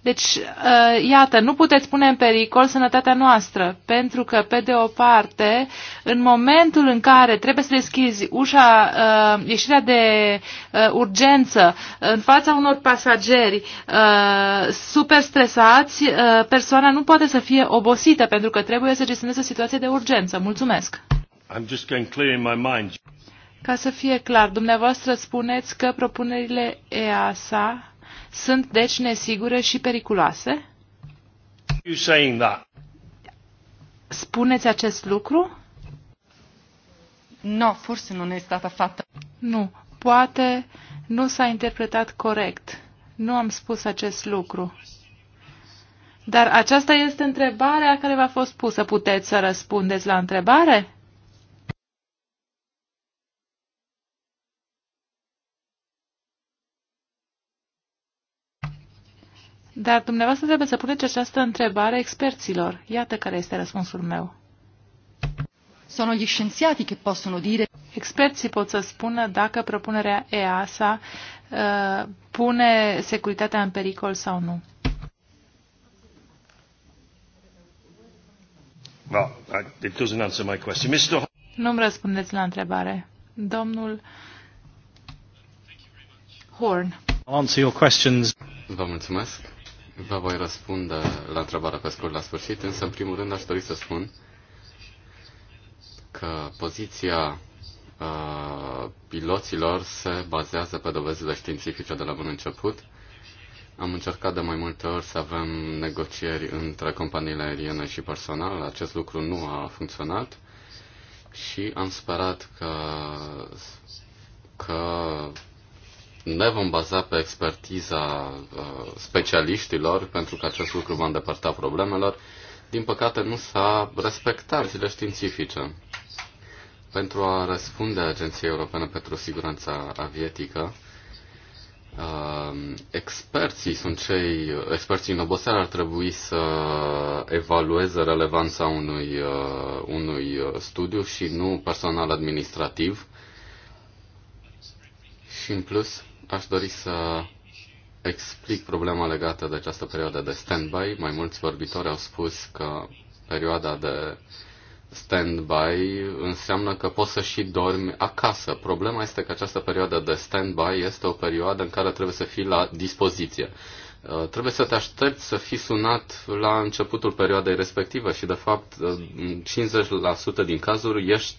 deci, uh, iată, nu puteți pune în pericol sănătatea noastră, pentru că, pe de o parte, în momentul în care trebuie să deschizi ușa, uh, ieșirea de uh, urgență în fața unor pasageri super stresați, persoana nu poate să fie obosită, pentru că trebuie să gestioneze situația de urgență. Mulțumesc! I'm just going clear in my mind. Ca să fie clar, dumneavoastră spuneți că propunerile EASA sunt deci nesigure și periculoase? Spuneți acest lucru? No, forse non è stata fatta. Nu, poate nu s-a interpretat corect. Nu am spus acest lucru. Dar aceasta este întrebarea care v-a fost pusă. Puteți să răspundeți la întrebare? Dar dumneavoastră trebuie să puneți această întrebare experților. Iată care este răspunsul meu. Sono gli scienziati che possono dire. Experții pot să spună dacă propunerea EASA uh, pune securitatea în pericol sau nu. it doesn't answer my question. Mr. Nu-mi răspundeți la întrebare. Domnul Horn. Answer your questions. Vă mulțumesc. Vă voi răspunde la întrebarea pe scurt la sfârșit, însă în primul rând aș dori să spun că poziția uh, piloților se bazează pe dovezile științifice de la bun început. Am încercat de mai multe ori să avem negocieri între companiile aeriene și personal. Acest lucru nu a funcționat și am sperat că, că ne vom baza pe expertiza uh, specialiștilor, pentru că acest lucru va îndepărta problemelor. Din păcate, nu s-a respectat zile științifice. Pentru a răspunde Agenției Europene pentru Siguranța Aviatică, uh, experții sunt cei, experții în oboseală ar trebui să evalueze relevanța unui, uh, unui studiu și nu personal administrativ. Și în plus, Aș dori să explic problema legată de această perioadă de stand-by. Mai mulți vorbitori au spus că perioada de stand-by înseamnă că poți să și dormi acasă. Problema este că această perioadă de stand-by este o perioadă în care trebuie să fii la dispoziție. Uh, trebuie să te aștepți să fii sunat la începutul perioadei respective și, de fapt, 50% uh, din cazuri ești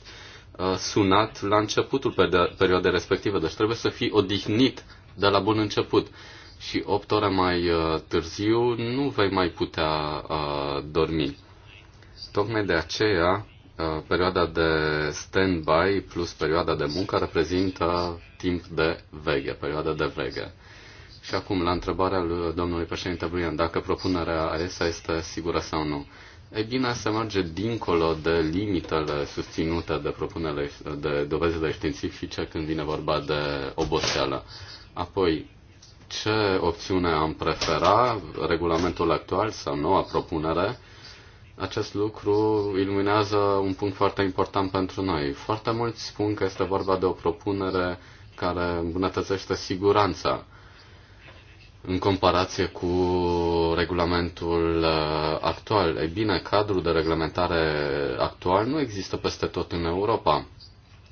Uh, sunat la începutul perioadei respective, deci trebuie să fii odihnit de la bun început. Și 8 ore mai uh, târziu nu vei mai putea uh, dormi. Tocmai de aceea, perioada de stand-by plus perioada de muncă reprezintă timp de veche, perioada de veche. Și acum, la întrebarea lui domnului președinte Brian, dacă propunerea ASA este sigură sau nu. E bine, asta merge dincolo de limitele susținute de propunele de dovezile științifice când vine vorba de oboseală. Apoi, ce opțiune am prefera, regulamentul actual sau noua propunere, acest lucru iluminează un punct foarte important pentru noi. Foarte mulți spun că este vorba de o propunere care îmbunătățește siguranța în comparație cu regulamentul uh, actual. Ei bine, cadrul de reglementare actual nu există peste tot în Europa.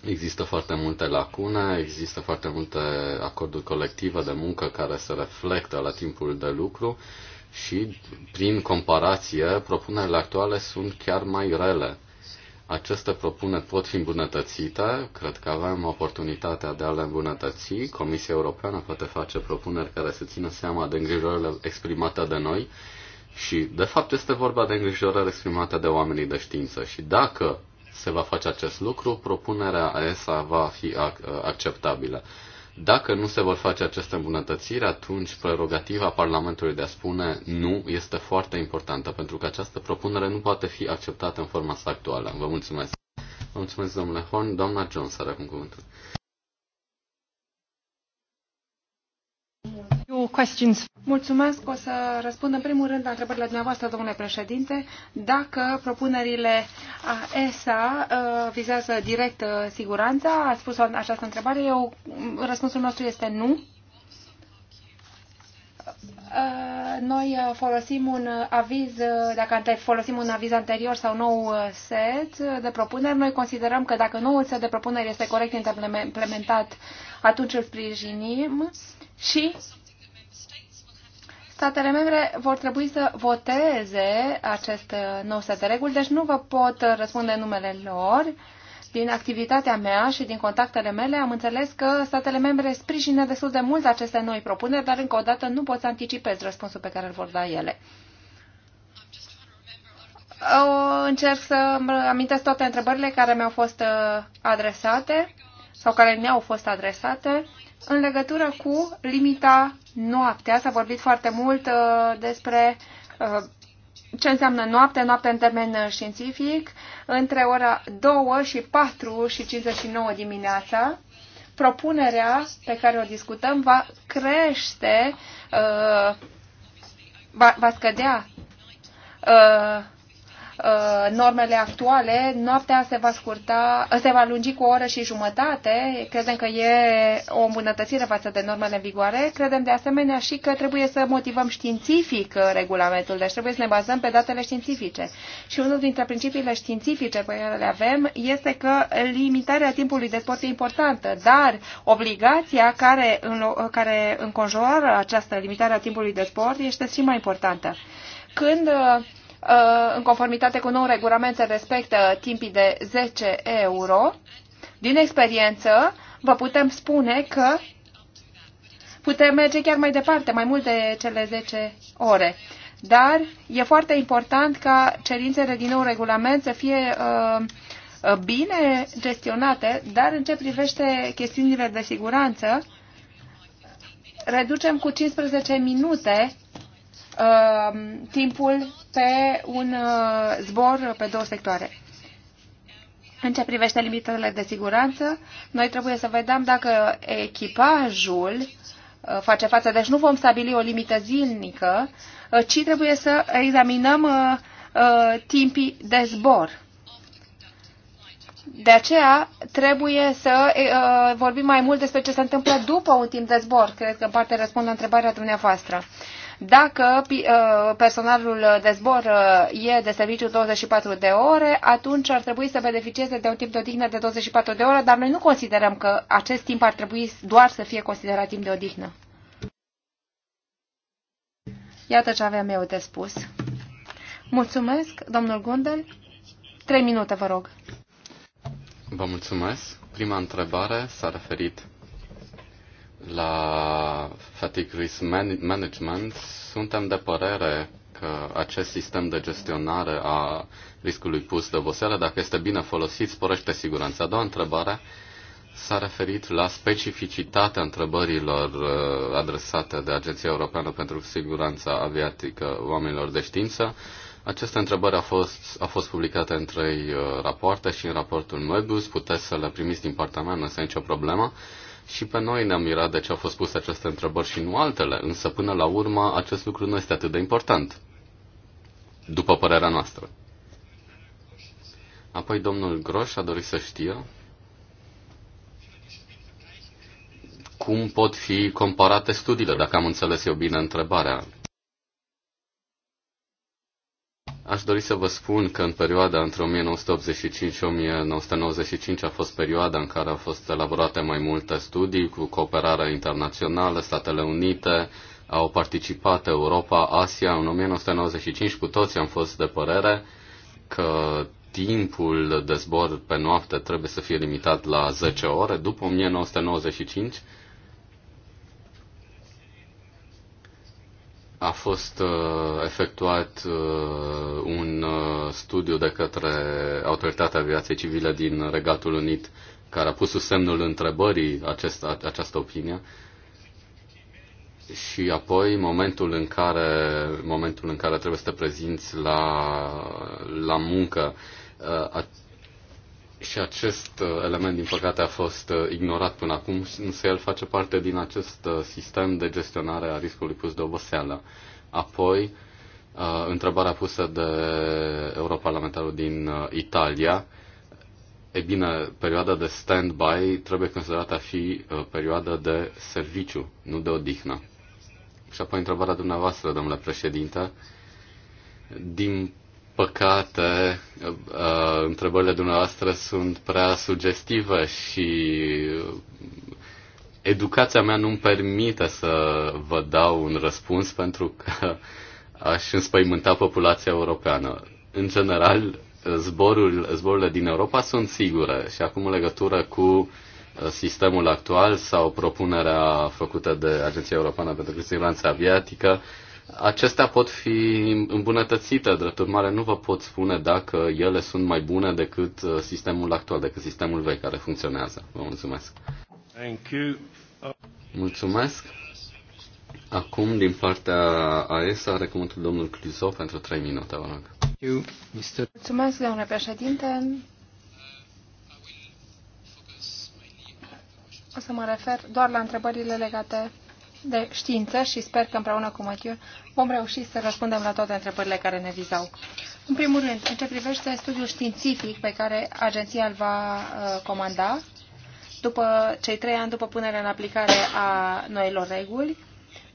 Există foarte multe lacune, există foarte multe acorduri colective de muncă care se reflectă la timpul de lucru și, prin comparație, propunerile actuale sunt chiar mai rele. Aceste propuneri pot fi îmbunătățite, cred că avem oportunitatea de a le îmbunătăți. Comisia Europeană poate face propuneri care să țină seama de îngrijorările exprimate de noi și, de fapt, este vorba de îngrijorări exprimate de oamenii de știință și dacă se va face acest lucru, propunerea ESA va fi acceptabilă. Dacă nu se vor face aceste îmbunătățiri, atunci prerogativa Parlamentului de a spune nu este foarte importantă, pentru că această propunere nu poate fi acceptată în forma sa actuală. Vă mulțumesc. Vă mulțumesc, domnule Horn. Doamna Jones are acum cuvântul. questions. Mulțumesc. O să răspund în primul rând la întrebările dumneavoastră, domnule președinte, dacă propunerile ESA uh, vizează direct uh, siguranța. A spus această întrebare. Eu, mm, răspunsul nostru este nu. Uh, noi folosim un aviz, dacă folosim un aviz anterior sau nou set de propuneri, noi considerăm că dacă noul set de propuneri este corect implementat, atunci îl sprijinim și statele membre vor trebui să voteze acest nou set de reguli, deci nu vă pot răspunde numele lor. Din activitatea mea și din contactele mele am înțeles că statele membre sprijină destul de mult aceste noi propuneri, dar încă o dată nu pot să anticipez răspunsul pe care îl vor da ele. Încerc să amintesc toate întrebările care mi-au fost uh, adresate sau care ne-au fost adresate. În legătură cu limita noaptea, s-a vorbit foarte mult uh, despre uh, ce înseamnă noapte, noapte în termen uh, științific, între ora 2 și 4 și 59 dimineața. Propunerea pe care o discutăm va crește, uh, va, va scădea uh, Uh, normele actuale, noaptea se va scurta, uh, se va lungi cu o oră și jumătate. Credem că e o îmbunătățire față de normele în vigoare. Credem de asemenea și că trebuie să motivăm științific uh, regulamentul, deci trebuie să ne bazăm pe datele științifice. Și unul dintre principiile științifice pe care le avem este că limitarea timpului de sport e importantă, dar obligația care, în, care înconjoară această limitare a timpului de sport este și mai importantă. Când uh, Uh, în conformitate cu nou regulament, se respectă timpii de 10 euro. Din experiență, vă putem spune că putem merge chiar mai departe, mai mult de cele 10 ore. Dar e foarte important ca cerințele din nou regulament să fie uh, uh bine gestionate, dar în ce privește chestiunile de siguranță, reducem cu 15 minute uh, timpul pe un uh, zbor pe două sectoare. În ce privește limitele de siguranță, noi trebuie să vedem dacă echipajul uh, face față. Deci nu vom stabili o limită zilnică, uh, ci trebuie să examinăm timpii de zbor. De aceea trebuie să vorbim mai mult despre ce se întâmplă după un timp de zbor. Cred că în parte răspund la întrebarea dumneavoastră. Dacă uh, personalul de zbor uh, e de serviciu 24 de ore, atunci ar trebui să beneficieze de un timp de odihnă de 24 de ore, dar noi nu considerăm că acest timp ar trebui doar să fie considerat timp de odihnă. Iată ce aveam eu de spus. Mulțumesc, domnul Gondel. Trei minute, vă rog. Vă mulțumesc. Prima întrebare s-a referit la Fatigue Risk Management, suntem de părere că acest sistem de gestionare a riscului pus de oboseală, dacă este bine folosit, sporește siguranța. A doua întrebare s-a referit la specificitatea întrebărilor uh, adresate de Agenția Europeană pentru Siguranța Aviatică Oamenilor de Știință. Aceste întrebări au fost, au fost publicate în trei uh, rapoarte și în raportul Möbius. Puteți să le primiți din partea mea, nu este nicio problemă. Și pe noi ne-am mirat de ce au fost puse aceste întrebări și nu altele, însă până la urmă acest lucru nu este atât de important, după părerea noastră. Apoi domnul Groș a dorit să știe cum pot fi comparate studiile, dacă am înțeles eu bine întrebarea. Aș dori să vă spun că în perioada între 1985 și 1995 a fost perioada în care au fost elaborate mai multe studii cu cooperarea internațională, Statele Unite, au participat Europa, Asia. În 1995 cu toții am fost de părere că timpul de zbor pe noapte trebuie să fie limitat la 10 ore. După 1995 a fost uh, efectuat uh, un uh, studiu de către Autoritatea Aviației Civile din Regatul Unit care a pus sub semnul întrebării acest, această opinie și apoi momentul în care, momentul în care trebuie să te prezinți la, la muncă și acest uh, element, din păcate, a fost uh, ignorat până acum, însă el face parte din acest uh, sistem de gestionare a riscului pus de oboseală. Apoi, întrebarea pusă de europarlamentarul din Italia, E bine, perioada de stand-by trebuie considerată a fi perioada de serviciu, nu de odihnă. Și apoi întrebarea dumneavoastră, domnule președinte. Din păcate, uh, întrebările dumneavoastră sunt prea sugestive și educația mea nu-mi permite să vă dau un răspuns pentru că aș înspăimânta populația europeană. În general, zborul, zborurile din Europa sunt sigure și acum în legătură cu uh, sistemul actual sau propunerea făcută de Agenția Europeană pentru Siguranță Aviatică, acestea pot fi îmbunătățite, drept urmare nu vă pot spune dacă ele sunt mai bune decât uh, sistemul actual, decât sistemul vechi care funcționează. Vă mulțumesc. Thank you. Mulțumesc. Acum, din partea AES, are cuvântul domnul Clizov pentru 3 minute, vă rog. Mulțumesc, domnule președinte. O să mă refer doar la întrebările legate de știință și sper că împreună cu Mathieu vom reuși să răspundem la toate întrebările care ne vizau. În primul rând, în ce privește studiul științific pe care agenția îl va uh, comanda, după cei trei ani după punerea în aplicare a noilor reguli,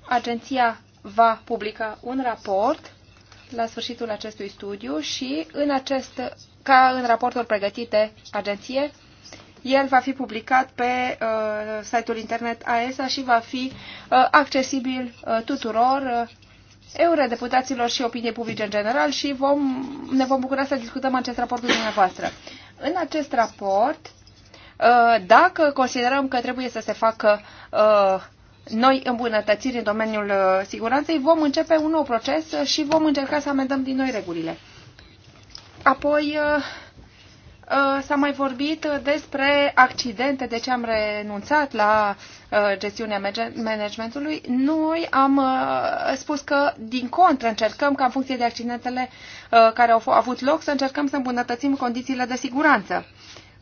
agenția va publica un raport la sfârșitul acestui studiu și în acest, ca în raportul pregătit de agenție el va fi publicat pe uh, site-ul internet AESA și va fi uh, accesibil uh, tuturor uh, eurodeputaților și opiniei publice în general și vom, ne vom bucura să discutăm acest raport cu dumneavoastră. În acest raport, uh, dacă considerăm că trebuie să se facă uh, noi îmbunătățiri în domeniul uh, siguranței, vom începe un nou proces și vom încerca să amendăm din noi regulile. Apoi, uh, Uh, s-a mai vorbit uh, despre accidente, de ce am renunțat la uh, gestiunea managementului. Noi am spus că, din contră, încercăm ca în funcție de accidentele care au avut loc să încercăm să îmbunătățim condițiile de siguranță.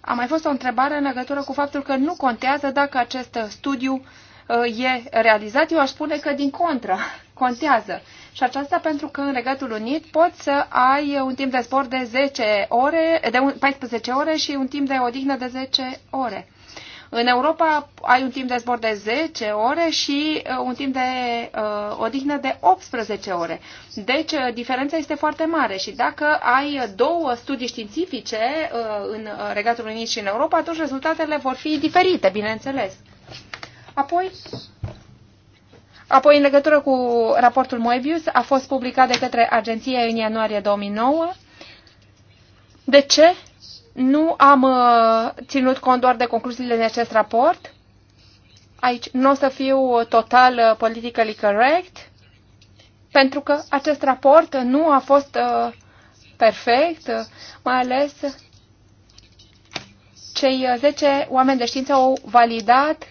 A mai fost o întrebare în legătură cu faptul că nu contează dacă acest studiu Uh, e realizat, eu aș spune că din contră, contează. Și aceasta pentru că în Regatul Unit poți să ai un timp de spor de 10 ore, de 14 ore și un timp de odihnă de 10 ore. În Europa ai un timp de zbor de 10 ore și uh, un timp de uh, odihnă de 18 ore. Deci uh, diferența este foarte mare și dacă ai două studii științifice uh, în Regatul Unit și în Europa, atunci rezultatele vor fi diferite, bineînțeles. Apoi, apoi, în legătură cu raportul Moebius, a fost publicat de către agenție în ianuarie 2009. De ce nu am uh, ținut cont doar de concluziile din acest raport? Aici nu o să fiu total uh, politically correct, pentru că acest raport nu a fost uh, perfect, mai ales cei 10 oameni de știință au validat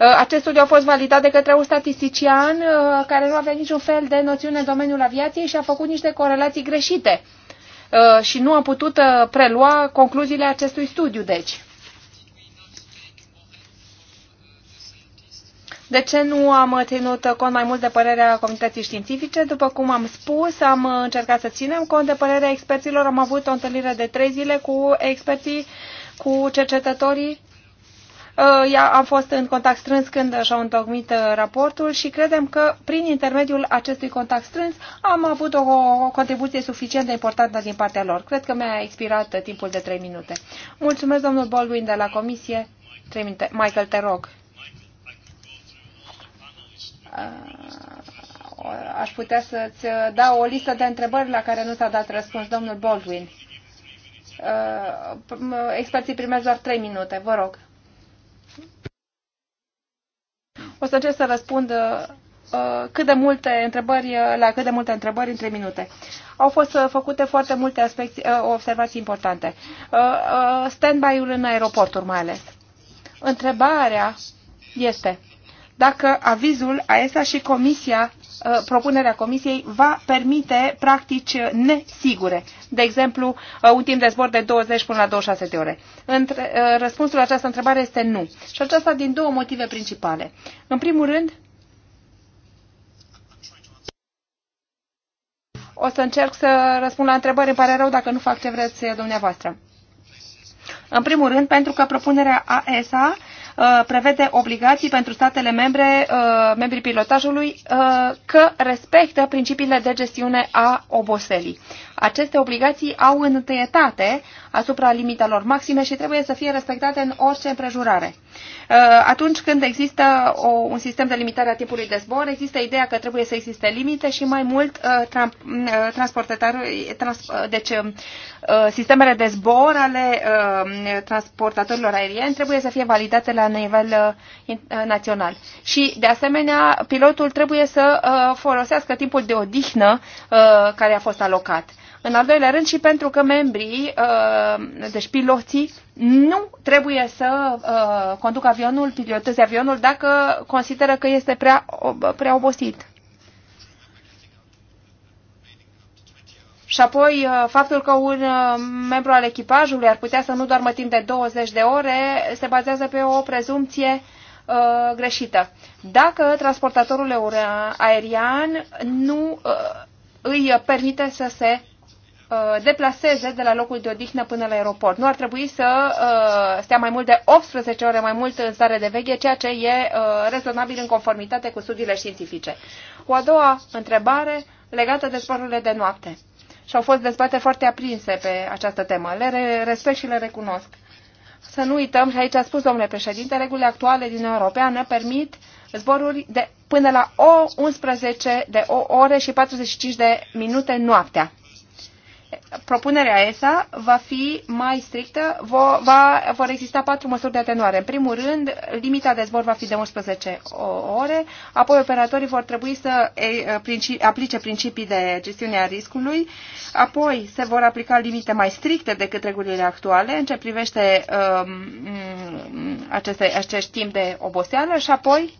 Uh, acest studiu a fost validat de către un statistician uh, care nu avea niciun fel de noțiune în domeniul aviației și a făcut niște corelații greșite uh, și nu a putut prelua concluziile acestui studiu, deci. De ce nu am ținut cont mai mult de părerea comunității științifice? După cum am spus, am încercat să ținem cont de părerea experților. Am avut o întâlnire de trei zile cu experții, cu cercetătorii Uh, am fost în contact strâns când și-au întocmit uh, raportul și credem că prin intermediul acestui contact strâns am avut o contribuție suficient de importantă din partea lor. Cred că mi-a expirat uh, timpul de trei minute. Mulțumesc, domnul Baldwin de la Comisie. Trei minute. Michael, te rog. Aș putea să-ți dau o listă de întrebări la care nu s-a dat răspuns, domnul Baldwin. Experții primesc doar trei minute, vă rog. O să încerc să răspund uh, cât de multe întrebări, uh, la cât de multe întrebări în 3 minute. Au fost uh, făcute foarte multe aspecte, observații importante. Standby-ul în aeroporturi mai ales. Întrebarea este, dacă avizul AESA și comisia, uh, propunerea comisiei va permite practici nesigure, de exemplu uh, un timp de zbor de 20 până la 26 de ore. Între, uh, răspunsul la această întrebare este nu. Și aceasta din două motive principale. În primul rând, o să încerc să răspund la întrebări. Îmi pare rău dacă nu fac ce vreți dumneavoastră. În primul rând, pentru că propunerea AESA Uh, prevede obligații pentru statele membre, uh, membrii pilotajului, uh, că respectă principiile de gestiune a oboselii. Aceste obligații au întâietate asupra limitelor maxime și trebuie să fie respectate în orice împrejurare. Uh, atunci când există o, un sistem de limitare a timpului de zbor, există ideea că trebuie să existe limite și mai mult uh, uh, trans, trans, deci, sistemele de zbor ale transportatorilor aerieni trebuie să fie validate la nivel național. Și, de asemenea, pilotul trebuie să folosească timpul de odihnă care a fost alocat. În al doilea rând și pentru că membrii, uh, deci piloții, nu trebuie să uh, conducă avionul, piloteze avionul dacă consideră că este prea, uh, prea obosit. Și apoi faptul că un membru al echipajului ar putea să nu doarmă timp de 20 de ore se bazează pe o prezumție uh, greșită. Dacă transportatorul aerian nu uh, îi permite să se Uh, deplaseze de la locul de odihnă până la aeroport. Nu ar trebui să uh, stea mai mult de 18 ore mai mult în stare de veche, ceea ce e uh, rezonabil în conformitate cu studiile științifice. O a doua întrebare legată de sporurile de noapte. Și au fost dezbate foarte aprinse pe această temă. Le respect și le recunosc. Să nu uităm, și aici a spus domnule președinte, regulile actuale din Europeană permit zboruri de până la o 11 de o ore și 45 de minute noaptea propunerea ESA va fi mai strictă, va, va, vor exista patru măsuri de atenuare. În primul rând, limita de zbor va fi de 11 ore, apoi operatorii vor trebui să aplice principii de gestiune a riscului, apoi se vor aplica limite mai stricte decât regulile actuale în ce privește um, aceste, acest timp de oboseală și apoi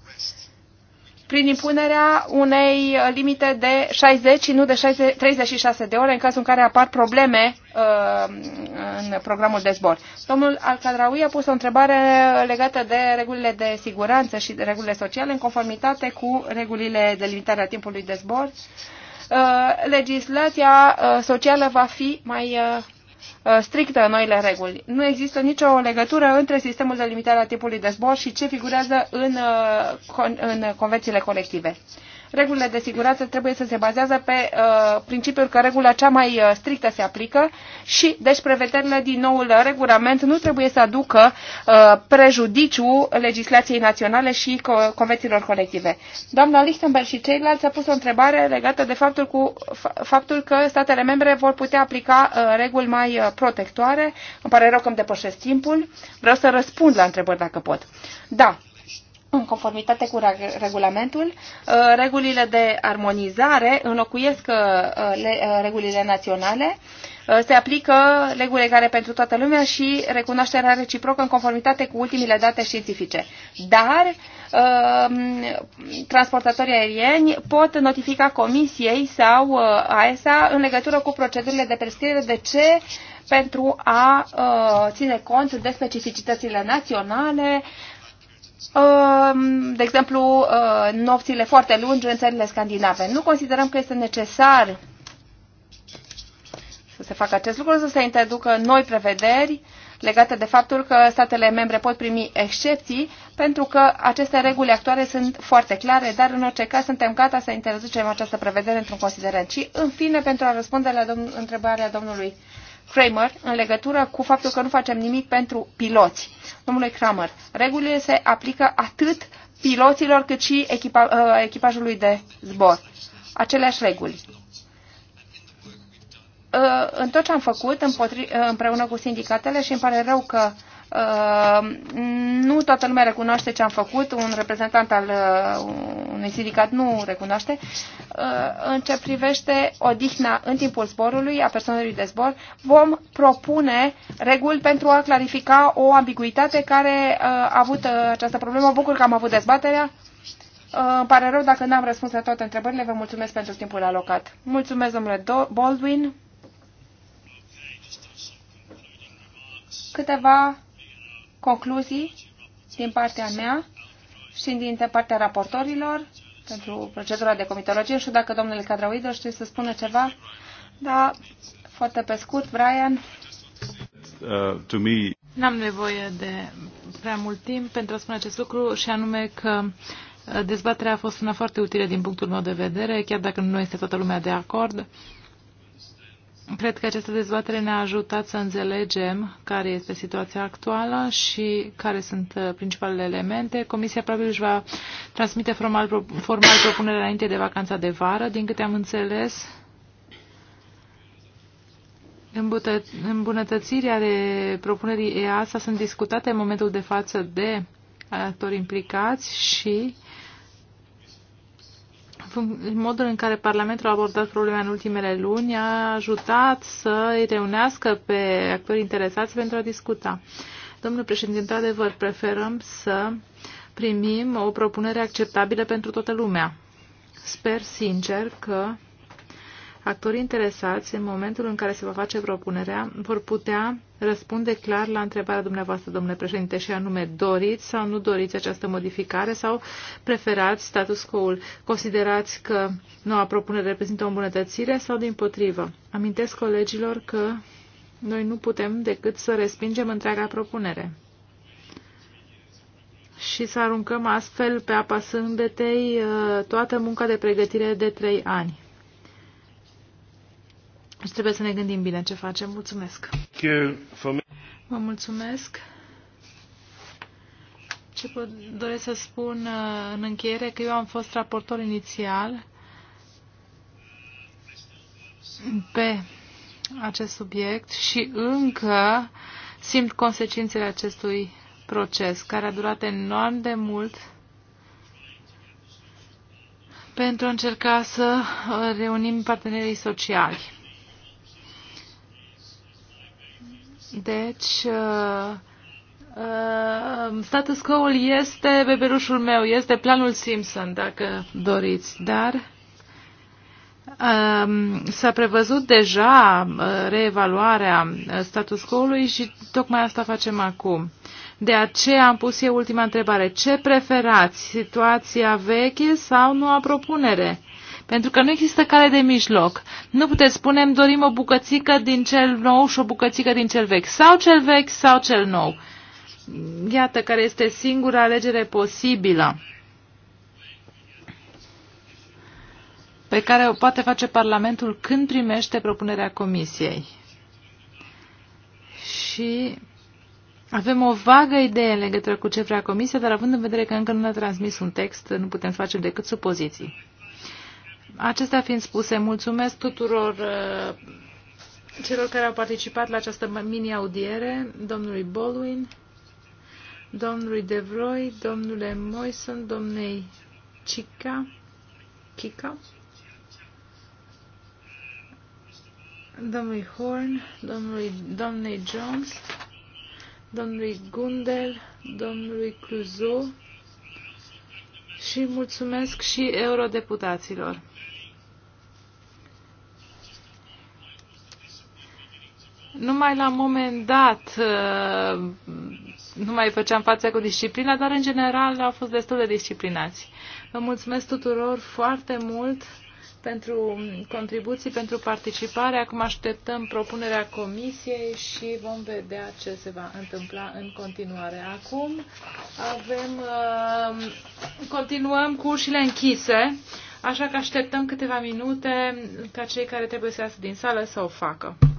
prin impunerea unei limite de 60 și nu de 60, 36 de ore în cazul în care apar probleme uh, în programul de zbor. Domnul Alcadraui a pus o întrebare legată de regulile de siguranță și de regulile sociale în conformitate cu regulile de limitare a timpului de zbor. Uh, legislația uh, socială va fi mai uh, Uh, strictă noile reguli. Nu există nicio legătură între sistemul de limitare a timpului de zbor și ce figurează în, uh, în convențiile colective regulile de siguranță trebuie să se bazează pe uh, principiul că regula cea mai uh, strictă se aplică și, deci, prevederile din noul uh, regulament nu trebuie să aducă uh, prejudiciu legislației naționale și co convențiilor colective. Doamna Lichtenberg și ceilalți au pus o întrebare legată de faptul, cu, faptul că statele membre vor putea aplica uh, reguli mai uh, protectoare. Îmi pare rău că îmi depășesc timpul. Vreau să răspund la întrebări dacă pot. Da, în conformitate cu regulamentul, uh, regulile de armonizare înlocuiesc uh, uh, regulile naționale, se aplică reguli egale pentru toată lumea și recunoașterea reciprocă în conformitate cu ultimile date științifice. Dar transportatorii aerieni pot notifica Comisiei sau AESA în legătură cu procedurile de prescriere de ce pentru a uh, ține cont de specificitățile naționale, Ehm, de exemplu, ehm, nopțile foarte lungi în țările scandinave. Nu considerăm că este necesar să se facă acest lucru, să se introducă noi prevederi legate de faptul că statele membre pot primi excepții, pentru că aceste reguli actuale sunt foarte clare, dar în orice caz suntem gata să introducem această prevedere într-un considerent. Și, în fine, pentru a răspunde la domn- întrebarea domnului Kramer în legătură cu faptul că nu facem nimic pentru piloți. Domnule Kramer, regulile se aplică atât piloților cât și echipa, uh, echipajului de zbor. Aceleași reguli. Uh, în tot ce am făcut uh, împreună cu sindicatele și îmi pare rău că Uh, nu toată lumea recunoaște ce am făcut, un reprezentant al uh, unui sindicat nu recunoaște. Uh, în ce privește odihna în timpul zborului, a persoanelor de zbor, vom propune reguli pentru a clarifica o ambiguitate care a avut această problemă. Bucur că am avut dezbaterea. Îmi pare rău dacă n-am răspuns la toate întrebările. Vă mulțumesc pentru timpul alocat. Mulțumesc, domnule Baldwin. Câteva concluzii din partea mea și din partea raportorilor pentru procedura de comitologie. Nu știu dacă domnul Cadraui dorește să spună ceva, dar foarte pe scurt, Brian. Uh, me... N-am nevoie de prea mult timp pentru a spune acest lucru și anume că uh, dezbaterea a fost una foarte utilă din punctul meu de vedere, chiar dacă nu este toată lumea de acord. Cred că această dezbatere ne-a ajutat să înțelegem care este situația actuală și care sunt uh, principalele elemente. Comisia probabil își va transmite formal, formal propunerea înainte de vacanța de vară. Din câte am înțeles, îmbunătățirea de propunerii EASA sunt discutate în momentul de față de actori implicați și uh, modul în care Parlamentul a abordat problema în ultimele luni a ajutat să îi reunească pe actori interesați pentru a discuta. Domnule președinte, într-adevăr, preferăm să primim o propunere acceptabilă pentru toată lumea. Sper sincer că Actorii interesați, în momentul în care se va face propunerea, vor putea răspunde clar la întrebarea dumneavoastră, domnule președinte, și anume, doriți sau nu doriți această modificare sau preferați status quo-ul? Considerați că noua propunere reprezintă o îmbunătățire sau din potrivă? Amintesc colegilor că noi nu putem decât să respingem întreaga propunere și să aruncăm astfel pe apa sâmbetei uh, toată munca de pregătire de trei ani. Deci trebuie să ne gândim bine ce facem. Mulțumesc! Vă mulțumesc! Ce pot, doresc să spun uh, în încheiere că eu am fost raportor inițial pe acest subiect și încă simt consecințele acestui proces care a durat enorm de mult pentru a încerca să reunim partenerii sociali. Deci, uh, uh, status quo-ul este bebelușul meu, este planul Simpson, dacă doriți, dar um, s-a prevăzut deja uh, reevaluarea uh, status quo-ului și tocmai asta facem acum. De aceea am pus eu ultima întrebare. Ce preferați, situația veche sau noua propunere? Pentru că nu există cale de mijloc. Nu puteți spune, îmi dorim o bucățică din cel nou și o bucățică din cel vechi. Sau cel vechi, sau cel nou. Iată care este singura alegere posibilă pe care o poate face Parlamentul când primește propunerea Comisiei. Și avem o vagă idee în legătură cu ce vrea Comisia, dar având în vedere că încă nu ne-a transmis un text, nu putem face decât supoziții. Acestea fiind spuse, mulțumesc tuturor uh, celor care au participat la această mini-audiere, domnului Baldwin, domnului Devroy, domnule Moison, domnei Chica, Chica, domnului Horn, domnului, domnei Jones, domnului Gundel, domnului Cluzo și mulțumesc și eurodeputaților. Numai la un moment dat uh, nu mai făceam față cu disciplina, dar în general au fost destul de disciplinați. Vă mulțumesc tuturor foarte mult pentru contribuții, pentru participare. Acum așteptăm propunerea comisiei și vom vedea ce se va întâmpla în continuare. Acum avem, uh, continuăm cu ușile închise, așa că așteptăm câteva minute ca cei care trebuie să iasă din sală să o facă.